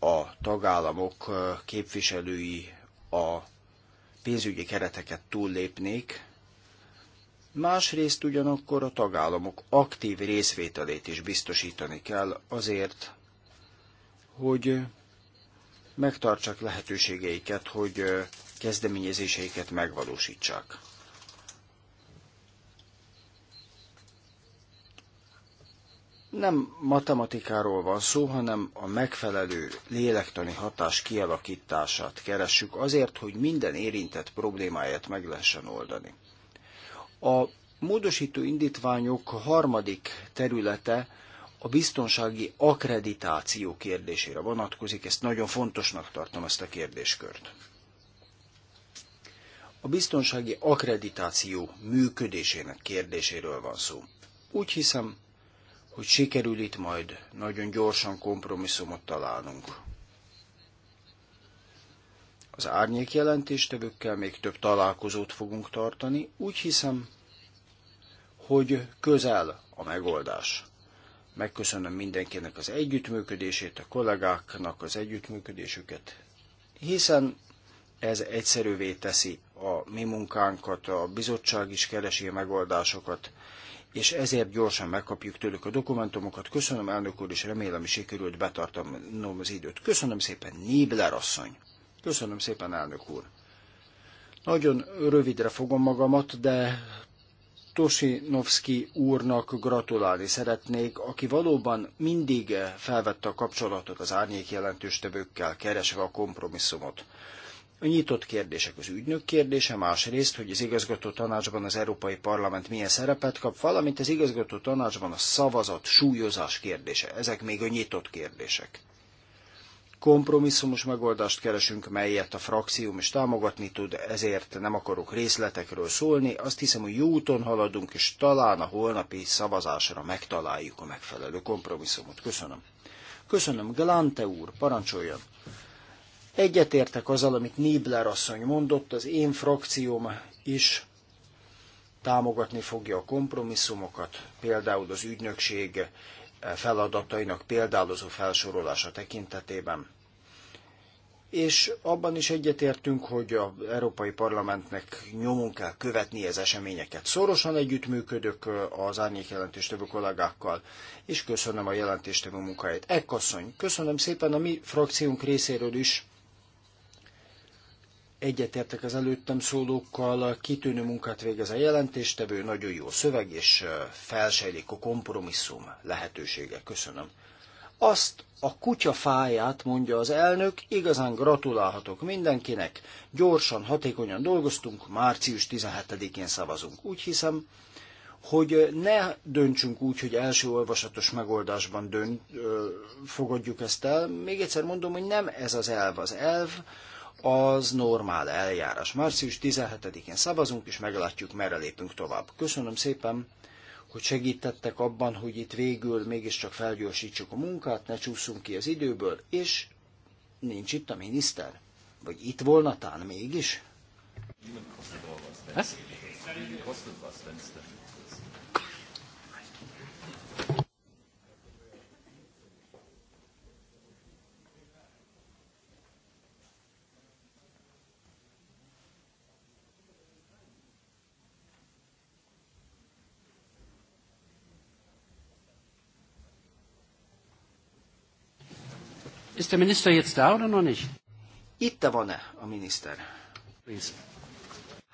a tagállamok képviselői a pénzügyi kereteket túllépnék, másrészt ugyanakkor a tagállamok aktív részvételét is biztosítani kell azért, hogy megtartsák lehetőségeiket, hogy kezdeményezéseiket megvalósítsák. nem matematikáról van szó, hanem a megfelelő lélektani hatás kialakítását keressük azért, hogy minden érintett problémáját meg lehessen oldani. A módosító indítványok harmadik területe a biztonsági akkreditáció kérdésére vonatkozik, ezt nagyon fontosnak tartom ezt a kérdéskört. A biztonsági akkreditáció működésének kérdéséről van szó. Úgy hiszem, hogy sikerül itt majd nagyon gyorsan kompromisszumot találnunk. Az árnyék jelentéstevőkkel még több találkozót fogunk tartani, úgy hiszem, hogy közel a megoldás. Megköszönöm mindenkinek az együttműködését, a kollégáknak az együttműködésüket, hiszen ez egyszerűvé teszi a mi munkánkat, a bizottság is keresi a megoldásokat, és ezért gyorsan megkapjuk tőlük a dokumentumokat. Köszönöm, elnök úr, és remélem, hogy sikerült betartanom az időt. Köszönöm szépen, Nibler asszony. Köszönöm szépen, elnök úr. Nagyon rövidre fogom magamat, de Tosinovski úrnak gratulálni szeretnék, aki valóban mindig felvette a kapcsolatot az árnyék jelentőstevőkkel, keresve a kompromisszumot. A nyitott kérdések az ügynök kérdése, másrészt, hogy az igazgató tanácsban az Európai Parlament milyen szerepet kap, valamint az igazgató tanácsban a szavazat súlyozás kérdése. Ezek még a nyitott kérdések. Kompromisszumos megoldást keresünk, melyet a frakcióm is támogatni tud, ezért nem akarok részletekről szólni. Azt hiszem, hogy jó úton haladunk, és talán a holnapi szavazásra megtaláljuk a megfelelő kompromisszumot. Köszönöm. Köszönöm, Glante úr, parancsoljon! Egyetértek azzal, amit Nibler asszony mondott, az én frakcióm is támogatni fogja a kompromisszumokat, például az ügynökség feladatainak példálozó felsorolása tekintetében. És abban is egyetértünk, hogy az Európai Parlamentnek nyomon kell követni az eseményeket. Szorosan együttműködök az árnyék jelentéstevő kollégákkal, és köszönöm a jelentéstevő munkáját. Ekkasszony, köszönöm szépen a mi frakciónk részéről is egyetértek az előttem szólókkal, kitűnő munkát végez a jelentéstevő, nagyon jó szöveg, és felsejlik a kompromisszum lehetősége. Köszönöm. Azt a kutya fáját, mondja az elnök, igazán gratulálhatok mindenkinek. Gyorsan, hatékonyan dolgoztunk, március 17-én szavazunk. Úgy hiszem, hogy ne döntsünk úgy, hogy első olvasatos megoldásban dönt, ö, fogadjuk ezt el. Még egyszer mondom, hogy nem ez az elv. Az elv az normál eljárás. Március 17-én szavazunk, és meglátjuk, merre lépünk tovább. Köszönöm szépen, hogy segítettek abban, hogy itt végül mégiscsak felgyorsítsuk a munkát, ne csúszunk ki az időből, és nincs itt a miniszter. Vagy itt volna tán mégis? Was? Ist der Minister jetzt da, oder noch nicht? Itt van-e a miniszter? Please.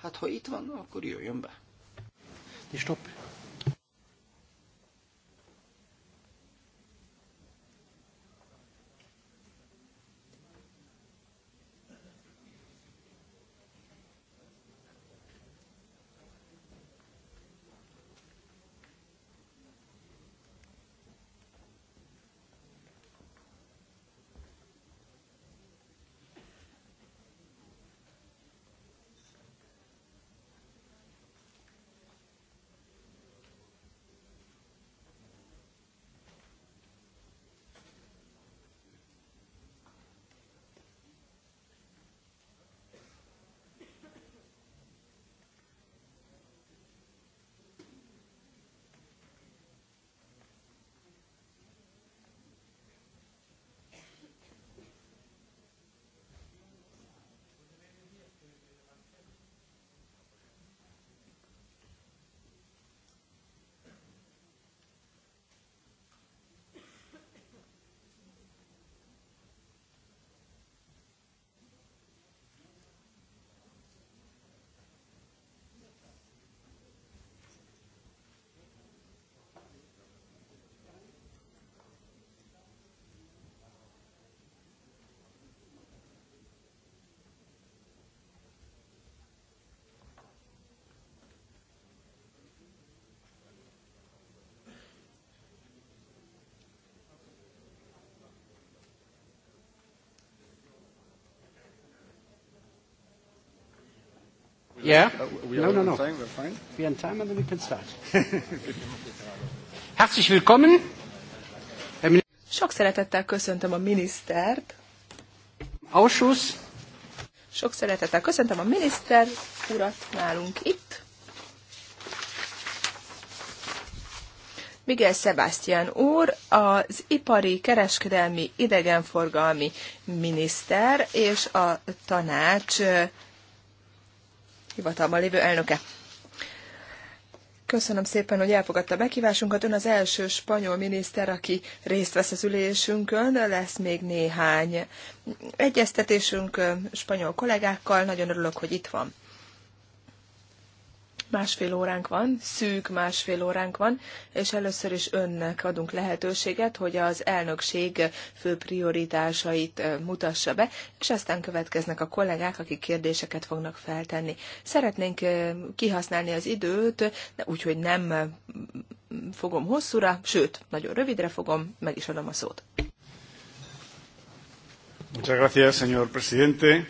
Hát, ha itt van, akkor jöjjön be. Die stopp. Yeah? Uh, no, no, no. We we're fine. time and then we can start. Herzlich willkommen. Sok szeretettel köszöntöm a minisztert. Ausschuss. Sok szeretettel köszöntöm a miniszter urat nálunk itt. Miguel Sebastian úr, az ipari, kereskedelmi, idegenforgalmi miniszter és a tanács hivatalban lévő elnöke. Köszönöm szépen, hogy elfogadta meghívásunkat. Ön az első spanyol miniszter, aki részt vesz az ülésünkön. Lesz még néhány egyeztetésünk spanyol kollégákkal. Nagyon örülök, hogy itt van másfél óránk van, szűk másfél óránk van, és először is önnek adunk lehetőséget, hogy az elnökség fő prioritásait mutassa be, és aztán következnek a kollégák, akik kérdéseket fognak feltenni. Szeretnénk kihasználni az időt, úgyhogy nem fogom hosszúra, sőt, nagyon rövidre fogom, meg is adom a szót. Muchas gracias, señor presidente.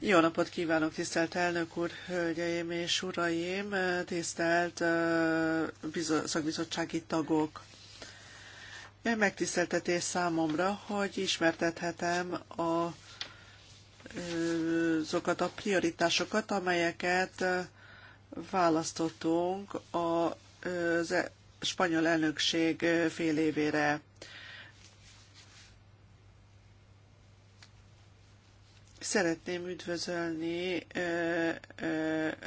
Jó napot kívánok, tisztelt elnök úr, hölgyeim és uraim, tisztelt szakbizottsági tagok. Megtiszteltetés számomra, hogy ismertethetem a, azokat a prioritásokat, amelyeket választottunk a, a spanyol elnökség fél évére. Szeretném üdvözölni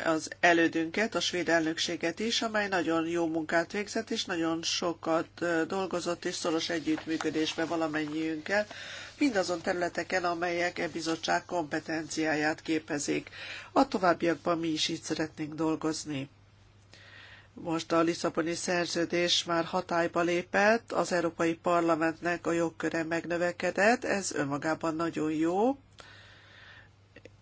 az elődünket, a svéd elnökséget is, amely nagyon jó munkát végzett, és nagyon sokat dolgozott, és szoros együttműködésben valamennyiünkkel, mindazon területeken, amelyek e bizottság kompetenciáját képezik. A továbbiakban mi is így szeretnénk dolgozni. Most a Lisszaboni szerződés már hatályba lépett, az Európai Parlamentnek a jogköre megnövekedett, ez önmagában nagyon jó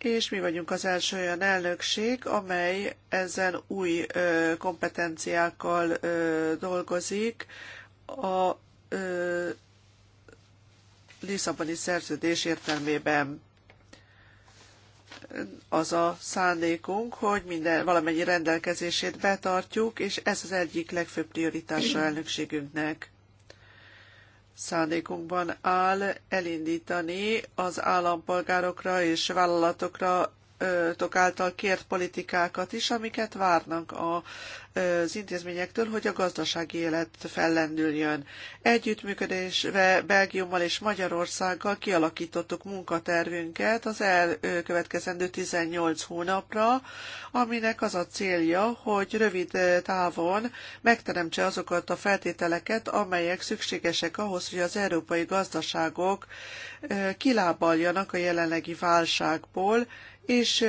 és mi vagyunk az első olyan elnökség, amely ezen új ö, kompetenciákkal ö, dolgozik a ö, Lisszaboni szerződés értelmében. Az a szándékunk, hogy minden valamennyi rendelkezését betartjuk, és ez az egyik legfőbb prioritása elnökségünknek szándékunkban áll elindítani az állampolgárokra és vállalatokra által kért politikákat is, amiket várnak a az intézményektől, hogy a gazdasági élet fellendüljön. Együttműködésre Belgiummal és Magyarországgal kialakítottuk munkatervünket az elkövetkezendő 18 hónapra, aminek az a célja, hogy rövid távon megteremtse azokat a feltételeket, amelyek szükségesek ahhoz, hogy az európai gazdaságok kilábaljanak a jelenlegi válságból, és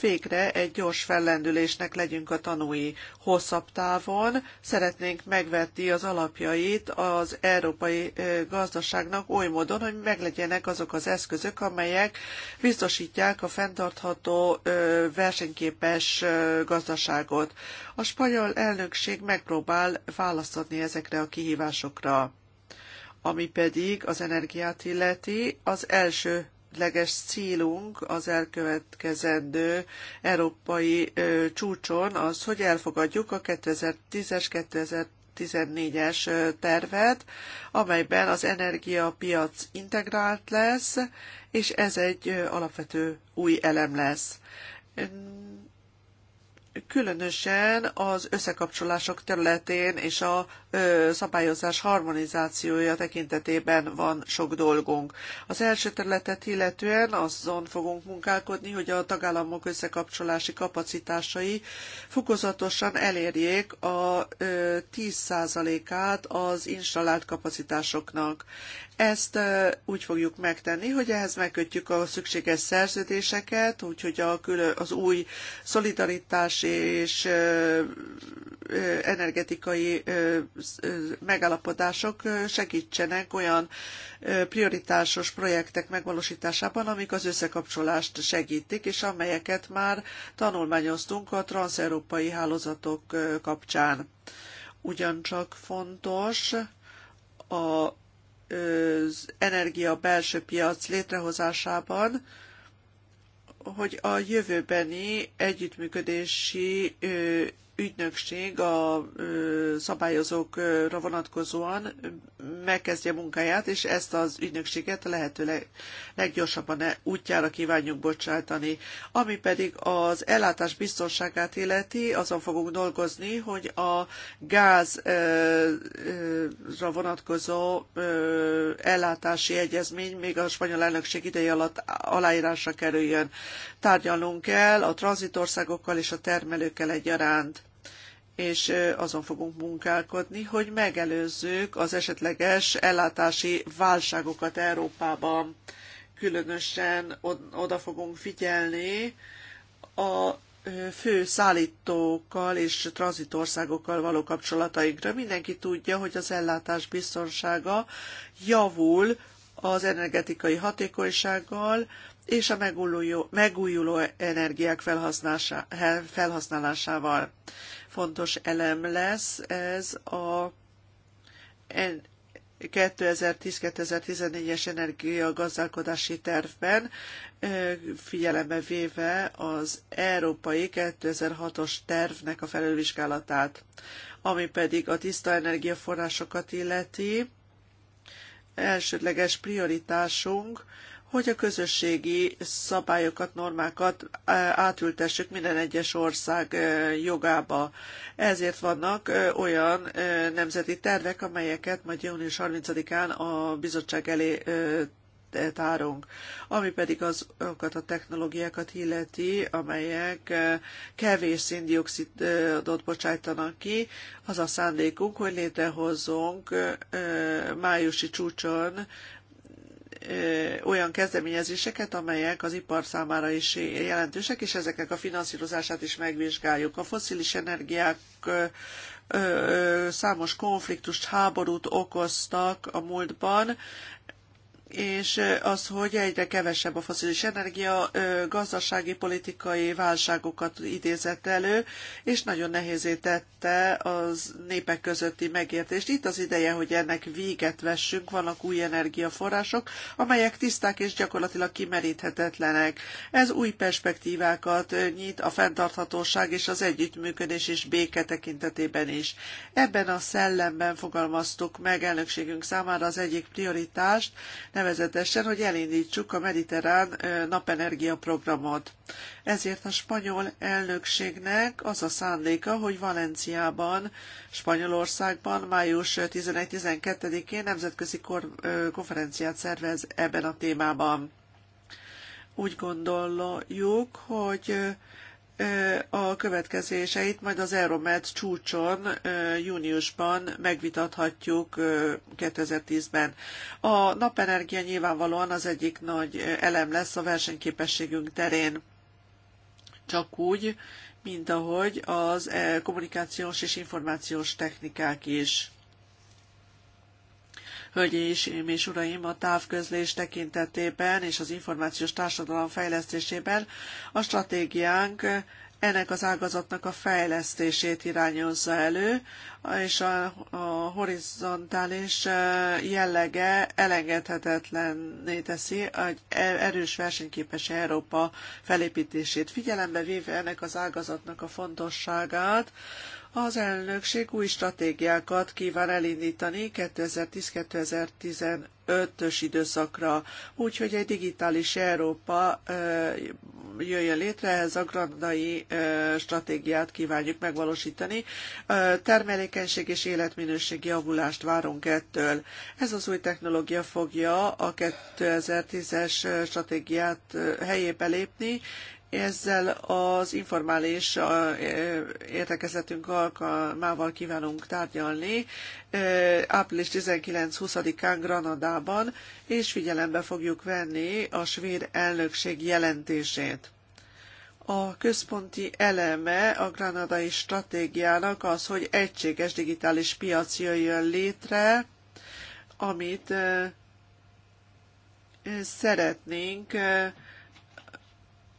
végre egy gyors fellendülésnek legyünk a tanúi. Hosszabb távon szeretnénk megvetni az alapjait az európai gazdaságnak oly módon, hogy meglegyenek azok az eszközök, amelyek biztosítják a fenntartható versenyképes gazdaságot. A spanyol elnökség megpróbál választani ezekre a kihívásokra ami pedig az energiát illeti, az első elsődleges célunk az elkövetkezendő európai ö, csúcson az, hogy elfogadjuk a 2010-es, 2010 es 2014 es tervet, amelyben az energiapiac integrált lesz, és ez egy alapvető új elem lesz különösen az összekapcsolások területén és a ö, szabályozás harmonizációja tekintetében van sok dolgunk. Az első területet illetően azon fogunk munkálkodni, hogy a tagállamok összekapcsolási kapacitásai fokozatosan elérjék a ö, 10%-át az installált kapacitásoknak. Ezt úgy fogjuk megtenni, hogy ehhez megkötjük a szükséges szerződéseket, úgyhogy a külön, az új szolidaritás és energetikai megállapodások segítsenek olyan prioritásos projektek megvalósításában, amik az összekapcsolást segítik, és amelyeket már tanulmányoztunk a transzeurópai hálózatok kapcsán. Ugyancsak fontos a az energia belső piac létrehozásában, hogy a jövőbeni együttműködési ügynökség a szabályozókra vonatkozóan megkezdje munkáját, és ezt az ügynökséget lehetőleg leggyorsabban e, útjára kívánjuk bocsátani. Ami pedig az ellátás biztonságát illeti, azon fogunk dolgozni, hogy a gázra vonatkozó ellátási egyezmény még a spanyol elnökség ideje alatt aláírásra kerüljön. Tárgyalunk kell a tranzitországokkal és a termelőkkel egyaránt és azon fogunk munkálkodni, hogy megelőzzük az esetleges ellátási válságokat Európában. Különösen oda fogunk figyelni a fő szállítókkal és tranzitországokkal való kapcsolatainkra. Mindenki tudja, hogy az ellátás biztonsága javul az energetikai hatékonysággal és a megújuló, megújuló energiák felhasználásával fontos elem lesz ez a 2010-2014-es energiagazdálkodási tervben figyelembe véve az európai 2006-os tervnek a felülvizsgálatát, ami pedig a tiszta energiaforrásokat illeti. Elsődleges prioritásunk hogy a közösségi szabályokat, normákat e, átültessük minden egyes ország e, jogába. Ezért vannak e, olyan nemzeti tervek, amelyeket majd június 30-án a bizottság elé tárunk. Ami pedig azokat a technológiákat illeti, amelyek kevés szindioxidot bocsájtanak ki, az a szándékunk, hogy létrehozzunk májusi csúcson olyan kezdeményezéseket, amelyek az ipar számára is jelentősek, és ezeknek a finanszírozását is megvizsgáljuk. A foszilis energiák számos konfliktust, háborút okoztak a múltban, és az, hogy egyre kevesebb a foszilis energia gazdasági, politikai válságokat idézett elő, és nagyon nehézé tette az népek közötti megértést. Itt az ideje, hogy ennek véget vessünk, vannak új energiaforrások, amelyek tiszták és gyakorlatilag kimeríthetetlenek. Ez új perspektívákat nyit a fenntarthatóság és az együttműködés és béke tekintetében is. Ebben a szellemben fogalmaztuk meg elnökségünk számára az egyik prioritást, nevezetesen, hogy elindítsuk a mediterrán napenergia programot. Ezért a spanyol elnökségnek az a szándéka, hogy Valenciában, Spanyolországban május 11-12-én nemzetközi konferenciát szervez ebben a témában. Úgy gondoljuk, hogy a következéseit majd az Euromed csúcson júniusban megvitathatjuk 2010-ben. A napenergia nyilvánvalóan az egyik nagy elem lesz a versenyképességünk terén. Csak úgy, mint ahogy az kommunikációs és információs technikák is hölgyeim és uraim, a távközlés tekintetében és az információs társadalom fejlesztésében a stratégiánk ennek az ágazatnak a fejlesztését irányozza elő, és a, a horizontális jellege elengedhetetlenné teszi egy er-, erős versenyképes Európa felépítését. Figyelembe véve ennek az ágazatnak a fontosságát, az elnökség új stratégiákat kíván elindítani 2010-2015-ös időszakra, úgyhogy egy digitális Európa jöjjön létre, ehhez a grandai stratégiát kívánjuk megvalósítani. Termelékenység és életminőség javulást várunk ettől. Ez az új technológia fogja a 2010-es stratégiát helyébe lépni, ezzel az informális e, értekezletünk alkalmával kívánunk tárgyalni e, április 19-20-án Granadában, és figyelembe fogjuk venni a svéd elnökség jelentését. A központi eleme a granadai stratégiának az, hogy egységes digitális piac jöjjön létre, amit e, szeretnénk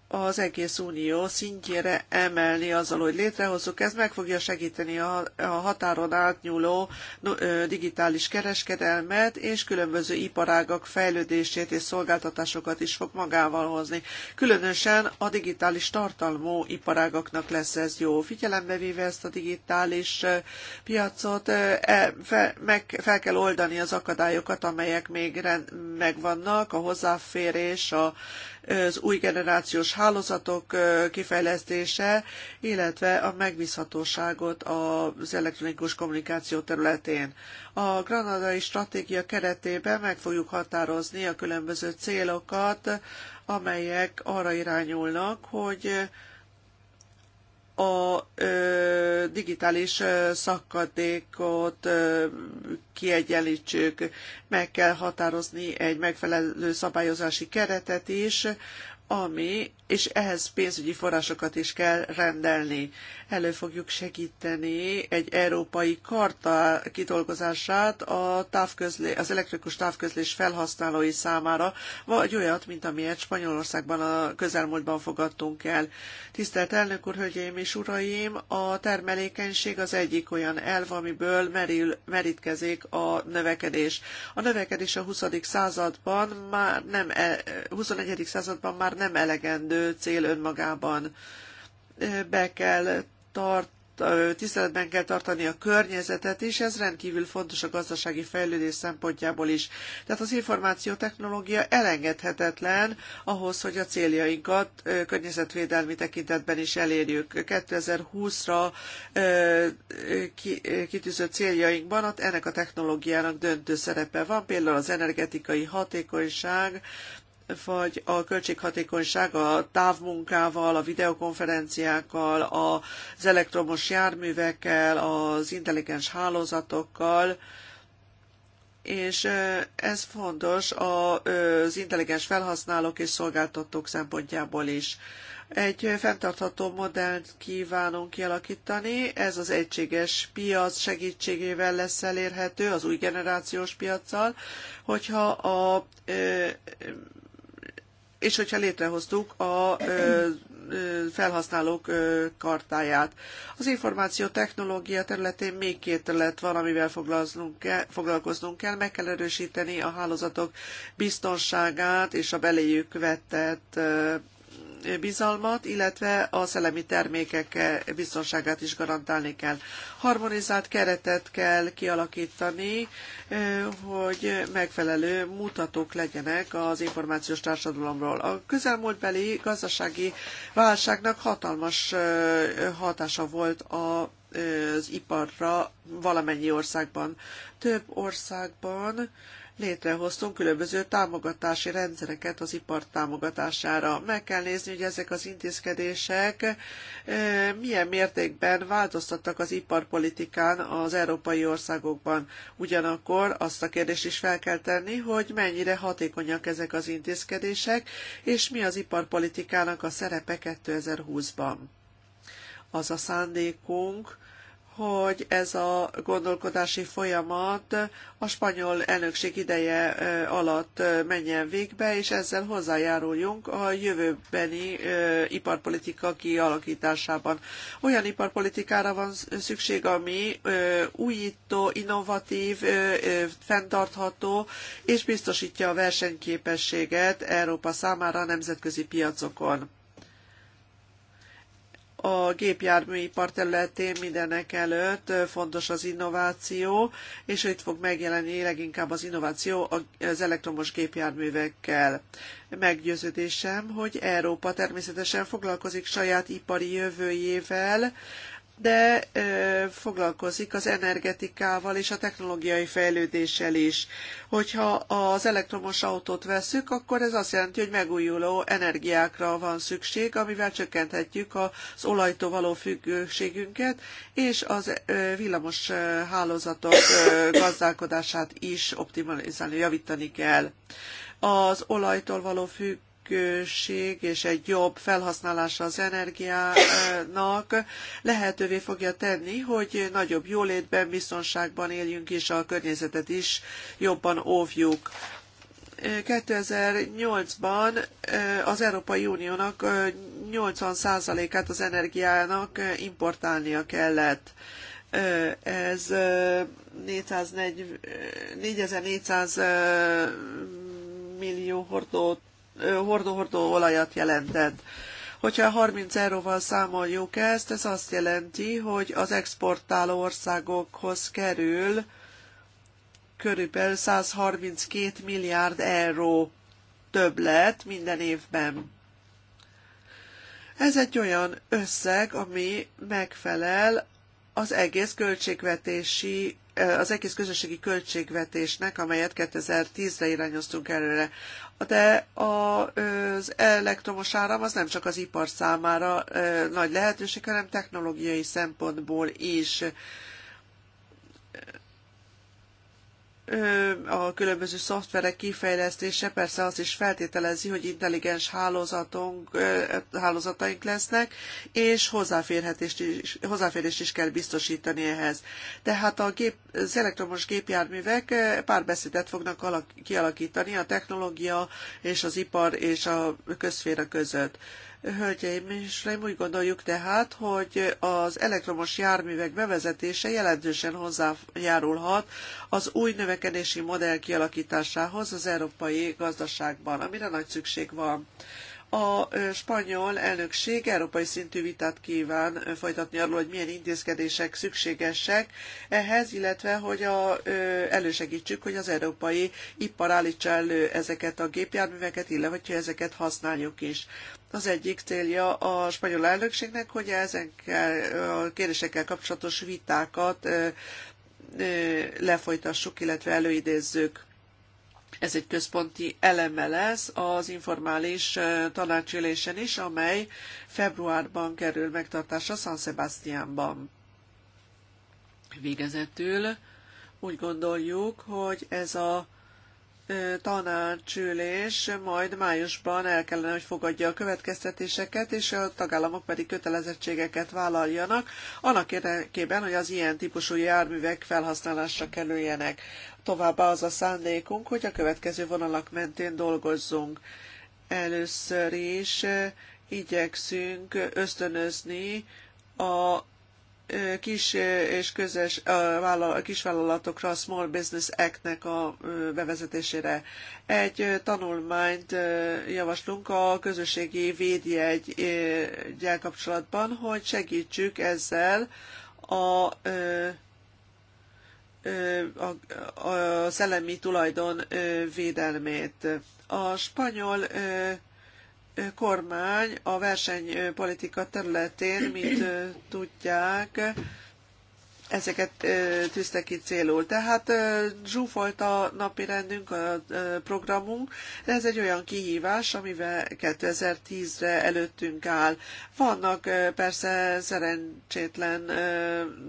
az egész unió szintjére emelni azzal, hogy létrehozzuk. Ez meg fogja segíteni a, határon átnyúló digitális kereskedelmet, és különböző iparágak fejlődését és szolgáltatásokat is fog magával hozni. Különösen a digitális tartalmú iparágaknak lesz ez jó. Figyelembe véve ezt a digitális piacot, e, fel, meg, fel kell oldani az akadályokat, amelyek még megvannak, a hozzáférés, a az új generációs hálózatok kifejlesztése, illetve a megbízhatóságot az elektronikus kommunikáció területén. A granadai stratégia keretében meg fogjuk határozni a különböző célokat, amelyek arra irányulnak, hogy a ö, digitális ö, szakadékot ö, kiegyenlítsük. Meg kell határozni egy megfelelő szabályozási keretet is, ami, és ehhez pénzügyi forrásokat is kell rendelni. Elő fogjuk segíteni egy európai karta kidolgozását a távközlé, az elektrikus távközlés felhasználói számára, vagy olyat, mint amilyet Spanyolországban a közelmúltban fogadtunk el. Tisztelt elnök úr, hölgyeim és uraim, a termelékenység az egyik olyan elv, amiből merül, merítkezik a növekedés. A növekedés a 20. században már nem, 21. E, században már nem elegendő cél önmagában. Be kell tart, tiszteletben kell tartani a környezetet, és ez rendkívül fontos a gazdasági fejlődés szempontjából is. Tehát az technológia elengedhetetlen ahhoz, hogy a céljainkat környezetvédelmi tekintetben is elérjük. 2020-ra kitűzött céljainkban ott ennek a technológiának döntő szerepe van, például az energetikai hatékonyság, vagy a költséghatékonyság a távmunkával, a videokonferenciákkal, az elektromos járművekkel, az intelligens hálózatokkal, és ez fontos az intelligens felhasználók és szolgáltatók szempontjából is. Egy fenntartható modellt kívánunk kialakítani, ez az egységes piac segítségével lesz elérhető, az új generációs piaccal, hogyha a és hogyha létrehoztuk a felhasználók kartáját. Az információ technológia területén még két terület van, amivel foglalkoznunk kell. Meg kell erősíteni a hálózatok biztonságát és a beléjük vettett bizalmat, illetve a szellemi termékek biztonságát is garantálni kell. Harmonizált keretet kell kialakítani, hogy megfelelő mutatók legyenek az információs társadalomról. A közelmúltbeli gazdasági válságnak hatalmas hatása volt a az iparra valamennyi országban. Több országban létrehoztunk különböző támogatási rendszereket az ipar támogatására. Meg kell nézni, hogy ezek az intézkedések eh, milyen mértékben változtattak az iparpolitikán az európai országokban. Ugyanakkor azt a kérdést is fel kell tenni, hogy mennyire hatékonyak ezek az intézkedések, és mi az iparpolitikának a szerepe 2020-ban. Az a szándékunk, hogy ez a gondolkodási folyamat a spanyol elnökség ideje alatt menjen végbe, és ezzel hozzájáruljunk a jövőbeni iparpolitika kialakításában. Olyan iparpolitikára van szükség, ami újító, innovatív, fenntartható, és biztosítja a versenyképességet Európa számára a nemzetközi piacokon a gépjárműipar területén mindenek előtt fontos az innováció, és itt fog megjelenni leginkább az innováció az elektromos gépjárművekkel. Meggyőződésem, hogy Európa természetesen foglalkozik saját ipari jövőjével, de foglalkozik az energetikával és a technológiai fejlődéssel is. Hogyha az elektromos autót veszük, akkor ez azt jelenti, hogy megújuló energiákra van szükség, amivel csökkenthetjük az olajtól való függőségünket, és az villamos hálózatok gazdálkodását is optimalizálni, javítani kell az olajtól való függ, függőség és egy jobb felhasználása az energiának lehetővé fogja tenni, hogy nagyobb jólétben, biztonságban éljünk és a környezetet is jobban óvjuk. 2008-ban eh, az Európai Uniónak 80%-át eh, az energiának importálnia kellett. Eh, ez 440, 4400 millió hordót hordó-hordó olajat jelentett. Hogyha 30 euróval számoljuk ezt, ez azt jelenti, hogy az exportáló országokhoz kerül körülbelül 132 milliárd euró többlet minden évben. Ez egy olyan összeg, ami megfelel az egész költségvetési eh, az egész közösségi költségvetésnek, amelyet 2010-re irányoztunk előre de az elektromos áram az nem csak az ipar számára nagy lehetőség, hanem technológiai szempontból is a különböző szoftverek kifejlesztése persze azt is feltételezi, hogy intelligens hálózatunk, hálózataink lesznek, és hozzáférhetést is, hozzáférést is kell biztosítani ehhez. Tehát a gép, az elektromos gépjárművek párbeszédet fognak alak, kialakítani a technológia és az ipar és a közféra között. Hölgyeim és Uraim, úgy gondoljuk tehát, hogy az elektromos járművek bevezetése jelentősen hozzájárulhat az új növekedési modell kialakításához az európai gazdaságban, amire nagy szükség van. A spanyol elnökség európai szintű vitát kíván folytatni arról, hogy milyen intézkedések szükségesek ehhez, illetve hogy a, elősegítsük, hogy az európai ipar állítsa elő ezeket a gépjárműveket, illetve hogy ezeket használjuk is. Az egyik célja a spanyol elnökségnek, hogy ezekkel a kérdésekkel kapcsolatos vitákat lefolytassuk, illetve előidézzük. Ez egy központi eleme lesz az informális tanácsülésen is, amely februárban kerül megtartásra San Sebastianban. Végezetül úgy gondoljuk, hogy ez a tanácsülés majd májusban el kellene, hogy fogadja a következtetéseket, és a tagállamok pedig kötelezettségeket vállaljanak, annak érdekében, hogy az ilyen típusú járművek felhasználásra kerüljenek. Továbbá az a szándékunk, hogy a következő vonalak mentén dolgozzunk. Először is igyekszünk ösztönözni a kis és közös kisvállalatokra, a Small Business Act-nek a bevezetésére. Egy tanulmányt javaslunk a közösségi védjegygyel kapcsolatban, hogy segítsük ezzel a a, a szellemi tulajdon védelmét. A spanyol kormány a versenypolitika területén, mint tudják, ezeket tűzte ki célul. Tehát zsúfolt a napi rendünk, a programunk, de ez egy olyan kihívás, amivel 2010-re előttünk áll. Vannak persze szerencsétlen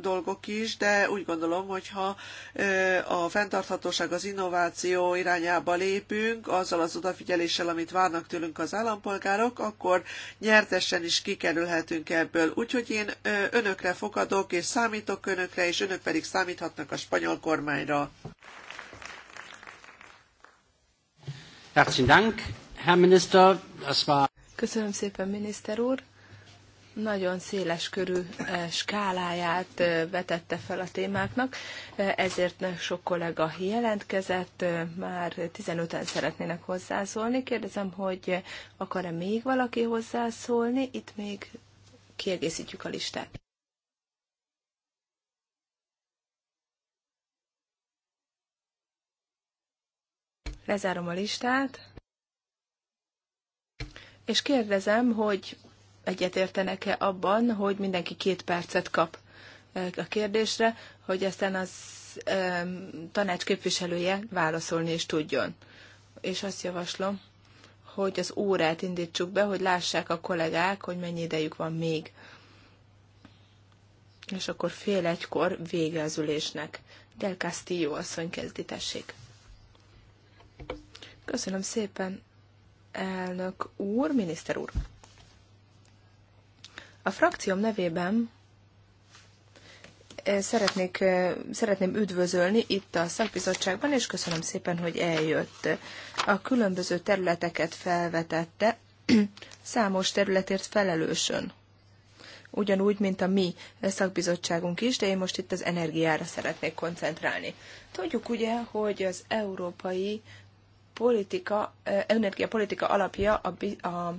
dolgok is, de úgy gondolom, hogy ha a fenntarthatóság, az innováció irányába lépünk, azzal az odafigyeléssel, amit várnak tőlünk az állampolgárok, akkor nyertesen is kikerülhetünk ebből. Úgyhogy én önökre fogadok és számítok önök önökre, és önök pedig számíthatnak a spanyol kormányra. Köszönöm szépen, miniszter úr! Nagyon széles körű eh, skáláját eh, vetette fel a témáknak, eh, ezért sok kollega jelentkezett, már 15-en szeretnének hozzászólni. Kérdezem, hogy akar-e még valaki hozzászólni? Itt még kiegészítjük a listát. Lezárom a listát, és kérdezem, hogy egyetértenek-e abban, hogy mindenki két percet kap a kérdésre, hogy aztán az tanács képviselője válaszolni is tudjon. És azt javaslom, hogy az órát indítsuk be, hogy lássák a kollégák, hogy mennyi idejük van még. És akkor fél egykor vége az ülésnek. Del Castillo asszony kezdi, tessék. Köszönöm szépen, elnök úr, miniszter úr. A frakcióm nevében eh, szeretnék, eh, szeretném üdvözölni itt a szakbizottságban, és köszönöm szépen, hogy eljött. A különböző területeket felvetette, számos területért felelősön. Ugyanúgy, mint a mi szakbizottságunk is, de én most itt az energiára szeretnék koncentrálni. Tudjuk ugye, hogy az Európai politika, energiapolitika alapja a, a,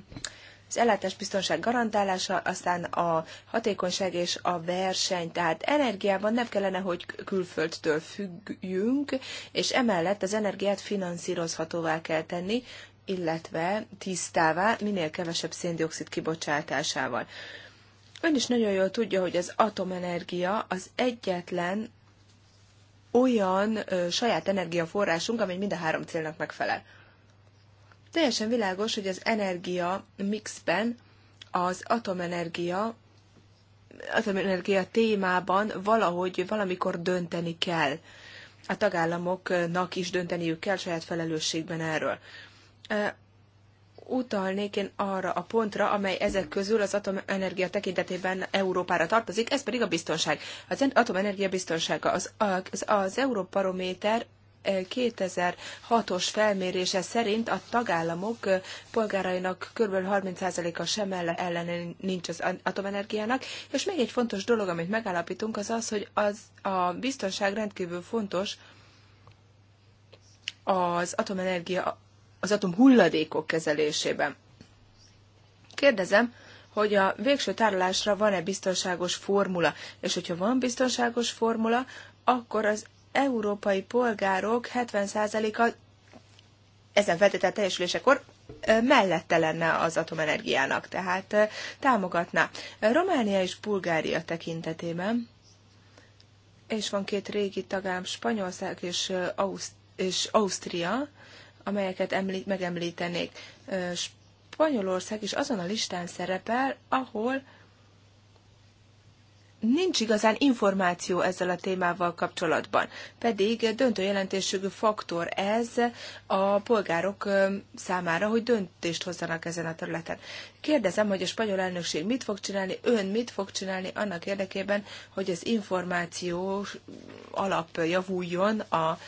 az biztonság garantálása, aztán a hatékonyság és a verseny. Tehát energiában nem kellene, hogy külföldtől függjünk, és emellett az energiát finanszírozhatóvá kell tenni, illetve tisztává, minél kevesebb széndiokszid kibocsátásával. Ön is nagyon jól tudja, hogy az atomenergia az egyetlen olyan ö, saját energiaforrásunk, amely mind a három célnak megfelel. Teljesen világos, hogy az energia mixben az atomenergia atomenergia témában valahogy valamikor dönteni kell. A tagállamoknak is dönteniük kell saját felelősségben erről utalnék én arra a pontra, amely ezek közül az atomenergia tekintetében Európára tartozik, ez pedig a biztonság. Az atomenergia biztonsága, az, az, az Európarométer 2006-os eh, felmérése szerint a tagállamok eh, polgárainak kb. 30%-a sem ellen nincs az atomenergiának, és még egy fontos dolog, amit megállapítunk, az az, hogy az, a biztonság rendkívül fontos az atomenergia az atom hulladékok kezelésében. Kérdezem, hogy a végső tárolásra van-e biztonságos formula, és hogyha van biztonságos formula, akkor az európai polgárok 70%-a ezen feltétel teljesülésekor mellette lenne az atomenergiának, tehát támogatná. Románia és Bulgária tekintetében, és van két régi tagám, Spanyolország és, Auszt- és Ausztria, amelyeket említ, megemlítenék. Spanyolország is azon a listán szerepel, ahol nincs igazán információ ezzel a témával kapcsolatban. Pedig döntő jelentőségű faktor ez a polgárok számára, hogy döntést hozzanak ezen a területen. Kérdezem, hogy a spanyol elnökség mit fog csinálni, ön mit fog csinálni annak érdekében, hogy az információ alap javuljon a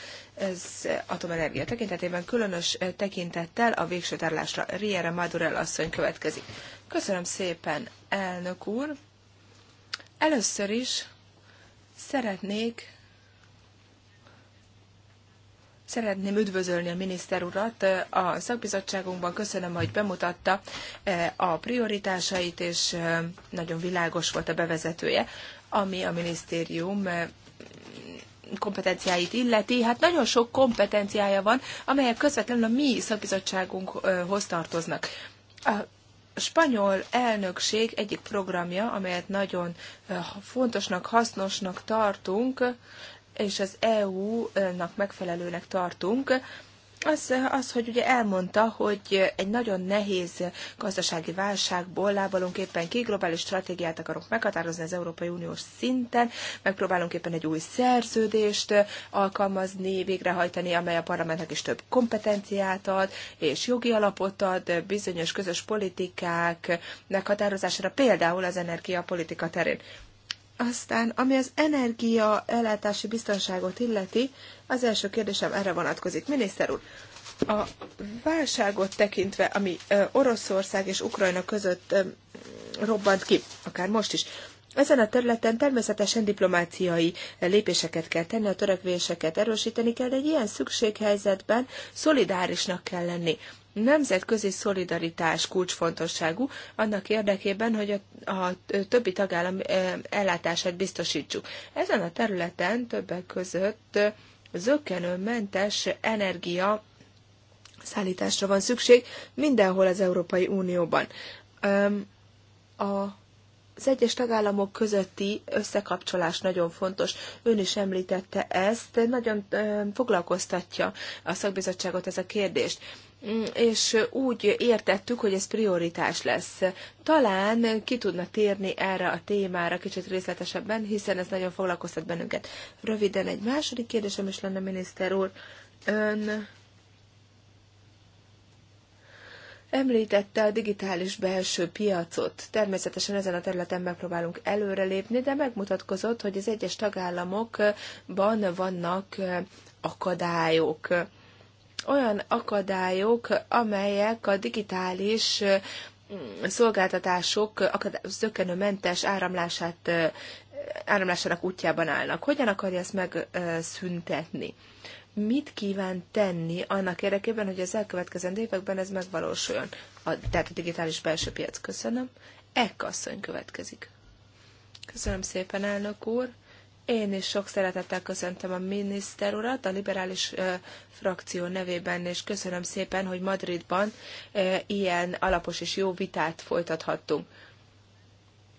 ez atomenergia tekintetében különös eh, tekintettel a végső tárlásra. Riera Madurell asszony következik. Köszönöm szépen, elnök úr! Először is szeretnék Szeretném üdvözölni a miniszter urat eh, a szakbizottságunkban. Köszönöm, hogy bemutatta eh, a prioritásait, és nagyon világos volt a bevezetője, ami a minisztérium kompetenciáit illeti, hát nagyon sok kompetenciája van, amelyek közvetlenül a mi szakbizottságunkhoz tartoznak. A spanyol elnökség egyik programja, amelyet nagyon fontosnak, hasznosnak tartunk, és az EU-nak megfelelőnek tartunk, az, az, hogy ugye elmondta, hogy egy nagyon nehéz gazdasági válságból lábalunk éppen ki, globális stratégiát akarunk meghatározni az Európai Uniós szinten, megpróbálunk éppen egy új szerződést alkalmazni, végrehajtani, amely a parlamentnek is több kompetenciát ad, és jogi alapot ad bizonyos közös politikák meghatározására, például az energiapolitika terén. Aztán, ami az energia ellátási biztonságot illeti, az első kérdésem erre vonatkozik. Miniszter úr, a válságot tekintve, ami Oroszország és Ukrajna között robbant ki, akár most is, ezen a területen természetesen diplomáciai lépéseket kell tenni, a törekvéseket erősíteni kell, de egy ilyen szükséghelyzetben szolidárisnak kell lenni nemzetközi szolidaritás kulcsfontosságú annak érdekében, hogy a, a többi tagállam ellátását biztosítsuk. Ezen a területen többek között zöggenőmentes energia szállításra van szükség mindenhol az Európai Unióban. A az egyes tagállamok közötti összekapcsolás nagyon fontos. Ön is említette ezt, nagyon foglalkoztatja a szakbizottságot ez a kérdést. Mm, és úgy értettük, hogy ez prioritás lesz. Talán ki tudna térni erre a témára kicsit részletesebben, hiszen ez nagyon foglalkoztat bennünket. Röviden egy második kérdésem is lenne, miniszter úr. Ön Említette a digitális belső piacot. Természetesen ezen a területen megpróbálunk előrelépni, de megmutatkozott, hogy az egyes tagállamokban vannak akadályok olyan akadályok, amelyek a digitális mm, szolgáltatások zökkenőmentes áramlását, áramlásának útjában állnak. Hogyan akarja ezt megszüntetni? Mit kíván tenni annak érdekében, hogy az elkövetkezendő években ez megvalósuljon? A, tehát a digitális belső piac. Köszönöm. Ekkasszony következik. Köszönöm szépen, elnök úr. Én is sok szeretettel köszöntöm a miniszter urat a liberális ö, frakció nevében, és köszönöm szépen, hogy Madridban ö, ilyen alapos és jó vitát folytathattunk.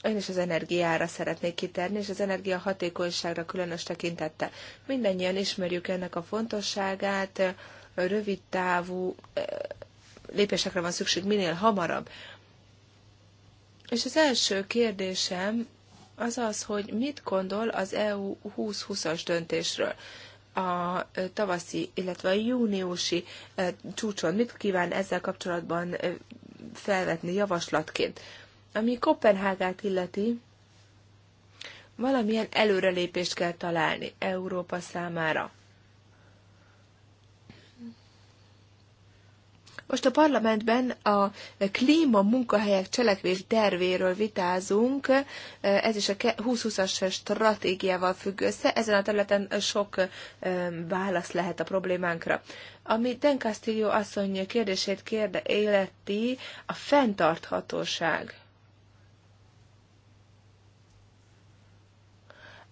Én is az energiára szeretnék kitérni, és az energia hatékonyságra különös tekintettel. Mindennyian ismerjük ennek a fontosságát, rövid távú lépésekre van szükség minél hamarabb. És az első kérdésem az az, hogy mit gondol az EU 2020-as döntésről a tavaszi, illetve a júniusi csúcson. Mit kíván ezzel kapcsolatban felvetni javaslatként? Ami Kopenhágát illeti, valamilyen előrelépést kell találni Európa számára. Most a parlamentben a klíma munkahelyek cselekvés tervéről vitázunk, ez is a 2020-as stratégiával függ össze, ezen a területen sok válasz lehet a problémánkra. Ami Den Castillo asszony kérdését kérde életi, a fenntarthatóság.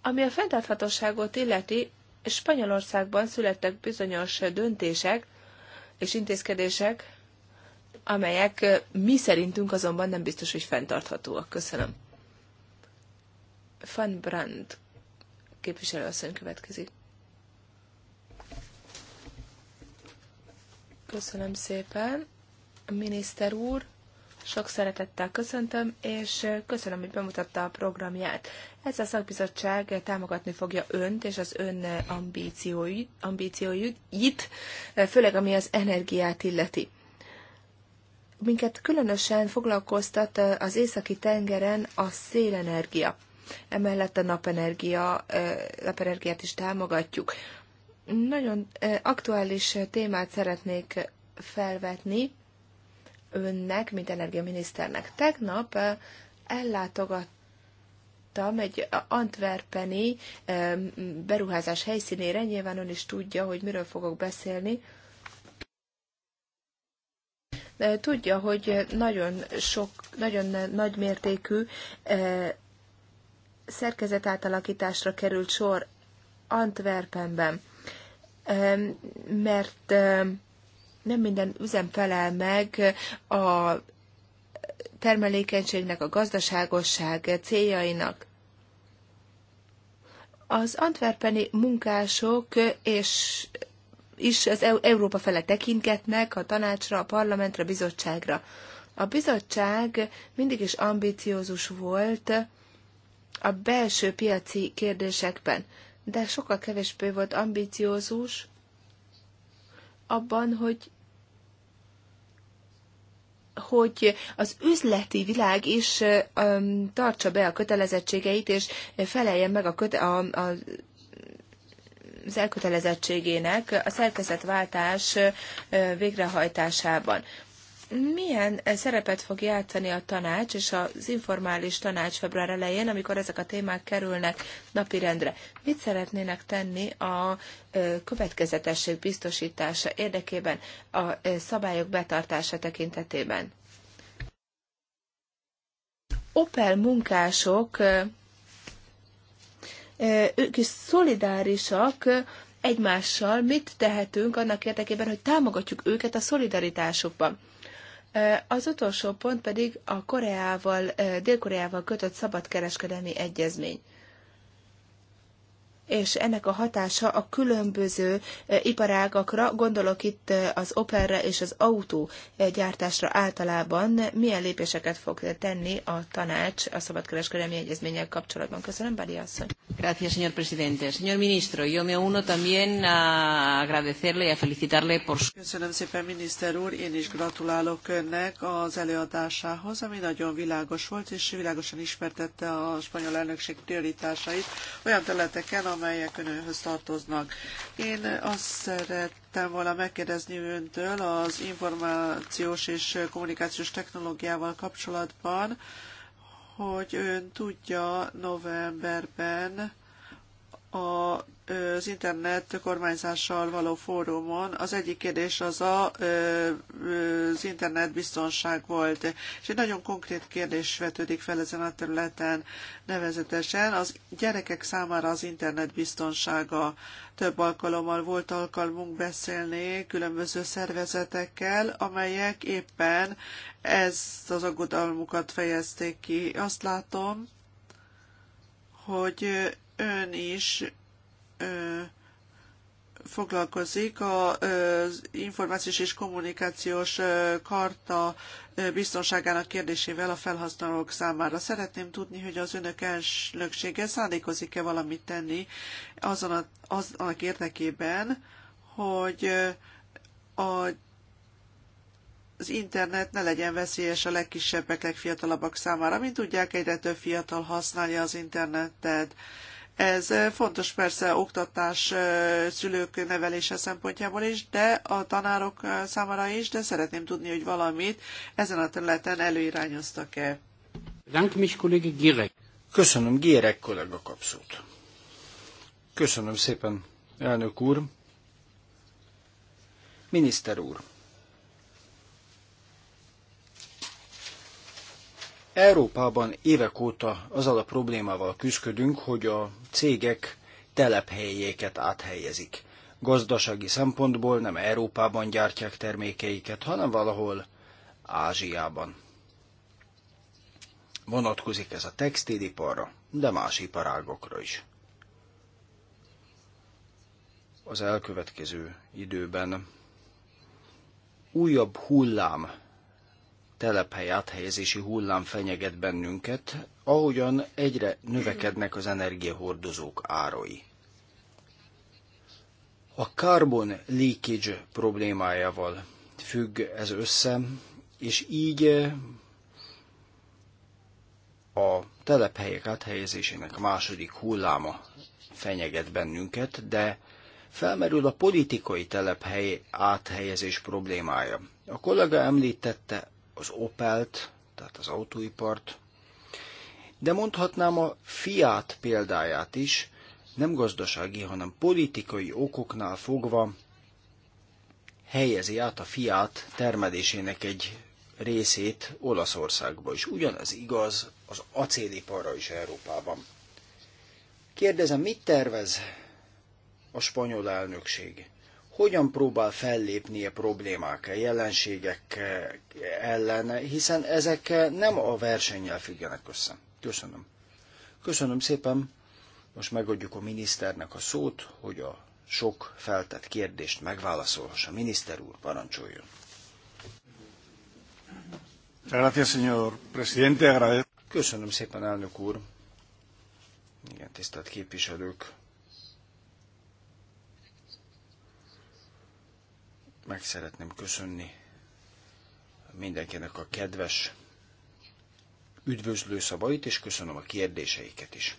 Ami a fenntarthatóságot illeti, Spanyolországban születtek bizonyos döntések, és intézkedések, amelyek mi szerintünk azonban nem biztos, hogy fenntarthatóak. Köszönöm. Van Brand képviselőasszony következik. Köszönöm szépen, miniszter úr. Sok szeretettel köszöntöm, és köszönöm, hogy bemutatta a programját. Ez a szakbizottság támogatni fogja önt és az ön ambícióit, főleg ami az energiát illeti. Minket különösen foglalkoztat az északi tengeren a szélenergia. Emellett a napenergia, napenergiát is támogatjuk. Nagyon aktuális témát szeretnék felvetni, önnek, mint energiaminiszternek. Tegnap ellátogattam egy antwerpeni beruházás helyszínére, nyilván ön is tudja, hogy miről fogok beszélni. Tudja, hogy nagyon sok, nagyon nagy mértékű szerkezetátalakításra került sor Antwerpenben, mert nem minden üzem felel meg a termelékenységnek, a gazdaságosság céljainak. Az antwerpeni munkások és is az Európa fele tekintgetnek a tanácsra, a parlamentre, a bizottságra. A bizottság mindig is ambiciózus volt a belső piaci kérdésekben, de sokkal kevésbé volt ambiciózus abban, hogy hogy az üzleti világ is um, tartsa be a kötelezettségeit, és feleljen meg a, köte- a, a az elkötelezettségének a szerkezetváltás végrehajtásában milyen eh, szerepet fog játszani a tanács és az informális tanács február elején, amikor ezek a témák kerülnek napirendre? Mit szeretnének tenni a eh, következetesség biztosítása érdekében a eh, szabályok betartása tekintetében? Opel munkások ők is szolidárisak egymással, mit tehetünk annak érdekében, hogy támogatjuk őket a szolidaritásukban. Az utolsó pont pedig a Koreával, Dél-Koreával kötött szabadkereskedelmi egyezmény és ennek a hatása a különböző eh, iparágakra, gondolok itt eh, az operre és az autógyártásra eh, általában, milyen lépéseket fog tenni a tanács a szabadkereskedelmi egyezménnyel kapcsolatban. Köszönöm, Bari asszony. Gracias, señor presidente. Señor ministro, yo me uno también a agradecerle y a felicitarle por su... Köszönöm szépen, miniszter úr, én is gratulálok önnek az előadásához, ami nagyon világos volt, és világosan ismertette a spanyol elnökség prioritásait olyan területeken, amelyek önhöz tartoznak. Én azt szerettem volna megkérdezni öntől az információs és kommunikációs technológiával kapcsolatban, hogy ön tudja novemberben a az internet kormányzással való fórumon az egyik kérdés az a, az internet biztonság volt. És egy nagyon konkrét kérdés vetődik fel ezen a területen, nevezetesen az gyerekek számára az internet biztonsága. Több alkalommal volt alkalmunk beszélni különböző szervezetekkel, amelyek éppen ezt az aggodalmukat fejezték ki. Azt látom, hogy ön is foglalkozik az információs és kommunikációs karta biztonságának kérdésével a felhasználók számára. Szeretném tudni, hogy az önök elnöksége szándékozik-e valamit tenni azon a, az, annak érdekében, hogy a az internet ne legyen veszélyes a legkisebbek, legfiatalabbak számára. Mint tudják, egyre több fiatal használja az internetet ez fontos persze oktatás szülők nevelése szempontjából is, de a tanárok számára is, de szeretném tudni, hogy valamit ezen a területen előirányoztak-e. Köszönöm, Gérek kollega kapszót. Köszönöm szépen, elnök úr. Miniszter úr, Európában évek óta azzal a problémával küzdködünk, hogy a cégek telephelyéket áthelyezik. Gazdasági szempontból nem Európában gyártják termékeiket, hanem valahol Ázsiában. Vonatkozik ez a textiliparra, de más iparágokra is. Az elkövetkező időben újabb hullám telephely áthelyezési hullám fenyeget bennünket, ahogyan egyre növekednek az energiahordozók árai. A carbon leakage problémájával függ ez össze, és így eh, a telephelyek áthelyezésének második hulláma fenyeget bennünket, de felmerül a politikai telephely áthelyezés problémája. A kollega említette az Opelt, tehát az autóipart, de mondhatnám a Fiat példáját is, nem gazdasági, hanem politikai okoknál fogva helyezi át a Fiat termelésének egy részét Olaszországba is. Ugyanez igaz az acéliparra is Európában. Kérdezem, mit tervez a spanyol elnökség? hogyan próbál fellépni a problémák, jelenségek ellen, hiszen ezek nem a versennyel függenek össze. Köszönöm. Köszönöm szépen. Most megadjuk a miniszternek a szót, hogy a sok feltett kérdést megválaszolhassa. Miniszter úr, parancsoljon. Köszönöm szépen, elnök úr. Igen, tisztelt képviselők. meg szeretném köszönni mindenkinek a kedves üdvözlő szavait, és köszönöm a kérdéseiket is.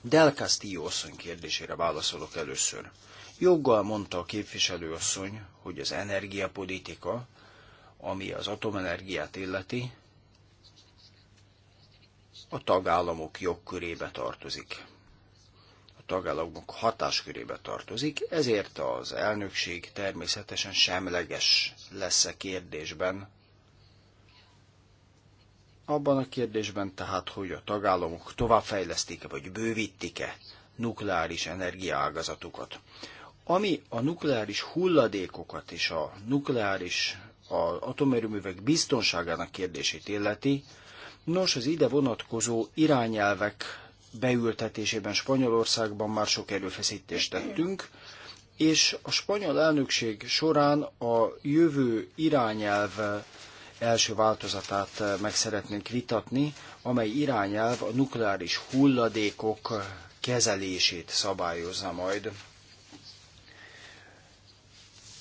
Del Castillo asszony kérdésére válaszolok először. Joggal mondta a képviselő asszony, hogy az energiapolitika, ami az atomenergiát illeti, a tagállamok jogkörébe tartozik tagállamok hatáskörébe tartozik, ezért az elnökség természetesen semleges lesz a e kérdésben. Abban a kérdésben tehát, hogy a tagállamok továbbfejlesztik-e vagy bővítik-e nukleáris energiaágazatukat. Ami a nukleáris hulladékokat és a nukleáris a atomerőművek biztonságának kérdését illeti, nos, az ide vonatkozó irányelvek beültetésében Spanyolországban már sok erőfeszítést tettünk, és a spanyol elnökség során a jövő irányelv első változatát meg szeretnénk vitatni, amely irányelv a nukleáris hulladékok kezelését szabályozza majd.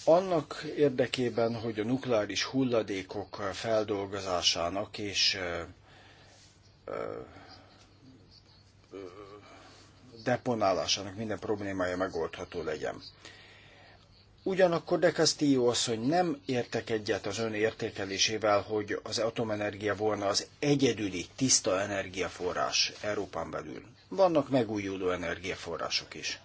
Annak érdekében, hogy a nukleáris hulladékok feldolgozásának és deponálásának minden problémája megoldható legyen. Ugyanakkor de Castillo az, hogy nem értek egyet az ön értékelésével, hogy az atomenergia volna az egyedüli tiszta energiaforrás Európán belül. Vannak megújuló energiaforrások is.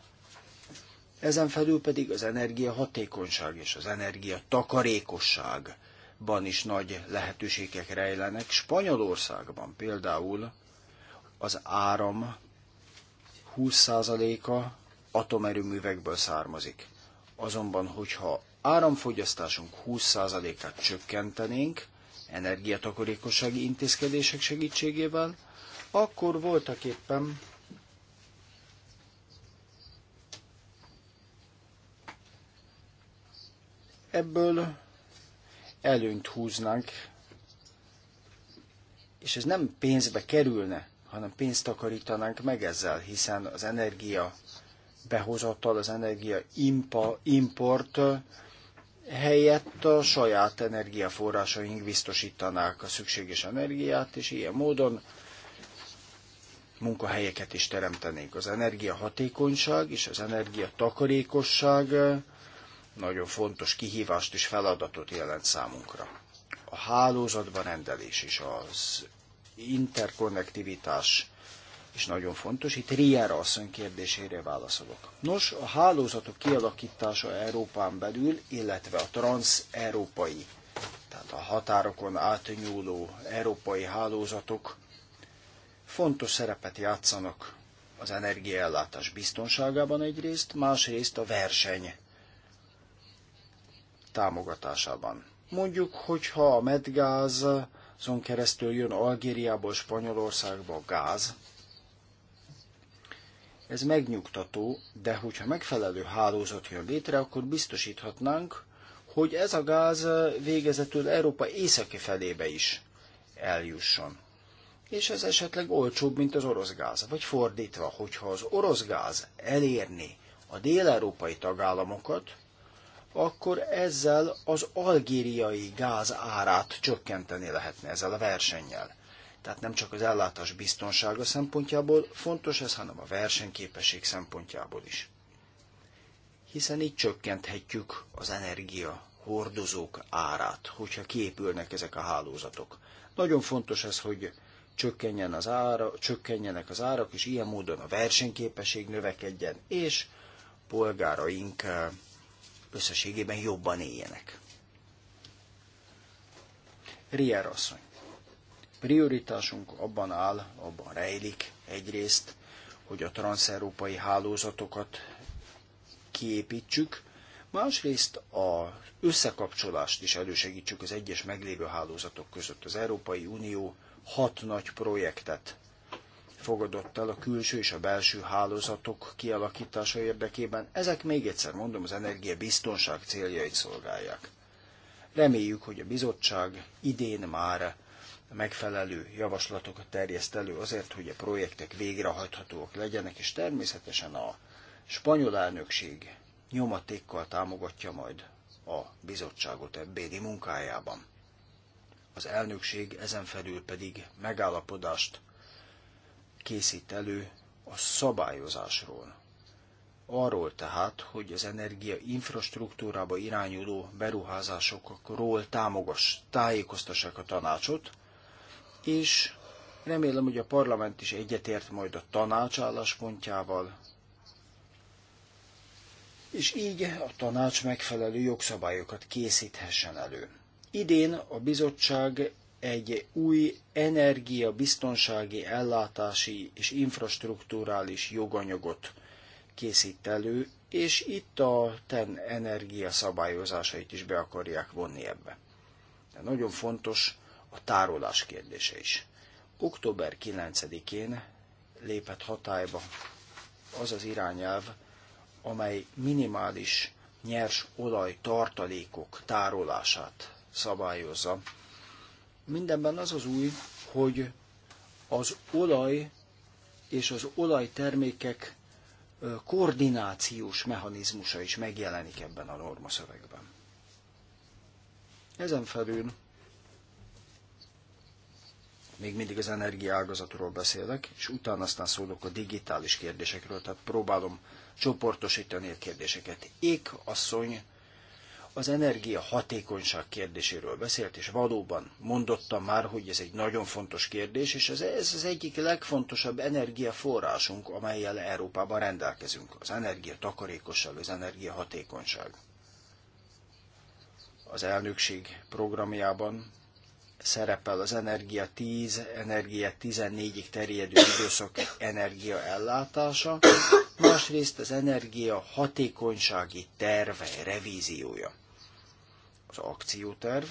Ezen felül pedig az energia hatékonyság és az energia takarékosságban is nagy lehetőségek rejlenek. Spanyolországban például az áram 20%-a atomerőművekből származik. Azonban, hogyha áramfogyasztásunk 20%-át csökkentenénk energiatakarékossági intézkedések segítségével, akkor voltak éppen ebből előnyt húznánk, és ez nem pénzbe kerülne, hanem pénzt takarítanánk meg ezzel, hiszen az energia behozattal, az energia impa, import helyett a saját energiaforrásaink biztosítanák a szükséges energiát, és ilyen módon munkahelyeket is teremtenénk. Az energiahatékonyság és az energiatakarékosság nagyon fontos kihívást és feladatot jelent számunkra. A hálózatban rendelés és az interkonnektivitás és nagyon fontos. Itt Riera asszony kérdésére válaszolok. Nos, a hálózatok kialakítása Európán belül, illetve a transz-európai, tehát a határokon átnyúló európai hálózatok fontos szerepet játszanak az energiaellátás biztonságában egyrészt, másrészt a verseny támogatásában. Mondjuk, hogyha a medgáz Szon keresztül jön Algériából Spanyolországba a gáz. Ez megnyugtató, de hogyha megfelelő hálózat jön létre, akkor biztosíthatnánk, hogy ez a gáz végezetül Európa északi felébe is eljusson. És ez esetleg olcsóbb, mint az orosz gáz. Vagy fordítva, hogyha az orosz gáz elérni a dél-európai tagállamokat, akkor ezzel az algériai gáz árát csökkenteni lehetne ezzel a versennyel. Tehát nem csak az ellátás biztonsága szempontjából fontos ez, hanem a versenyképesség szempontjából is. Hiszen így csökkenthetjük az energia hordozók árát, hogyha kiépülnek ezek a hálózatok. Nagyon fontos ez, hogy csökkenjen az ára, csökkenjenek az árak, és ilyen módon a versenyképesség növekedjen, és polgáraink eh, összességében jobban éljenek. Rier asszony. Prioritásunk abban áll, abban rejlik egyrészt, hogy a transzeurópai hálózatokat kiépítsük, másrészt az összekapcsolást is elősegítsük az egyes meglévő hálózatok között. Az Európai Unió hat nagy projektet fogadott el a külső és a belső hálózatok kialakítása érdekében. Ezek még egyszer mondom, az energiabiztonság céljait szolgálják. Reméljük, hogy a bizottság idén már megfelelő javaslatokat terjeszt elő azért, hogy a projektek végrehajthatóak legyenek, és természetesen a spanyol elnökség nyomatékkal támogatja majd a bizottságot ebbédi munkájában. Az elnökség ezen felül pedig megállapodást készít elő a szabályozásról. Arról tehát, hogy az energia infrastruktúrába irányuló beruházásokról támogass, tájékoztassák a tanácsot, és remélem, hogy a parlament is egyetért majd a tanács álláspontjával, és így a tanács megfelelő jogszabályokat készíthessen elő. Idén a bizottság egy új energia biztonsági ellátási és infrastruktúrális joganyagot készít elő, és itt a TEN energia szabályozásait is be akarják vonni ebbe. De nagyon fontos a tárolás kérdése is. Október 9-én lépett hatályba az az irányelv, amely minimális nyers olaj tartalékok tárolását szabályozza, Mindenben az az új, hogy az olaj és az olajtermékek koordinációs mechanizmusa is megjelenik ebben a normaszövegben. Ezen felül még mindig az energiaágazatról beszélek, és utána aztán szólok a digitális kérdésekről, tehát próbálom csoportosítani a kérdéseket. Ék asszony az energia hatékonyság kérdéséről beszélt, és valóban mondottam már, hogy ez egy nagyon fontos kérdés, és ez, az egyik legfontosabb energiaforrásunk, amelyel Európában rendelkezünk, az energia takarékosság, az energia hatékonyság. Az elnökség programjában szerepel az Energia 10, Energia 14-ig terjedő időszak ellátása. másrészt az energia hatékonysági terve revíziója az akcióterv,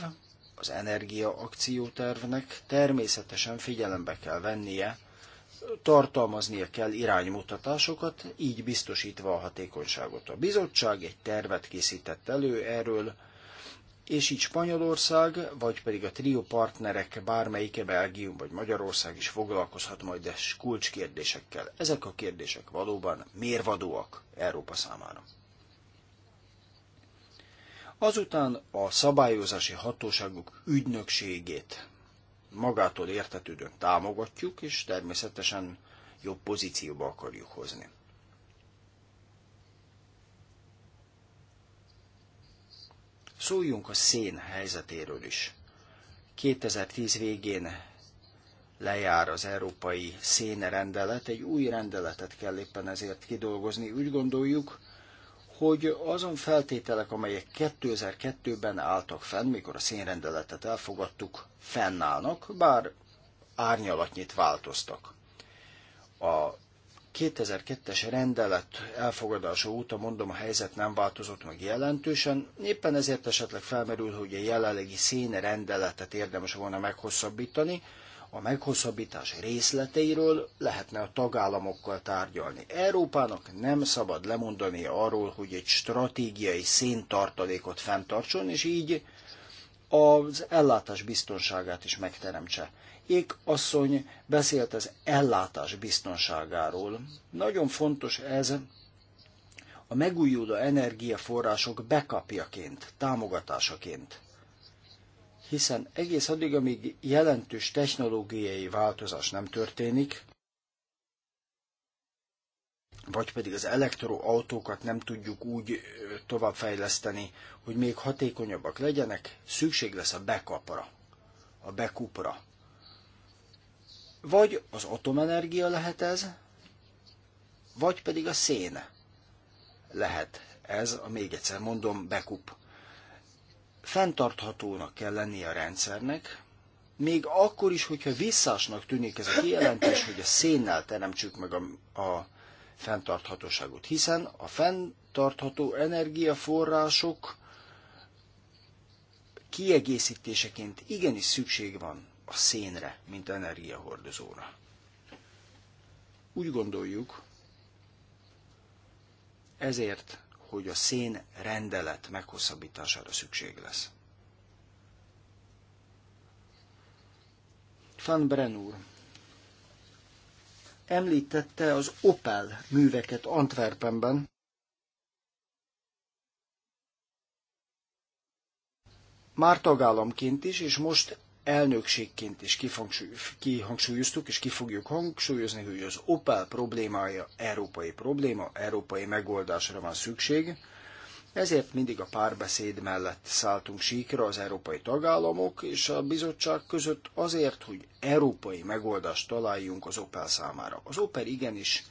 az energia akciótervnek természetesen figyelembe kell vennie, tartalmaznia kell iránymutatásokat, így biztosítva a hatékonyságot. A bizottság egy tervet készített elő erről, és így Spanyolország, vagy pedig a trió partnerek bármelyike Belgium vagy Magyarország is foglalkozhat majd es kulcskérdésekkel. Ezek a kérdések valóban mérvadóak Európa számára. Azután a szabályozási hatóságok ügynökségét magától értetődően támogatjuk, és természetesen jobb pozícióba akarjuk hozni. Szóljunk a szén helyzetéről is. 2010 végén lejár az európai szénrendelet, egy új rendeletet kell éppen ezért kidolgozni. Úgy gondoljuk, hogy azon feltételek, amelyek 2002-ben álltak fenn, mikor a szénrendeletet elfogadtuk, fennállnak, bár árnyalatnyit változtak. A 2002-es rendelet elfogadása óta, mondom, a helyzet nem változott meg jelentősen, éppen ezért esetleg felmerül, hogy a jelenlegi szénrendeletet érdemes volna meghosszabbítani, a meghosszabbítás részleteiről lehetne a tagállamokkal tárgyalni. Európának nem szabad lemondani arról, hogy egy stratégiai széntartalékot fenntartson, és így az ellátás biztonságát is megteremtse. Ék asszony beszélt az ellátás biztonságáról. Nagyon fontos ez a megújuló energiaforrások bekapjaként, támogatásaként hiszen egész addig, amíg jelentős technológiai változás nem történik, vagy pedig az elektroautókat nem tudjuk úgy továbbfejleszteni, hogy még hatékonyabbak legyenek, szükség lesz a backupra, a backupra. Vagy az atomenergia lehet ez, vagy pedig a szén lehet ez, a még egyszer mondom, backup fenntarthatónak kell lennie a rendszernek, még akkor is, hogyha visszásnak tűnik ez a kijelentés, hogy a szénnel teremtsük meg a, a fenntarthatóságot, hiszen a fenntartható energiaforrások kiegészítéseként igenis szükség van a szénre, mint energiahordozóra. Úgy gondoljuk, ezért hogy a szén rendelet meghosszabbítására szükség lesz. Van Bren úr említette az Opel műveket Antwerpenben. Már tagállamként is, és most elnökségként is kihangsúlyoztuk, és ki fogjuk hangsúlyozni, hogy az Opel problémája európai probléma, európai megoldásra van szükség. Ezért mindig a párbeszéd mellett szálltunk síkra az európai tagállamok és a bizottság között azért, hogy európai megoldást találjunk az Opel számára. Az Opel igenis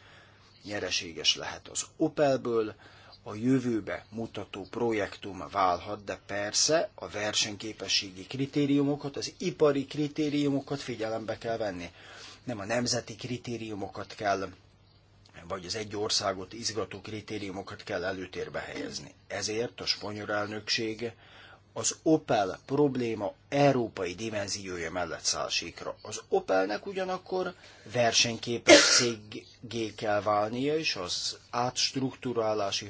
nyereséges lehet az Opelből, a jövőbe mutató projektum válhat, de persze a versenyképességi kritériumokat, az ipari kritériumokat figyelembe kell venni. Nem a nemzeti kritériumokat kell, vagy az egy országot izgató kritériumokat kell előtérbe helyezni. Ezért a spanyol elnökség az Opel probléma európai dimenziója mellett száll síkra. Az Opelnek ugyanakkor versenyképességgé kell válnia, és az átstruktúrálási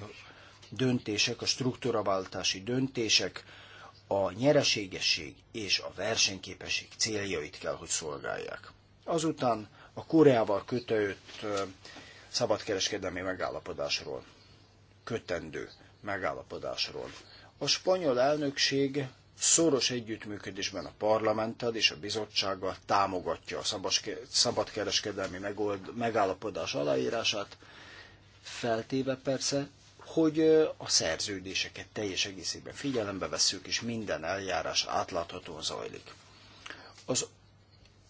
döntések, a struktúraváltási döntések a nyereségesség és a versenyképesség céljait kell, hogy szolgálják. Azután a Koreával kötött szabadkereskedelmi megállapodásról, kötendő megállapodásról. A spanyol elnökség szoros együttműködésben a parlamenttel és a bizottsággal támogatja a szabadkereskedelmi megállapodás aláírását, feltéve persze, hogy a szerződéseket teljes egészében figyelembe vesszük, és minden eljárás átláthatóan zajlik. Az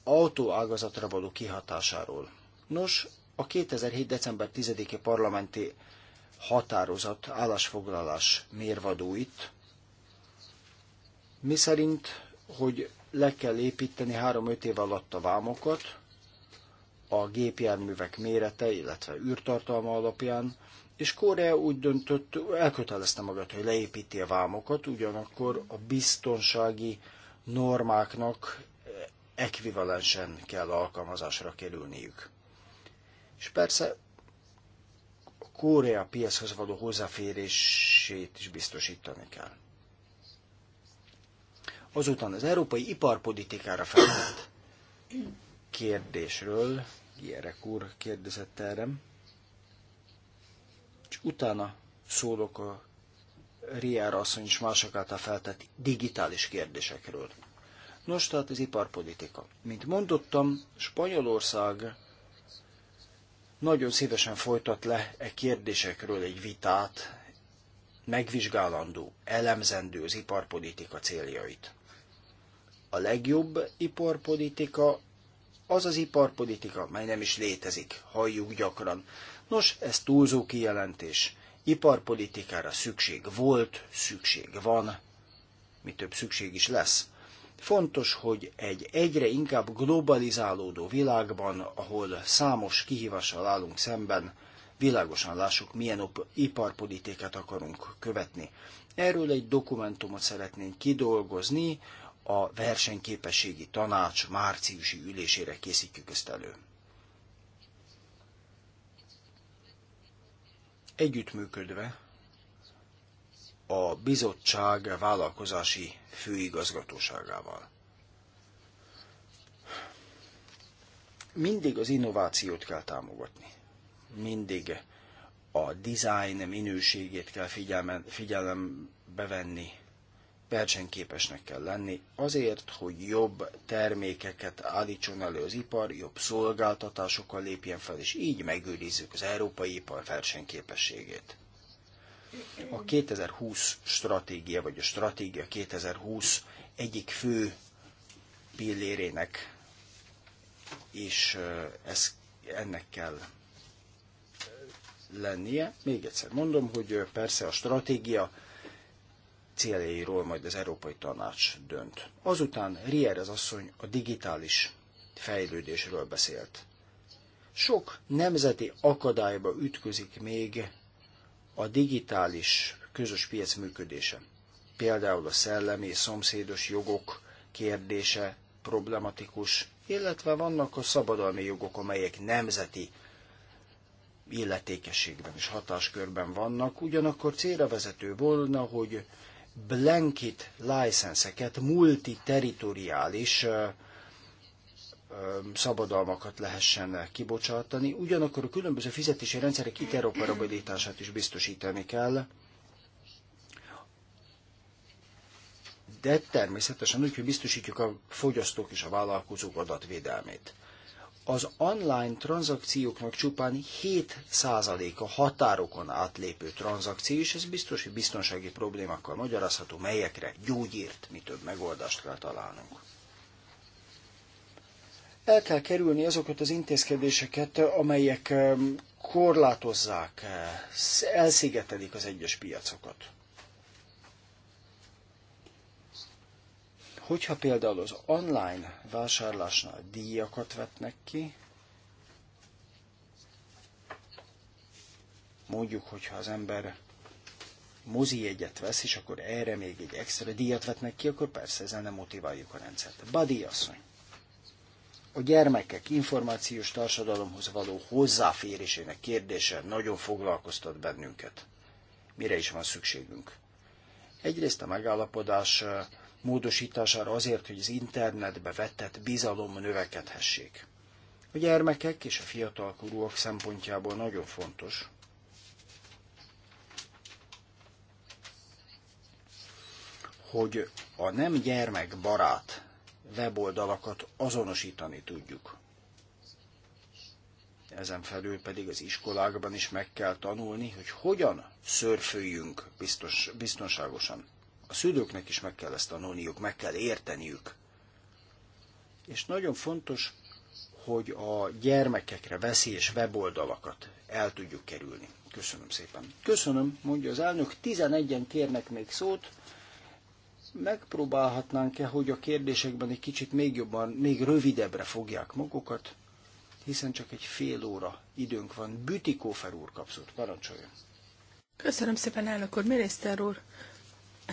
autóágazatra való kihatásáról. Nos, a 2007. december 10-i parlamenti határozat, állásfoglalás mérvadóit, miszerint, hogy le kell építeni 3-5 év alatt a vámokat, a gépjárművek mérete, illetve űrtartalma alapján, és Korea úgy döntött, elkötelezte magát, hogy leépíti a vámokat, ugyanakkor a biztonsági normáknak ekvivalensen kell alkalmazásra kerülniük. És persze a Korea piachoz való hozzáférését is biztosítani kell. Azután az európai iparpolitikára feltett kérdésről, gyerek, úr kérdezett erre, és utána szólok a Riára asszony is mások által feltett digitális kérdésekről. Nos, tehát az iparpolitika. Mint mondottam, Spanyolország nagyon szívesen folytat le e kérdésekről egy vitát, megvizsgálandó, elemzendő az iparpolitika céljait. A legjobb iparpolitika az az iparpolitika, mely nem is létezik, halljuk gyakran. Nos, ez túlzó kijelentés. Iparpolitikára szükség volt, szükség van, mi több szükség is lesz. Fontos, hogy egy egyre inkább globalizálódó világban, ahol számos kihívással állunk szemben, világosan lássuk, milyen iparpolitikát akarunk követni. Erről egy dokumentumot szeretnénk kidolgozni, a versenyképességi tanács márciusi ülésére készítjük ezt elő. együttműködve a bizottság vállalkozási főigazgatóságával. Mindig az innovációt kell támogatni. Mindig a design minőségét kell figyelme, figyelembe venni, versenyképesnek kell lenni, azért, hogy jobb termékeket állítson elő az ipar, jobb szolgáltatásokkal lépjen fel, és így megőrizzük az európai ipar versenyképességét. A 2020 stratégia, vagy a stratégia 2020 egyik fő pillérének, és ez, ennek kell lennie. Még egyszer mondom, hogy persze a stratégia céljairól majd az Európai Tanács dönt. Azután Rier az asszony a digitális fejlődésről beszélt. Sok nemzeti akadályba ütközik még a digitális közös piac működése. Például a szellemi és szomszédos jogok kérdése problematikus, illetve vannak a szabadalmi jogok, amelyek nemzeti illetékességben és hatáskörben vannak, ugyanakkor célra vezető volna, hogy blanket licenseket, multiterritoriális szabadalmakat lehessen kibocsátani, ugyanakkor a különböző fizetési rendszerek interoperabilitását is biztosítani kell, de természetesen úgy, hogy biztosítjuk a fogyasztók és a vállalkozók adatvédelmét az online tranzakcióknak csupán 7%-a határokon átlépő tranzakció, és ez biztos, hogy biztonsági problémákkal magyarázható, melyekre gyógyírt, mi több megoldást kell találnunk. El kell kerülni azokat az intézkedéseket, amelyek um, korlátozzák, eh, elszigetelik az egyes piacokat. Hogyha például az online vásárlásnál díjakat vetnek ki, mondjuk, hogyha az ember mozi jegyet vesz, és akkor erre még egy extra díjat vetnek ki, akkor persze ezzel nem motiváljuk a rendszert. Badi asszony. A gyermekek információs társadalomhoz való hozzáférésének kérdése nagyon foglalkoztat bennünket. Mire is van szükségünk? Egyrészt a megállapodás módosítására azért, hogy az internetbe vetett bizalom növekedhessék. A gyermekek és a fiatalkorúak szempontjából nagyon fontos, hogy a nem gyermekbarát weboldalakat azonosítani tudjuk. Ezen felül pedig az iskolákban is meg kell tanulni, hogy hogyan szörföljünk biztos, biztonságosan a szülőknek is meg kell ezt tanulniuk, meg kell érteniük. És nagyon fontos, hogy a gyermekekre veszélyes weboldalakat el tudjuk kerülni. Köszönöm szépen. Köszönöm, mondja az elnök. 11-en kérnek még szót. Megpróbálhatnánk-e, hogy a kérdésekben egy kicsit még jobban, még rövidebbre fogják magukat, hiszen csak egy fél óra időnk van. Kófer úr kapszott. Parancsoljon. Köszönöm szépen, elnök úr, miniszter úr.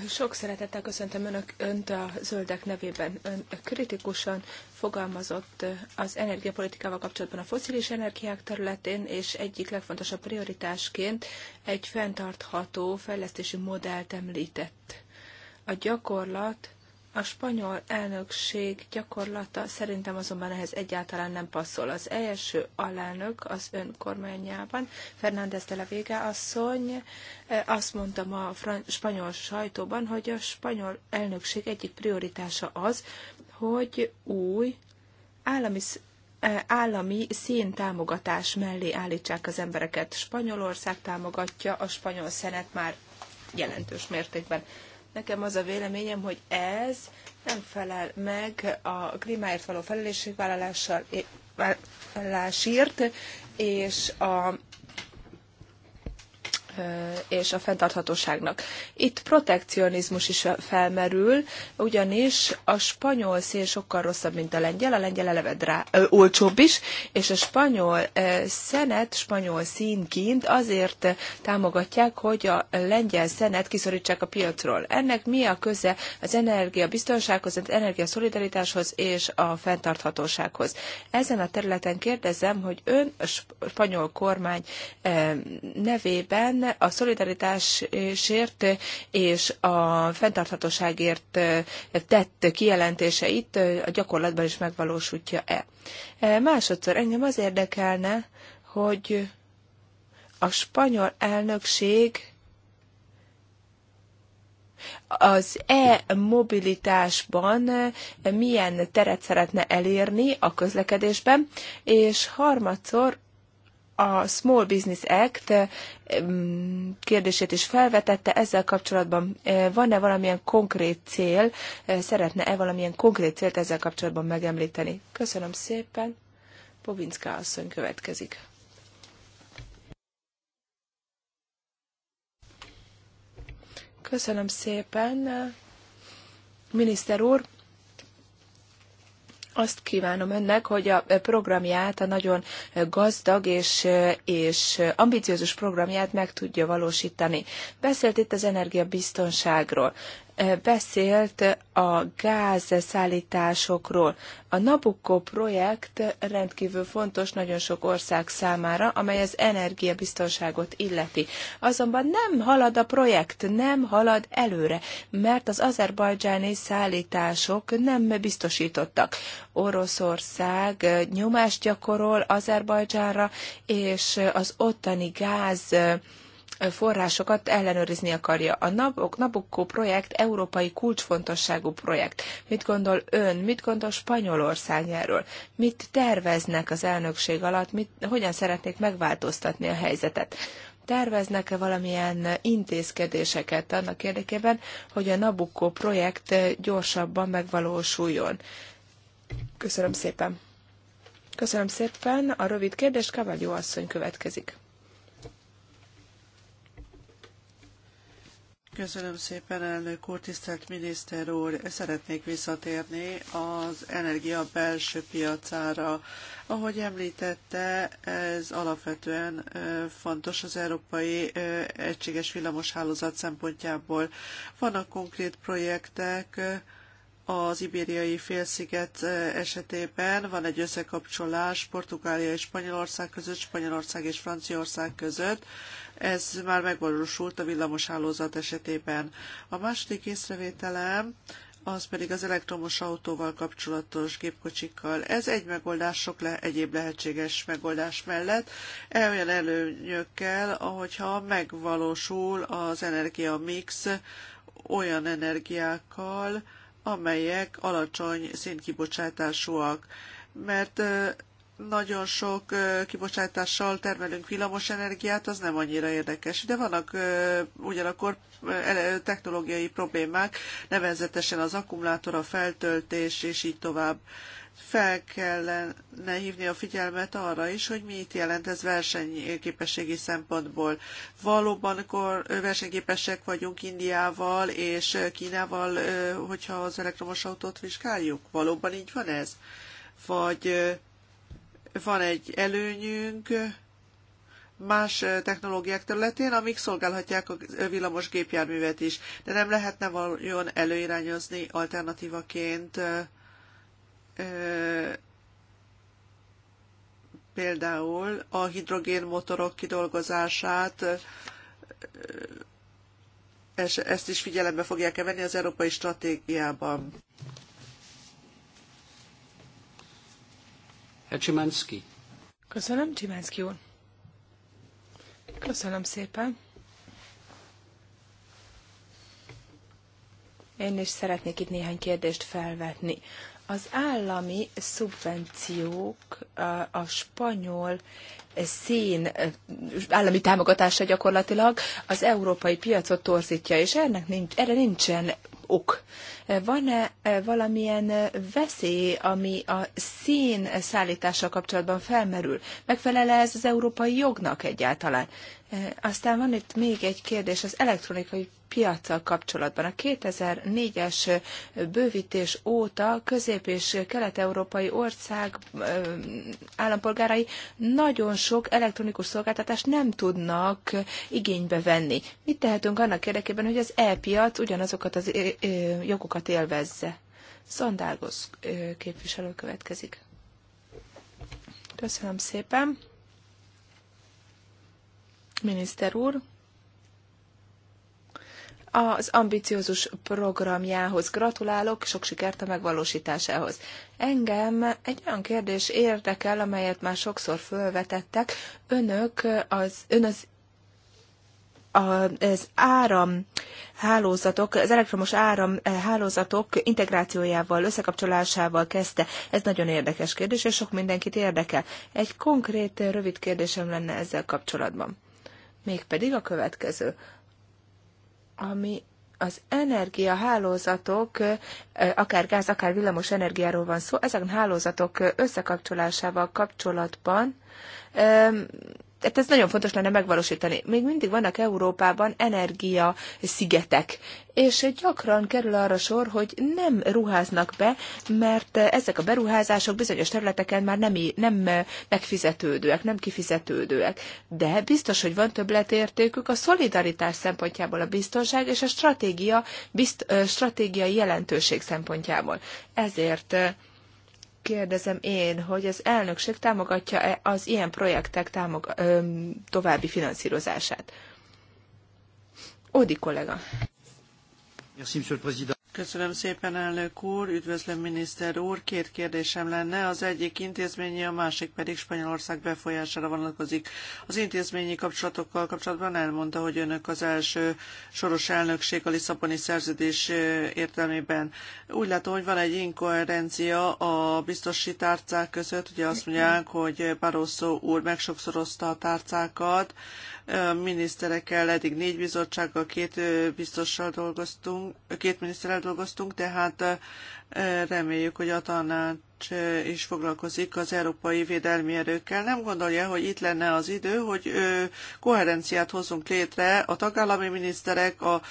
Sok szeretettel köszöntöm Önök, Önt a zöldek nevében. Ön kritikusan fogalmazott az energiapolitikával kapcsolatban a foszilis energiák területén, és egyik legfontosabb prioritásként egy fenntartható fejlesztési modellt említett. A gyakorlat a spanyol elnökség gyakorlata szerintem azonban ehhez egyáltalán nem passzol. Az első alelnök az ön kormányában, Fernández de la Vega asszony, eh, azt mondtam a spanyol sajtóban, hogy a spanyol elnökség egyik prioritása az, hogy új állami eh, állami széntámogatás mellé állítsák az embereket. Spanyolország támogatja, a spanyol szenet már jelentős mértékben. Nekem az a véleményem, hogy ez nem felel meg a klímáért való felelősségvállalásért és a és a fenntarthatóságnak. Itt protekcionizmus is felmerül, ugyanis a spanyol szél sokkal rosszabb, mint a lengyel, a lengyel eleve drá, ö, olcsóbb is, és a spanyol ö, szenet, spanyol színként azért támogatják, hogy a lengyel szenet kiszorítsák a piacról. Ennek mi a köze az energiabiztonsághoz, az energiaszolidaritáshoz és a fenntarthatósághoz? Ezen a területen kérdezem, hogy ön a spanyol kormány nevében a szolidaritásért és a fenntarthatóságért tett kijelentéseit a gyakorlatban is megvalósítja-e. Másodszor engem az érdekelne, hogy a spanyol elnökség az e-mobilitásban milyen teret szeretne elérni a közlekedésben, és harmadszor a Small Business Act eh, kérdését is felvetette, ezzel kapcsolatban eh, van-e valamilyen konkrét cél, eh, szeretne-e valamilyen konkrét célt ezzel kapcsolatban megemlíteni? Köszönöm szépen. Bobinska asszony következik. Köszönöm szépen, miniszter úr azt kívánom önnek, hogy a programját, a nagyon gazdag és, és ambiciózus programját meg tudja valósítani. Beszélt itt az energiabiztonságról beszélt a gázszállításokról. A Nabucco projekt rendkívül fontos nagyon sok ország számára, amely az energiabiztonságot illeti. Azonban nem halad a projekt, nem halad előre, mert az azerbajdzsáni szállítások nem biztosítottak. Oroszország nyomást gyakorol Azerbajdzsánra, és az ottani gáz forrásokat ellenőrizni akarja. A Nabucco projekt európai kulcsfontosságú projekt. Mit gondol ön, mit gondol Spanyolország erről? Mit terveznek az elnökség alatt, mit, hogyan szeretnék megváltoztatni a helyzetet? Terveznek-e valamilyen intézkedéseket annak érdekében, hogy a Nabucco projekt gyorsabban megvalósuljon? Köszönöm szépen. Köszönöm szépen. A rövid kérdés Kavagyó asszony következik. Köszönöm szépen, elnök úr, tisztelt miniszter úr! Szeretnék visszatérni az energia belső piacára. Ahogy említette, ez alapvetően fontos az európai egységes villamoshálózat szempontjából. Vannak konkrét projektek, az ibériai félsziget esetében van egy összekapcsolás Portugália és Spanyolország között, Spanyolország és Franciaország között, ez már megvalósult a villamoshálózat esetében. A második észrevételem az pedig az elektromos autóval kapcsolatos gépkocsikkal. Ez egy megoldás sok le, egyéb lehetséges megoldás mellett, e olyan előnyökkel, ahogyha megvalósul az energia mix olyan energiákkal, amelyek alacsony szénkibocsátásúak. Mert nagyon sok kibocsátással termelünk energiát. az nem annyira érdekes. De vannak ugyanakkor technológiai problémák, nevezetesen az akkumulátor, a feltöltés és így tovább. Fel kellene hívni a figyelmet arra is, hogy mit jelent ez versenyképességi szempontból. Valóban akkor versenyképesek vagyunk Indiával és Kínával, hogyha az elektromos autót vizsgáljuk? Valóban így van ez? Vagy van egy előnyünk más technológiák területén, amik szolgálhatják a villamos gépjárművet is, de nem lehetne valójában előirányozni alternatívaként például a hidrogénmotorok kidolgozását, és ezt is figyelembe fogják-e venni az európai stratégiában. Herr Csimánszki. Köszönöm, Csimánszki úr. Köszönöm szépen. Én is szeretnék itt néhány kérdést felvetni. Az állami szubvenciók a spanyol szén állami támogatása gyakorlatilag az európai piacot torzítja, és ennek nincs, erre nincsen ok. Van-e eh, valamilyen veszély, ami a szén szállítással kapcsolatban felmerül? Megfelel-e ez az európai jognak egyáltalán? Eh, aztán van itt még egy kérdés az elektronikai piaccal kapcsolatban. A 2004-es eh, bővítés óta közép- és kelet-európai ország eh, állampolgárai nagyon sok elektronikus szolgáltatást nem tudnak igénybe venni. Mit tehetünk annak érdekében, hogy az e-piac ugyanazokat az jogokat élvezze? Szondágos képviselő következik. Köszönöm szépen miniszter úr az ambiciózus programjához gratulálok, sok sikert a megvalósításához. Engem egy olyan kérdés érdekel, amelyet már sokszor felvetettek. Önök az, ön az az áram hálózatok, az elektromos áram hálózatok integrációjával, összekapcsolásával kezdte. Ez nagyon érdekes kérdés, és sok mindenkit érdekel. Egy konkrét, rövid kérdésem lenne ezzel kapcsolatban mégpedig a következő, ami az energiahálózatok, akár gáz, akár villamos energiáról van szó, ezek a hálózatok összekapcsolásával kapcsolatban tehát ez nagyon fontos lenne megvalósítani. Még mindig vannak Európában energia szigetek, és gyakran kerül arra sor, hogy nem ruháznak be, mert ezek a beruházások bizonyos területeken már nem, nem eh, megfizetődőek, nem kifizetődőek. De biztos, hogy van többletértékük a szolidaritás szempontjából, a biztonság és a stratégia, bizt, eh, stratégiai jelentőség szempontjából. Ezért eh, kérdezem én, hogy az elnökség támogatja-e az ilyen projektek támog- további finanszírozását? Ódi kollega. Merci, Köszönöm szépen, elnök úr, üdvözlöm miniszter úr. Két kérdésem lenne, az egyik intézményi, a másik pedig Spanyolország befolyására vonatkozik. Az intézményi kapcsolatokkal kapcsolatban elmondta, hogy önök az első soros elnökség a Lisszaboni szerződés értelmében. Úgy látom, hogy van egy inkoherencia a biztosi tárcák között. Ugye azt mondják, hogy Barroso úr megsokszorozta a tárcákat, miniszterekkel, eddig négy bizottsággal, két biztossal dolgoztunk, két miniszterrel dolgoztunk, tehát reméljük, hogy a tanács is foglalkozik az európai védelmi erőkkel. Nem gondolja, hogy itt lenne az idő, hogy koherenciát hozzunk létre a tagállami miniszterek, a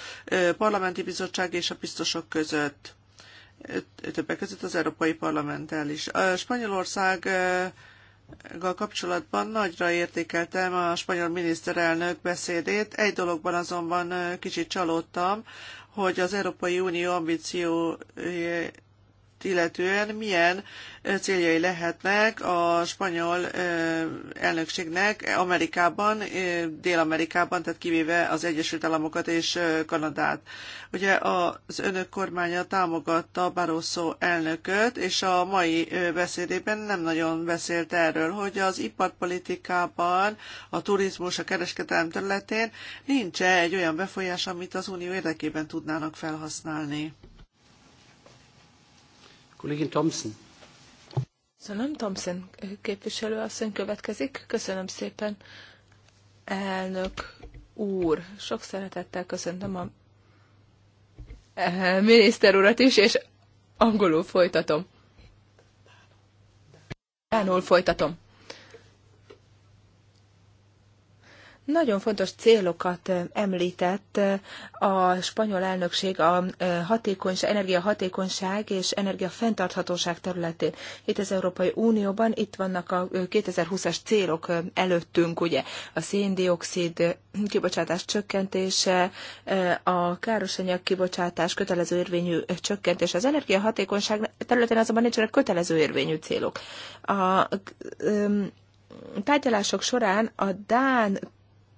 parlamenti bizottság és a biztosok között. Többek között az Európai Parlamenttel is. A Spanyolország kapcsolatban nagyra értékeltem a spanyol miniszterelnök beszédét. Egy dologban azonban kicsit csalódtam, hogy az Európai Unió ambíció illetően milyen céljai lehetnek a spanyol elnökségnek Amerikában, Dél-Amerikában, tehát kivéve az Egyesült Államokat és Kanadát. Ugye az önök kormánya támogatta Barroso elnököt, és a mai beszédében nem nagyon beszélt erről, hogy az iparpolitikában, a turizmus, a kereskedelem területén nincs -e egy olyan befolyás, amit az unió érdekében tudnának felhasználni. Kollégin Thompson. Köszönöm, Thompson képviselő asszony következik. Köszönöm szépen, elnök úr. Sok szeretettel köszöntöm a eh, miniszter urat is, és angolul folytatom. Dánul folytatom. Nagyon fontos célokat említett a spanyol elnökség a hatékonyság, energiahatékonyság és energiafenntarthatóság területén. Itt az Európai Unióban itt vannak a 2020-as célok előttünk, ugye a széndiokszid kibocsátás csökkentése, a károsanyag kibocsátás kötelező érvényű csökkentés. Az energiahatékonyság területén azonban nincsenek kötelező érvényű célok. A, tárgyalások során a Dán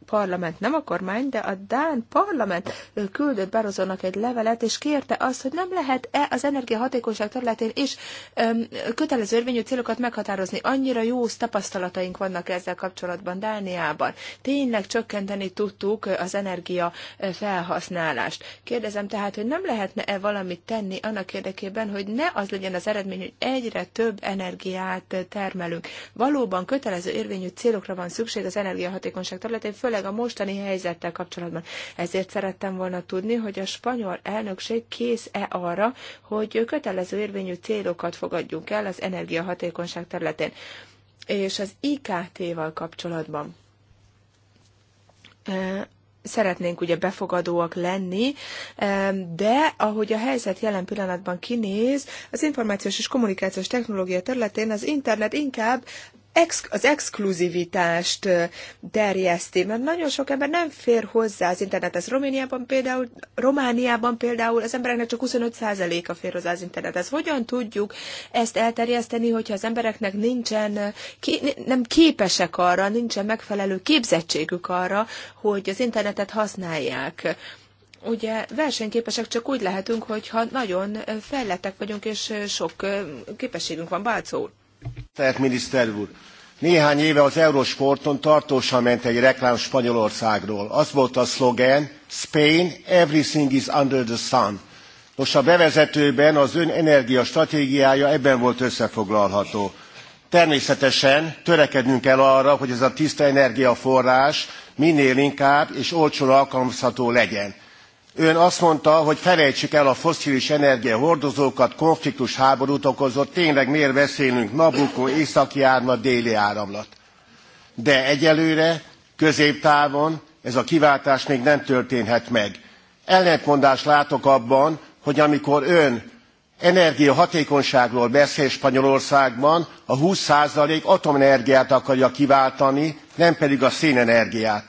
Parlament, nem a kormány, de a Dán Parlament küldött Barozónak egy levelet, és kérte azt, hogy nem lehet-e az energiahatékonyság területén is öm, kötelező érvényű célokat meghatározni. Annyira jó tapasztalataink vannak ezzel kapcsolatban Dániában. Tényleg csökkenteni tudtuk az energia felhasználást. Kérdezem tehát, hogy nem lehetne-e valamit tenni annak érdekében, hogy ne az legyen az eredmény, hogy egyre több energiát termelünk. Valóban kötelező érvényű célokra van szükség az energiahatékonyság területén, főleg főleg a mostani helyzettel kapcsolatban. Ezért szerettem volna tudni, hogy a spanyol elnökség kész-e arra, hogy kötelező érvényű célokat fogadjunk el az energiahatékonyság területén és az IKT-val kapcsolatban. Szeretnénk ugye befogadóak lenni, de ahogy a helyzet jelen pillanatban kinéz, az információs és kommunikációs technológia területén az internet inkább ex, az exkluzivitást terjeszti, mert nagyon sok ember nem fér hozzá az internethez. Romániában például, Romániában például az embereknek csak 25%-a fér hozzá az internethez. Hogyan tudjuk ezt elterjeszteni, hogyha az embereknek nincsen, nem képesek arra, nincsen megfelelő képzettségük arra, hogy az internetet használják? ugye versenyképesek csak úgy lehetünk, hogyha nagyon fejlettek vagyunk, és sok képességünk van, Balcó úr. Tehát miniszter úr, néhány éve az Eurosporton tartósan ment egy reklám Spanyolországról. Az volt a szlogen, Spain, everything is under the sun. Nos, a bevezetőben az ön energia stratégiája ebben volt összefoglalható. Természetesen törekednünk kell arra, hogy ez a tiszta energiaforrás minél inkább és olcsón alkalmazható legyen. Ön azt mondta, hogy felejtsük el a foszilis energiahordozókat, konfliktus háborút okozott, tényleg miért beszélünk Nabucco, északi áramlat, déli áramlat. De egyelőre, középtávon ez a kiváltás még nem történhet meg. Ellentmondást látok abban, hogy amikor ön energiahatékonyságról beszél Spanyolországban, a 20% atomenergiát akarja kiváltani, nem pedig a szénenergiát.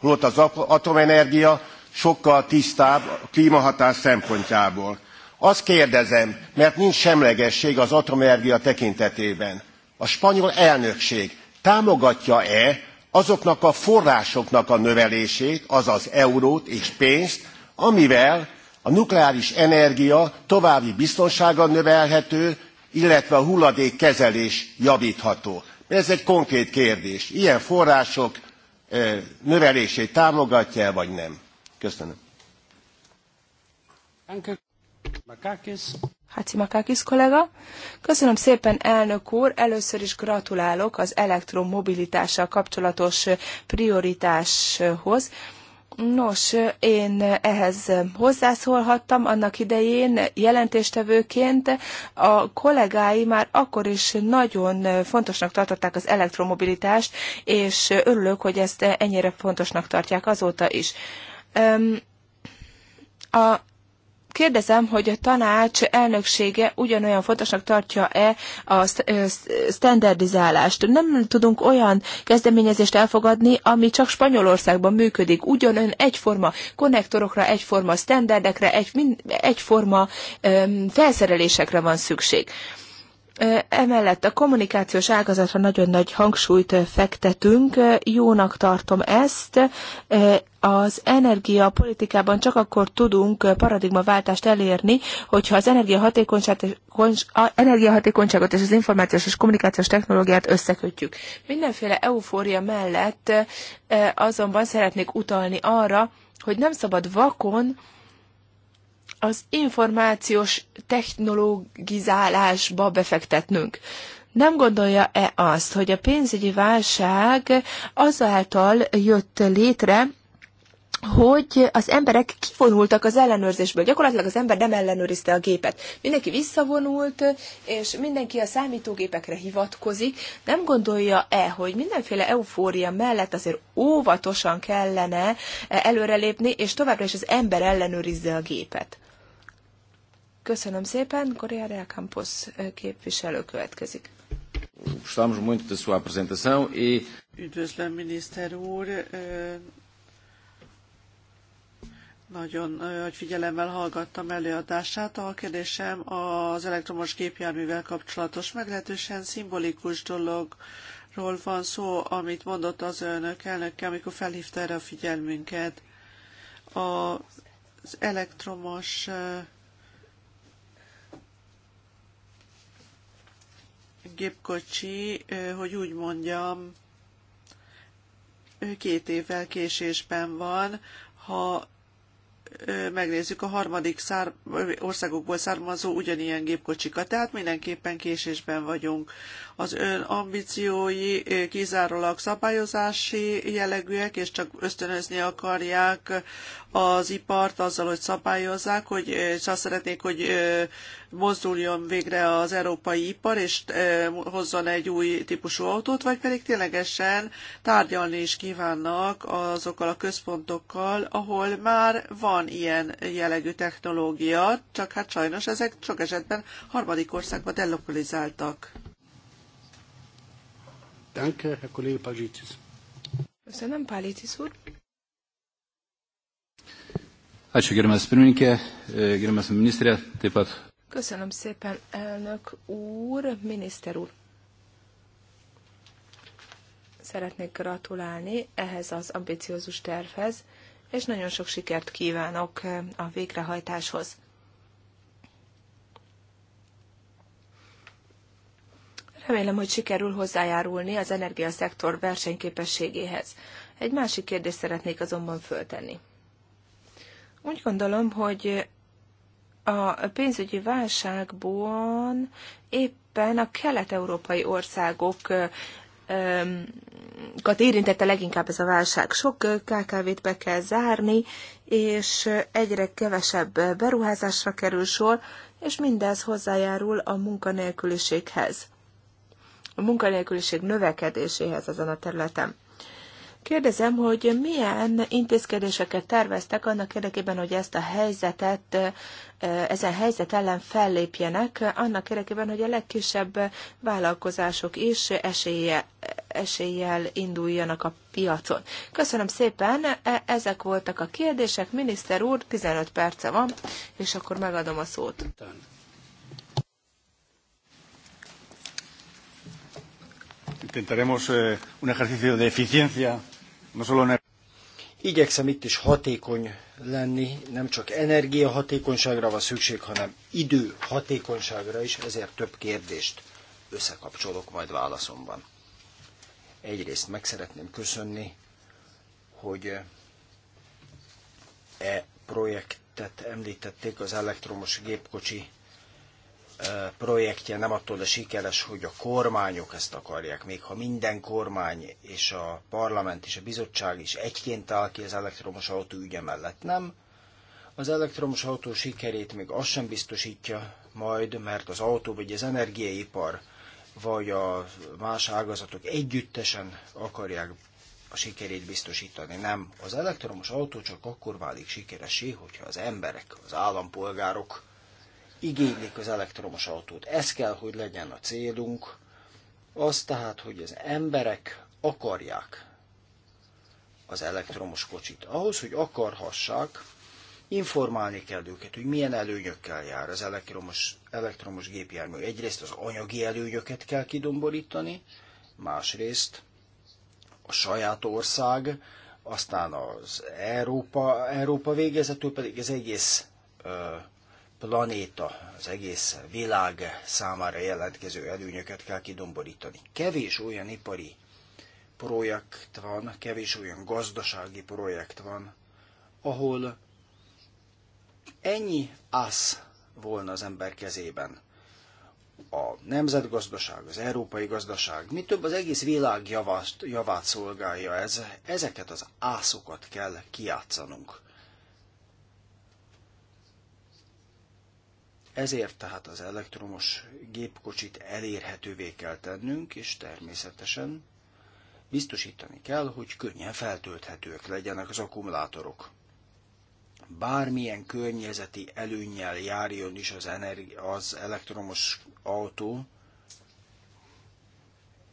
Holott az atomenergia sokkal tisztább a klímahatás szempontjából. Azt kérdezem, mert nincs semlegesség az atomenergia tekintetében. A spanyol elnökség támogatja-e azoknak a forrásoknak a növelését, azaz eurót és pénzt, amivel a nukleáris energia további biztonsága növelhető, illetve a hulladékkezelés javítható. Ez egy konkrét kérdés. Ilyen források eh, növelését támogatja -e, vagy nem? Köszönöm. Háci Makakis kollega. Köszönöm szépen, elnök úr. Először is gratulálok az elektromobilitással kapcsolatos prioritáshoz. Nos, én ehhez hozzászólhattam annak idején jelentéstevőként. A kollégái már akkor is nagyon fontosnak tartották az elektromobilitást, és örülök, hogy ezt ennyire fontosnak tartják azóta is a Kérdezem, hogy a tanács elnöksége ugyanolyan fontosnak tartja-e a standardizálást. Nem tudunk olyan kezdeményezést elfogadni, ami csak Spanyolországban működik. Ugyanolyan egyforma konnektorokra, egyforma standardekre, egy, egyforma öm, felszerelésekre van szükség. Öm, Emellett a kommunikációs ágazatra nagyon nagy hangsúlyt fektetünk, jónak tartom ezt. Az energiapolitikában csak akkor tudunk paradigmaváltást elérni, hogyha az energiahatékonyságot és az információs és kommunikációs technológiát összekötjük. Mindenféle eufória mellett azonban szeretnék utalni arra, hogy nem szabad vakon, az információs technológizálásba befektetnünk. Nem gondolja-e azt, hogy a pénzügyi válság azáltal jött létre, hogy az emberek kivonultak az ellenőrzésből. Gyakorlatilag az ember nem ellenőrizte a gépet. Mindenki visszavonult, és mindenki a számítógépekre hivatkozik. Nem gondolja-e, hogy mindenféle eufória mellett azért óvatosan kellene előrelépni, és továbbra is az ember ellenőrizze a gépet? Köszönöm szépen, Korea Real Campus képviselő következik. Gostamos muito da sua apresentação e... Üdvözlöm, miniszter úr! Nagyon nagy figyelemmel hallgattam előadását. A kérdésem az elektromos gépjárművel kapcsolatos, meglehetősen szimbolikus dologról van szó, amit mondott az önök elnöke, amikor felhívta erre a figyelmünket. Az elektromos gépkocsi, hogy úgy mondjam, két évvel késésben van, ha megnézzük a harmadik szár, országokból származó ugyanilyen gépkocsikat, tehát mindenképpen késésben vagyunk. Az ön ambíciói kizárólag szabályozási jellegűek, és csak ösztönözni akarják az ipart azzal, hogy szabályozzák, hogy és azt szeretnék, hogy mozduljon végre az európai ipar, és hozzon egy új típusú autót, vagy pedig ténylegesen tárgyalni is kívánnak azokkal a központokkal, ahol már van ilyen jellegű technológia, csak hát sajnos ezek sok esetben harmadik országban delokalizáltak. Danke, Herr Kollege Palicic. Köszönöm, Palicic úr. Ačiū, gerbiamas pirmininkė, e, gerbiamas ministrė, taip pat. Köszönöm szépen, elnök úr, miniszter úr. Szeretnék gratulálni ehhez az ambiciózus tervhez, és nagyon sok sikert kívánok e, a végrehajtáshoz. Remélem, hogy sikerül hozzájárulni az energiaszektor versenyképességéhez. Egy másik kérdést szeretnék azonban föltenni. Úgy gondolom, hogy a pénzügyi válságban éppen a kelet-európai országokat érintette leginkább ez a válság. Sok KKV-t be kell zárni, és egyre kevesebb beruházásra kerül sor, és mindez hozzájárul a munkanélküliséghez a munkanélküliség növekedéséhez ezen a területen. Kérdezem, hogy milyen intézkedéseket terveztek annak érdekében, hogy ezt a helyzetet, ezen helyzet ellen fellépjenek, annak érdekében, hogy a legkisebb vállalkozások is esélye, eséllyel induljanak a piacon. Köszönöm szépen, e, ezek voltak a kérdések. Miniszter úr, 15 perce van, és akkor megadom a szót. Tán. intentaremos eh, un ejercicio de eficiencia, no solo en Igyekszem itt is hatékony lenni, nem csak energia hatékonyságra van szükség, hanem idő hatékonyságra is, ezért több kérdést összekapcsolok majd válaszomban. Egyrészt meg szeretném köszönni, hogy eh, e projektet említették az elektromos gépkocsi projektje nem attól a sikeres, hogy a kormányok ezt akarják, még ha minden kormány és a parlament és a bizottság is egyként áll ki az elektromos autó ügye mellett, nem. Az elektromos autó sikerét még az sem biztosítja majd, mert az autó vagy az energiaipar vagy a más ágazatok együttesen akarják a sikerét biztosítani. Nem, az elektromos autó csak akkor válik sikeresé, hogyha az emberek, az állampolgárok igénylik az elektromos autót. Ez kell, hogy legyen a célunk, az tehát, hogy az emberek akarják az elektromos kocsit. Ahhoz, hogy akarhassák, informálni kell őket, hogy milyen előnyökkel jár az elektromos, elektromos gépjármű. Egyrészt az anyagi előnyöket kell kidomborítani, másrészt a saját ország, aztán az Európa, Európa végezetül pedig az egész planéta, az egész világ számára jelentkező előnyöket kell kidomborítani. Kevés olyan ipari projekt van, kevés olyan gazdasági projekt van, ahol ennyi az volna az ember kezében. A nemzetgazdaság, az európai gazdaság, mi több az egész világ javát, javát szolgálja ez, ezeket az ászokat kell kiátszanunk. Ezért tehát az elektromos gépkocsit elérhetővé kell tennünk, és természetesen biztosítani kell, hogy könnyen feltölthetők legyenek az akkumulátorok. Bármilyen környezeti előnnyel járjon is az, energi- az elektromos autó,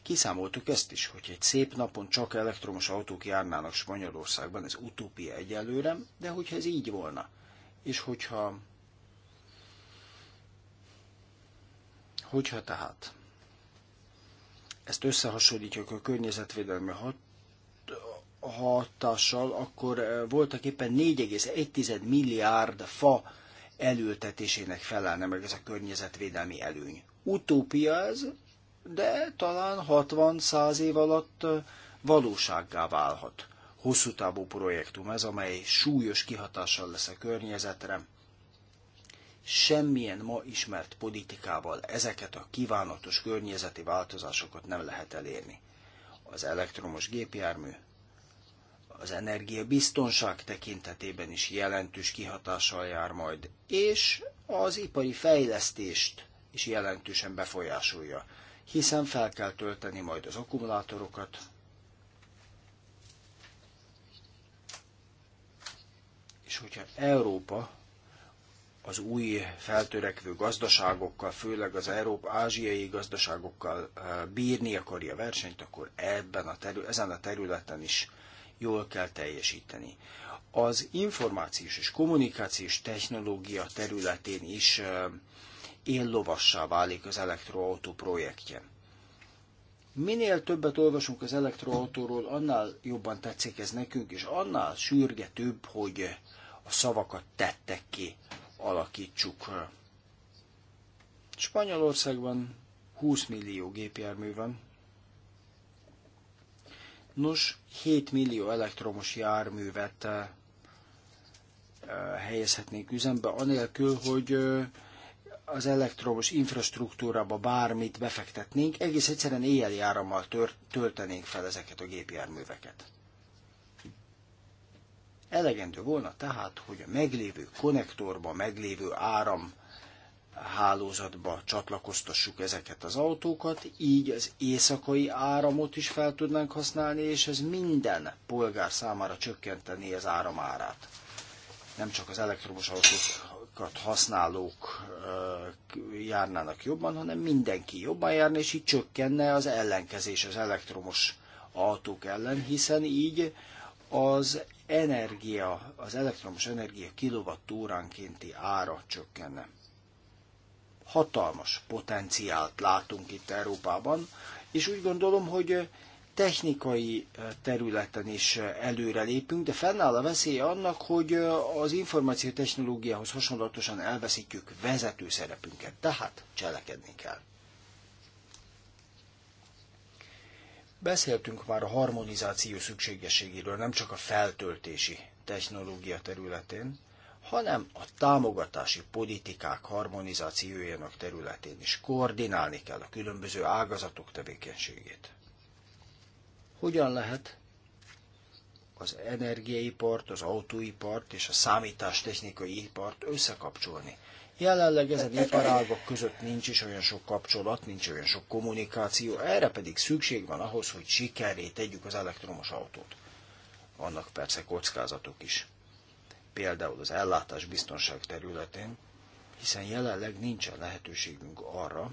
Kiszámoltuk ezt is, hogy egy szép napon csak elektromos autók járnának Spanyolországban, ez utópia egyelőre, de hogyha ez így volna, és hogyha Hogyha tehát ezt összehasonlítjuk a környezetvédelmi hat, hatással, akkor e, voltak éppen 4,1 milliárd fa elültetésének felelne meg ez a környezetvédelmi előny. Utópia ez, de talán 60-100 év alatt e, valósággá válhat. Hosszú távú projektum ez, amely súlyos kihatással lesz a környezetre, semmilyen ma ismert politikával ezeket a kívánatos környezeti változásokat nem lehet elérni. Az elektromos gépjármű az energiabiztonság tekintetében is jelentős kihatással jár majd, és az ipari fejlesztést is jelentősen befolyásolja, hiszen fel kell tölteni majd az akkumulátorokat, és hogyha Európa az új feltörekvő gazdaságokkal, főleg az Európa-ázsiai gazdaságokkal eh, bírni akarja a versenyt, akkor ebben a terü- ezen a területen is jól kell teljesíteni. Az információs és kommunikációs technológia területén is eh, éllovassá válik az elektroautó projektje. Minél többet olvasunk az elektroautóról, annál jobban tetszik ez nekünk, és annál sürgetőbb, hogy a szavakat tettek ki alakítsuk. Spanyolországban 20 millió gépjármű van. Nos, 7 millió elektromos járművet eh, helyezhetnénk üzembe, anélkül, hogy eh, az elektromos infrastruktúrába bármit befektetnénk, egész egyszerűen éjjeli árammal töltenénk fel ezeket a gépjárműveket. Elegendő volna tehát, hogy a meglévő konnektorba, meglévő áram hálózatba csatlakoztassuk ezeket az autókat, így az éjszakai áramot is fel tudnánk használni, és ez minden polgár számára csökkenteni az áramárát. Nem csak az elektromos autókat használók járnának jobban, hanem mindenki jobban járna, és így csökkenne az ellenkezés az elektromos autók ellen, hiszen így az energia, az elektromos energia kilovattóránkénti ára csökkenne. Hatalmas potenciált látunk itt Európában, és úgy gondolom, hogy technikai területen is előrelépünk, de fennáll a veszély annak, hogy az információ technológiához hasonlatosan elveszítjük vezető szerepünket, tehát cselekedni kell. Beszéltünk már a harmonizáció szükségességéről, nem csak a feltöltési technológia területén, hanem a támogatási politikák harmonizációjának területén is koordinálni kell a különböző ágazatok tevékenységét. Hogyan lehet az energiaipart, az autóipart és a számítástechnikai ipart összekapcsolni, Jelenleg ezen iparágok között nincs is olyan sok kapcsolat, nincs olyan sok kommunikáció, erre pedig szükség van ahhoz, hogy sikerré tegyük az elektromos autót. Vannak persze kockázatok is. Például az ellátás biztonság területén, hiszen jelenleg nincsen lehetőségünk arra,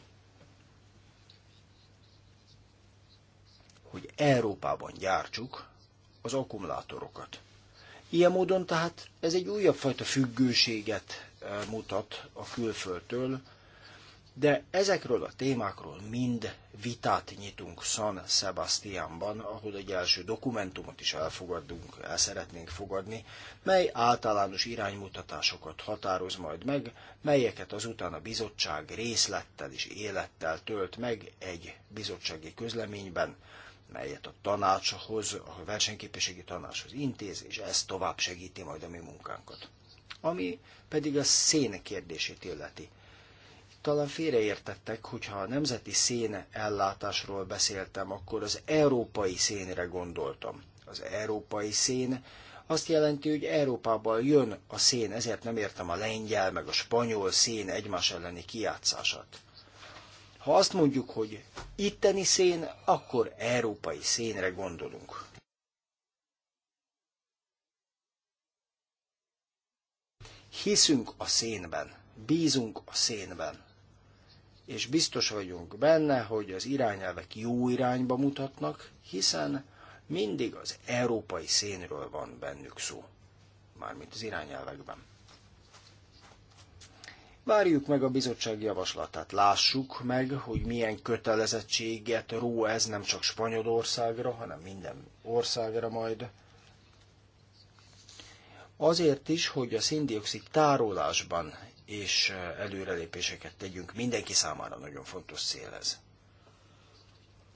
hogy Európában gyártsuk az akkumulátorokat. Ilyen módon tehát ez egy újabb fajta függőséget mutat a külföldtől, de ezekről a témákról mind vitát nyitunk San Sebastianban, ahol egy első dokumentumot is elfogadunk, el szeretnénk fogadni, mely általános iránymutatásokat határoz majd meg, melyeket azután a bizottság részlettel és élettel tölt meg egy bizottsági közleményben, melyet a tanácshoz, a versenyképességi tanácshoz intéz, és ez tovább segíti majd a mi munkánkat. Ami pedig a széne kérdését illeti. Talán félreértettek, hogyha a nemzeti széne ellátásról beszéltem, akkor az európai szénre gondoltam. Az európai szén azt jelenti, hogy Európában jön a szén, ezért nem értem a lengyel meg a spanyol szén egymás elleni kiátszását. Ha azt mondjuk, hogy itteni szén, akkor európai szénre gondolunk. Hiszünk a szénben, bízunk a szénben, és biztos vagyunk benne, hogy az irányelvek jó irányba mutatnak, hiszen mindig az európai szénről van bennük szó, mármint az irányelvekben. Várjuk meg a bizottság javaslatát, lássuk meg, hogy milyen kötelezettséget ró ez nem csak Spanyolországra, hanem minden országra majd. Azért is, hogy a szindioxid tárolásban és eh, előrelépéseket tegyünk, mindenki számára nagyon fontos cél ez.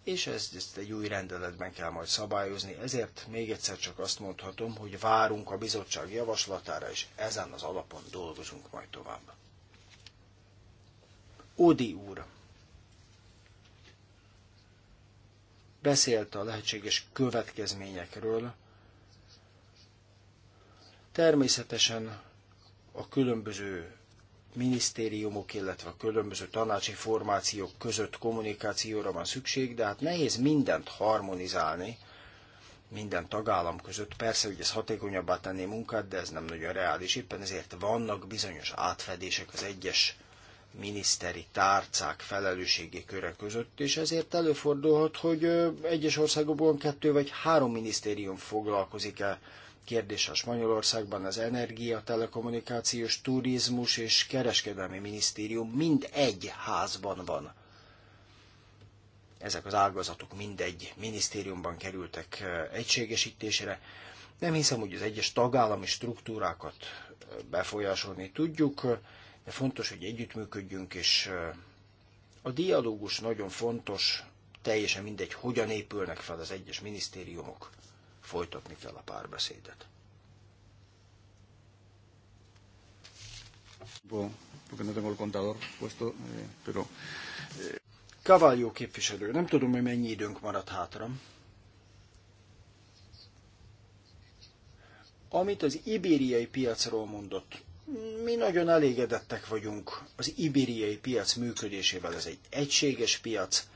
És ezt, ezt egy új rendeletben kell majd szabályozni, ezért még egyszer csak azt mondhatom, hogy várunk a bizottság javaslatára, és ezen az alapon dolgozunk majd tovább. Odi úr beszélt a lehetséges következményekről, Természetesen a különböző minisztériumok, illetve a különböző tanácsi formációk között kommunikációra van szükség, de hát nehéz mindent harmonizálni minden tagállam között. Persze, hogy ez hatékonyabbá tenné munkát, de ez nem nagyon reális. Éppen ezért vannak bizonyos átfedések az egyes miniszteri tárcák felelősségi köre között, és ezért előfordulhat, hogy egyes országokban kettő vagy három minisztérium foglalkozik-e kérdés a Spanyolországban az energia, telekommunikációs, turizmus és kereskedelmi minisztérium mind egy házban van. Ezek az ágazatok mindegy minisztériumban kerültek egységesítésre. Nem hiszem, hogy az egyes tagállami struktúrákat befolyásolni tudjuk, de fontos, hogy együttműködjünk, és a dialógus nagyon fontos, teljesen mindegy, hogyan épülnek fel az egyes minisztériumok folytatni kell a párbeszédet. Kaváljó eh, eh, képviselő, nem tudom, hogy mennyi időnk maradt hátra. Amit az ibériai piacról mondott, mi nagyon elégedettek vagyunk az ibériai piac működésével. Ez egy egységes piac,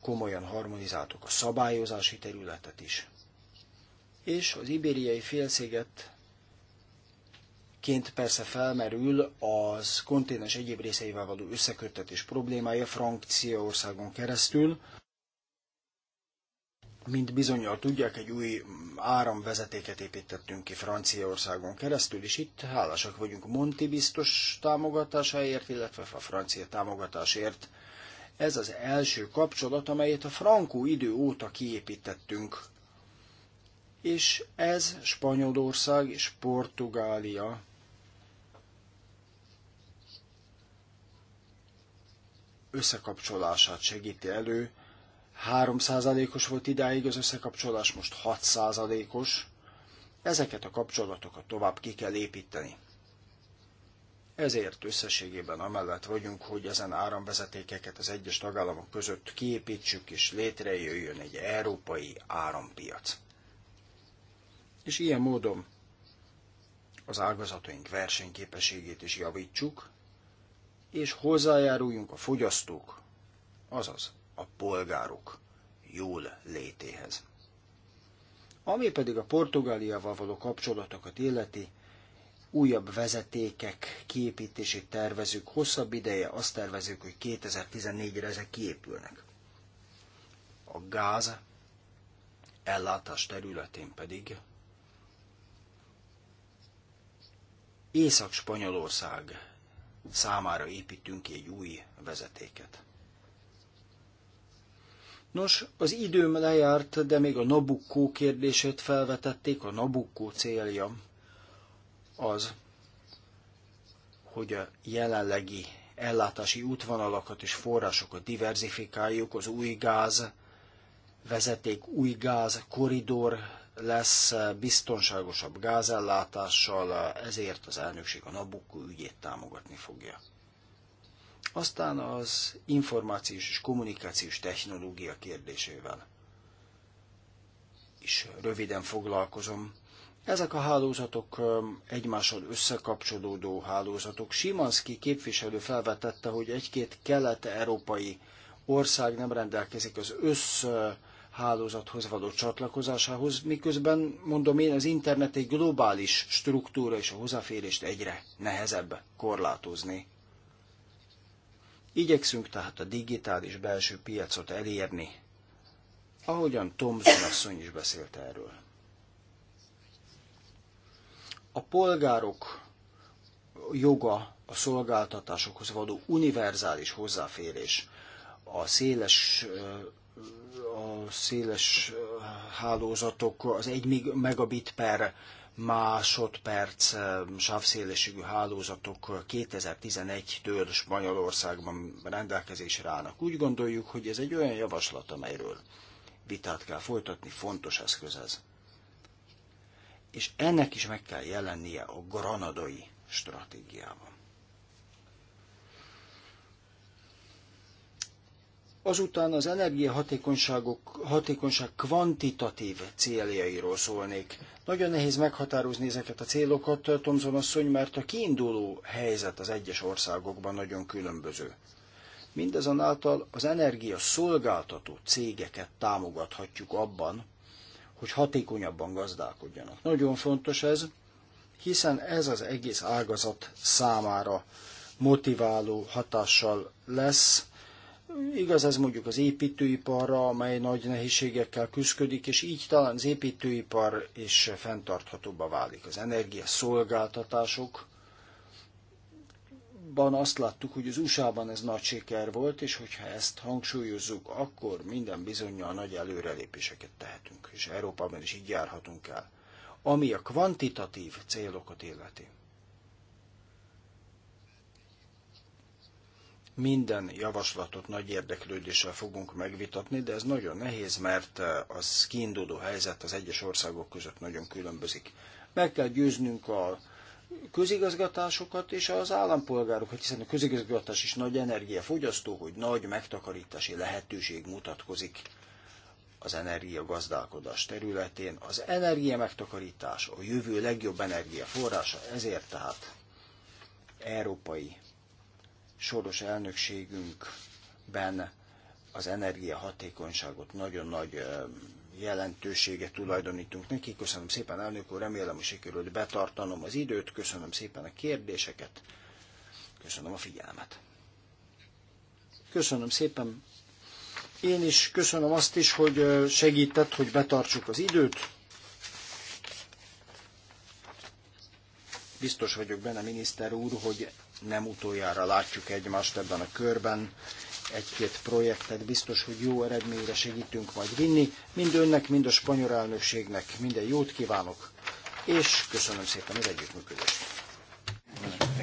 komolyan harmonizáltuk a szabályozási területet is és az ibériai félsziget ként persze felmerül az konténes egyéb részeivel való összeköttetés problémája Franciaországon keresztül. Mint bizonyal tudják, egy új áramvezetéket építettünk ki Franciaországon keresztül, és itt hálásak vagyunk Monti biztos támogatásáért, illetve a francia támogatásért. Ez az első kapcsolat, amelyet a frankó idő óta kiépítettünk és ez Spanyolország és Portugália összekapcsolását segíti elő. 3%-os volt idáig az összekapcsolás, most 6%-os. Ezeket a kapcsolatokat tovább ki kell építeni. Ezért összességében amellett vagyunk, hogy ezen áramvezetékeket az egyes tagállamok között kiépítsük, és létrejöjjön egy európai árampiac és ilyen módon az ágazataink versenyképességét is javítsuk, és hozzájáruljunk a fogyasztók, azaz a polgárok jól létéhez. Ami pedig a Portugáliával való kapcsolatokat illeti, újabb vezetékek kiépítését tervezük, hosszabb ideje azt tervezük, hogy 2014-re ezek kiépülnek. A gáz ellátás területén pedig Észak-Spanyolország számára építünk egy új vezetéket. Nos, az időm lejárt, de még a Nabukkó kérdését felvetették. A Nabukkó célja az, hogy a jelenlegi ellátási útvonalakat és forrásokat diverzifikáljuk, az új gáz vezeték, új gáz koridor lesz biztonságosabb gázellátással, ezért az elnökség a nabukku ügyét támogatni fogja. Aztán az információs és kommunikációs technológia kérdésével is röviden foglalkozom. Ezek a hálózatok egymással összekapcsolódó hálózatok. Simanski képviselő felvetette, hogy egy-két kelet-európai ország nem rendelkezik az össz hálózathoz való csatlakozásához, miközben mondom én, az internet egy globális struktúra és a hozzáférést egyre nehezebb korlátozni. Igyekszünk tehát a digitális belső piacot elérni, ahogyan Tom asszony is beszélt erről. A polgárok joga a szolgáltatásokhoz való univerzális hozzáférés, a széles a széles eh, hálózatok, az egy megabit per másodperc eh, sávszélességű hálózatok 2011-től Spanyolországban rendelkezésre állnak. Úgy gondoljuk, hogy ez egy olyan javaslat, amelyről vitát kell folytatni, fontos eszköz ez. És ennek is meg kell jelennie a granadai stratégiában. Azután az energiahatékonyság kvantitatív céljairól szólnék. Nagyon nehéz meghatározni ezeket a célokat, Tomzon asszony, mert a kiinduló helyzet az egyes országokban nagyon különböző. Mindezonáltal az energia szolgáltató cégeket támogathatjuk abban, hogy hatékonyabban gazdálkodjanak. Nagyon fontos ez, hiszen ez az egész ágazat számára motiváló hatással lesz, Igaz ez mondjuk az építőiparra, amely nagy nehézségekkel küzdik, és így talán az építőipar is fenntarthatóbbá válik. Az energia szolgáltatásokban azt láttuk, hogy az USA-ban ez nagy siker volt, és hogyha ezt hangsúlyozzuk, akkor minden bizonyal nagy előrelépéseket tehetünk, és Európában is így járhatunk el. Ami a kvantitatív célokat illeti. Minden javaslatot nagy érdeklődéssel fogunk megvitatni, de ez nagyon nehéz, mert eh, az kiinduló helyzet az egyes országok között nagyon különbözik. Meg kell győznünk a közigazgatásokat és az állampolgárokat, hiszen a közigazgatás is nagy energiafogyasztó, hogy nagy megtakarítási lehetőség mutatkozik az energiagazdálkodás területén. Az energia megtakarítás a jövő legjobb energiaforrása, ezért tehát európai soros elnökségünkben az energiahatékonyságot nagyon nagy jelentőséget tulajdonítunk neki. Köszönöm szépen, elnök úr, remélem, hogy sikerült betartanom az időt, köszönöm szépen a kérdéseket, köszönöm a figyelmet. Köszönöm szépen. Én is köszönöm azt is, hogy segített, hogy betartsuk az időt. Biztos vagyok benne, miniszter úr, hogy nem utoljára látjuk egymást ebben a körben. Egy-két projektet biztos, hogy jó eredményre segítünk majd vinni. Mind önnek, mind a spanyol elnökségnek minden jót kívánok, és köszönöm szépen az együttműködést.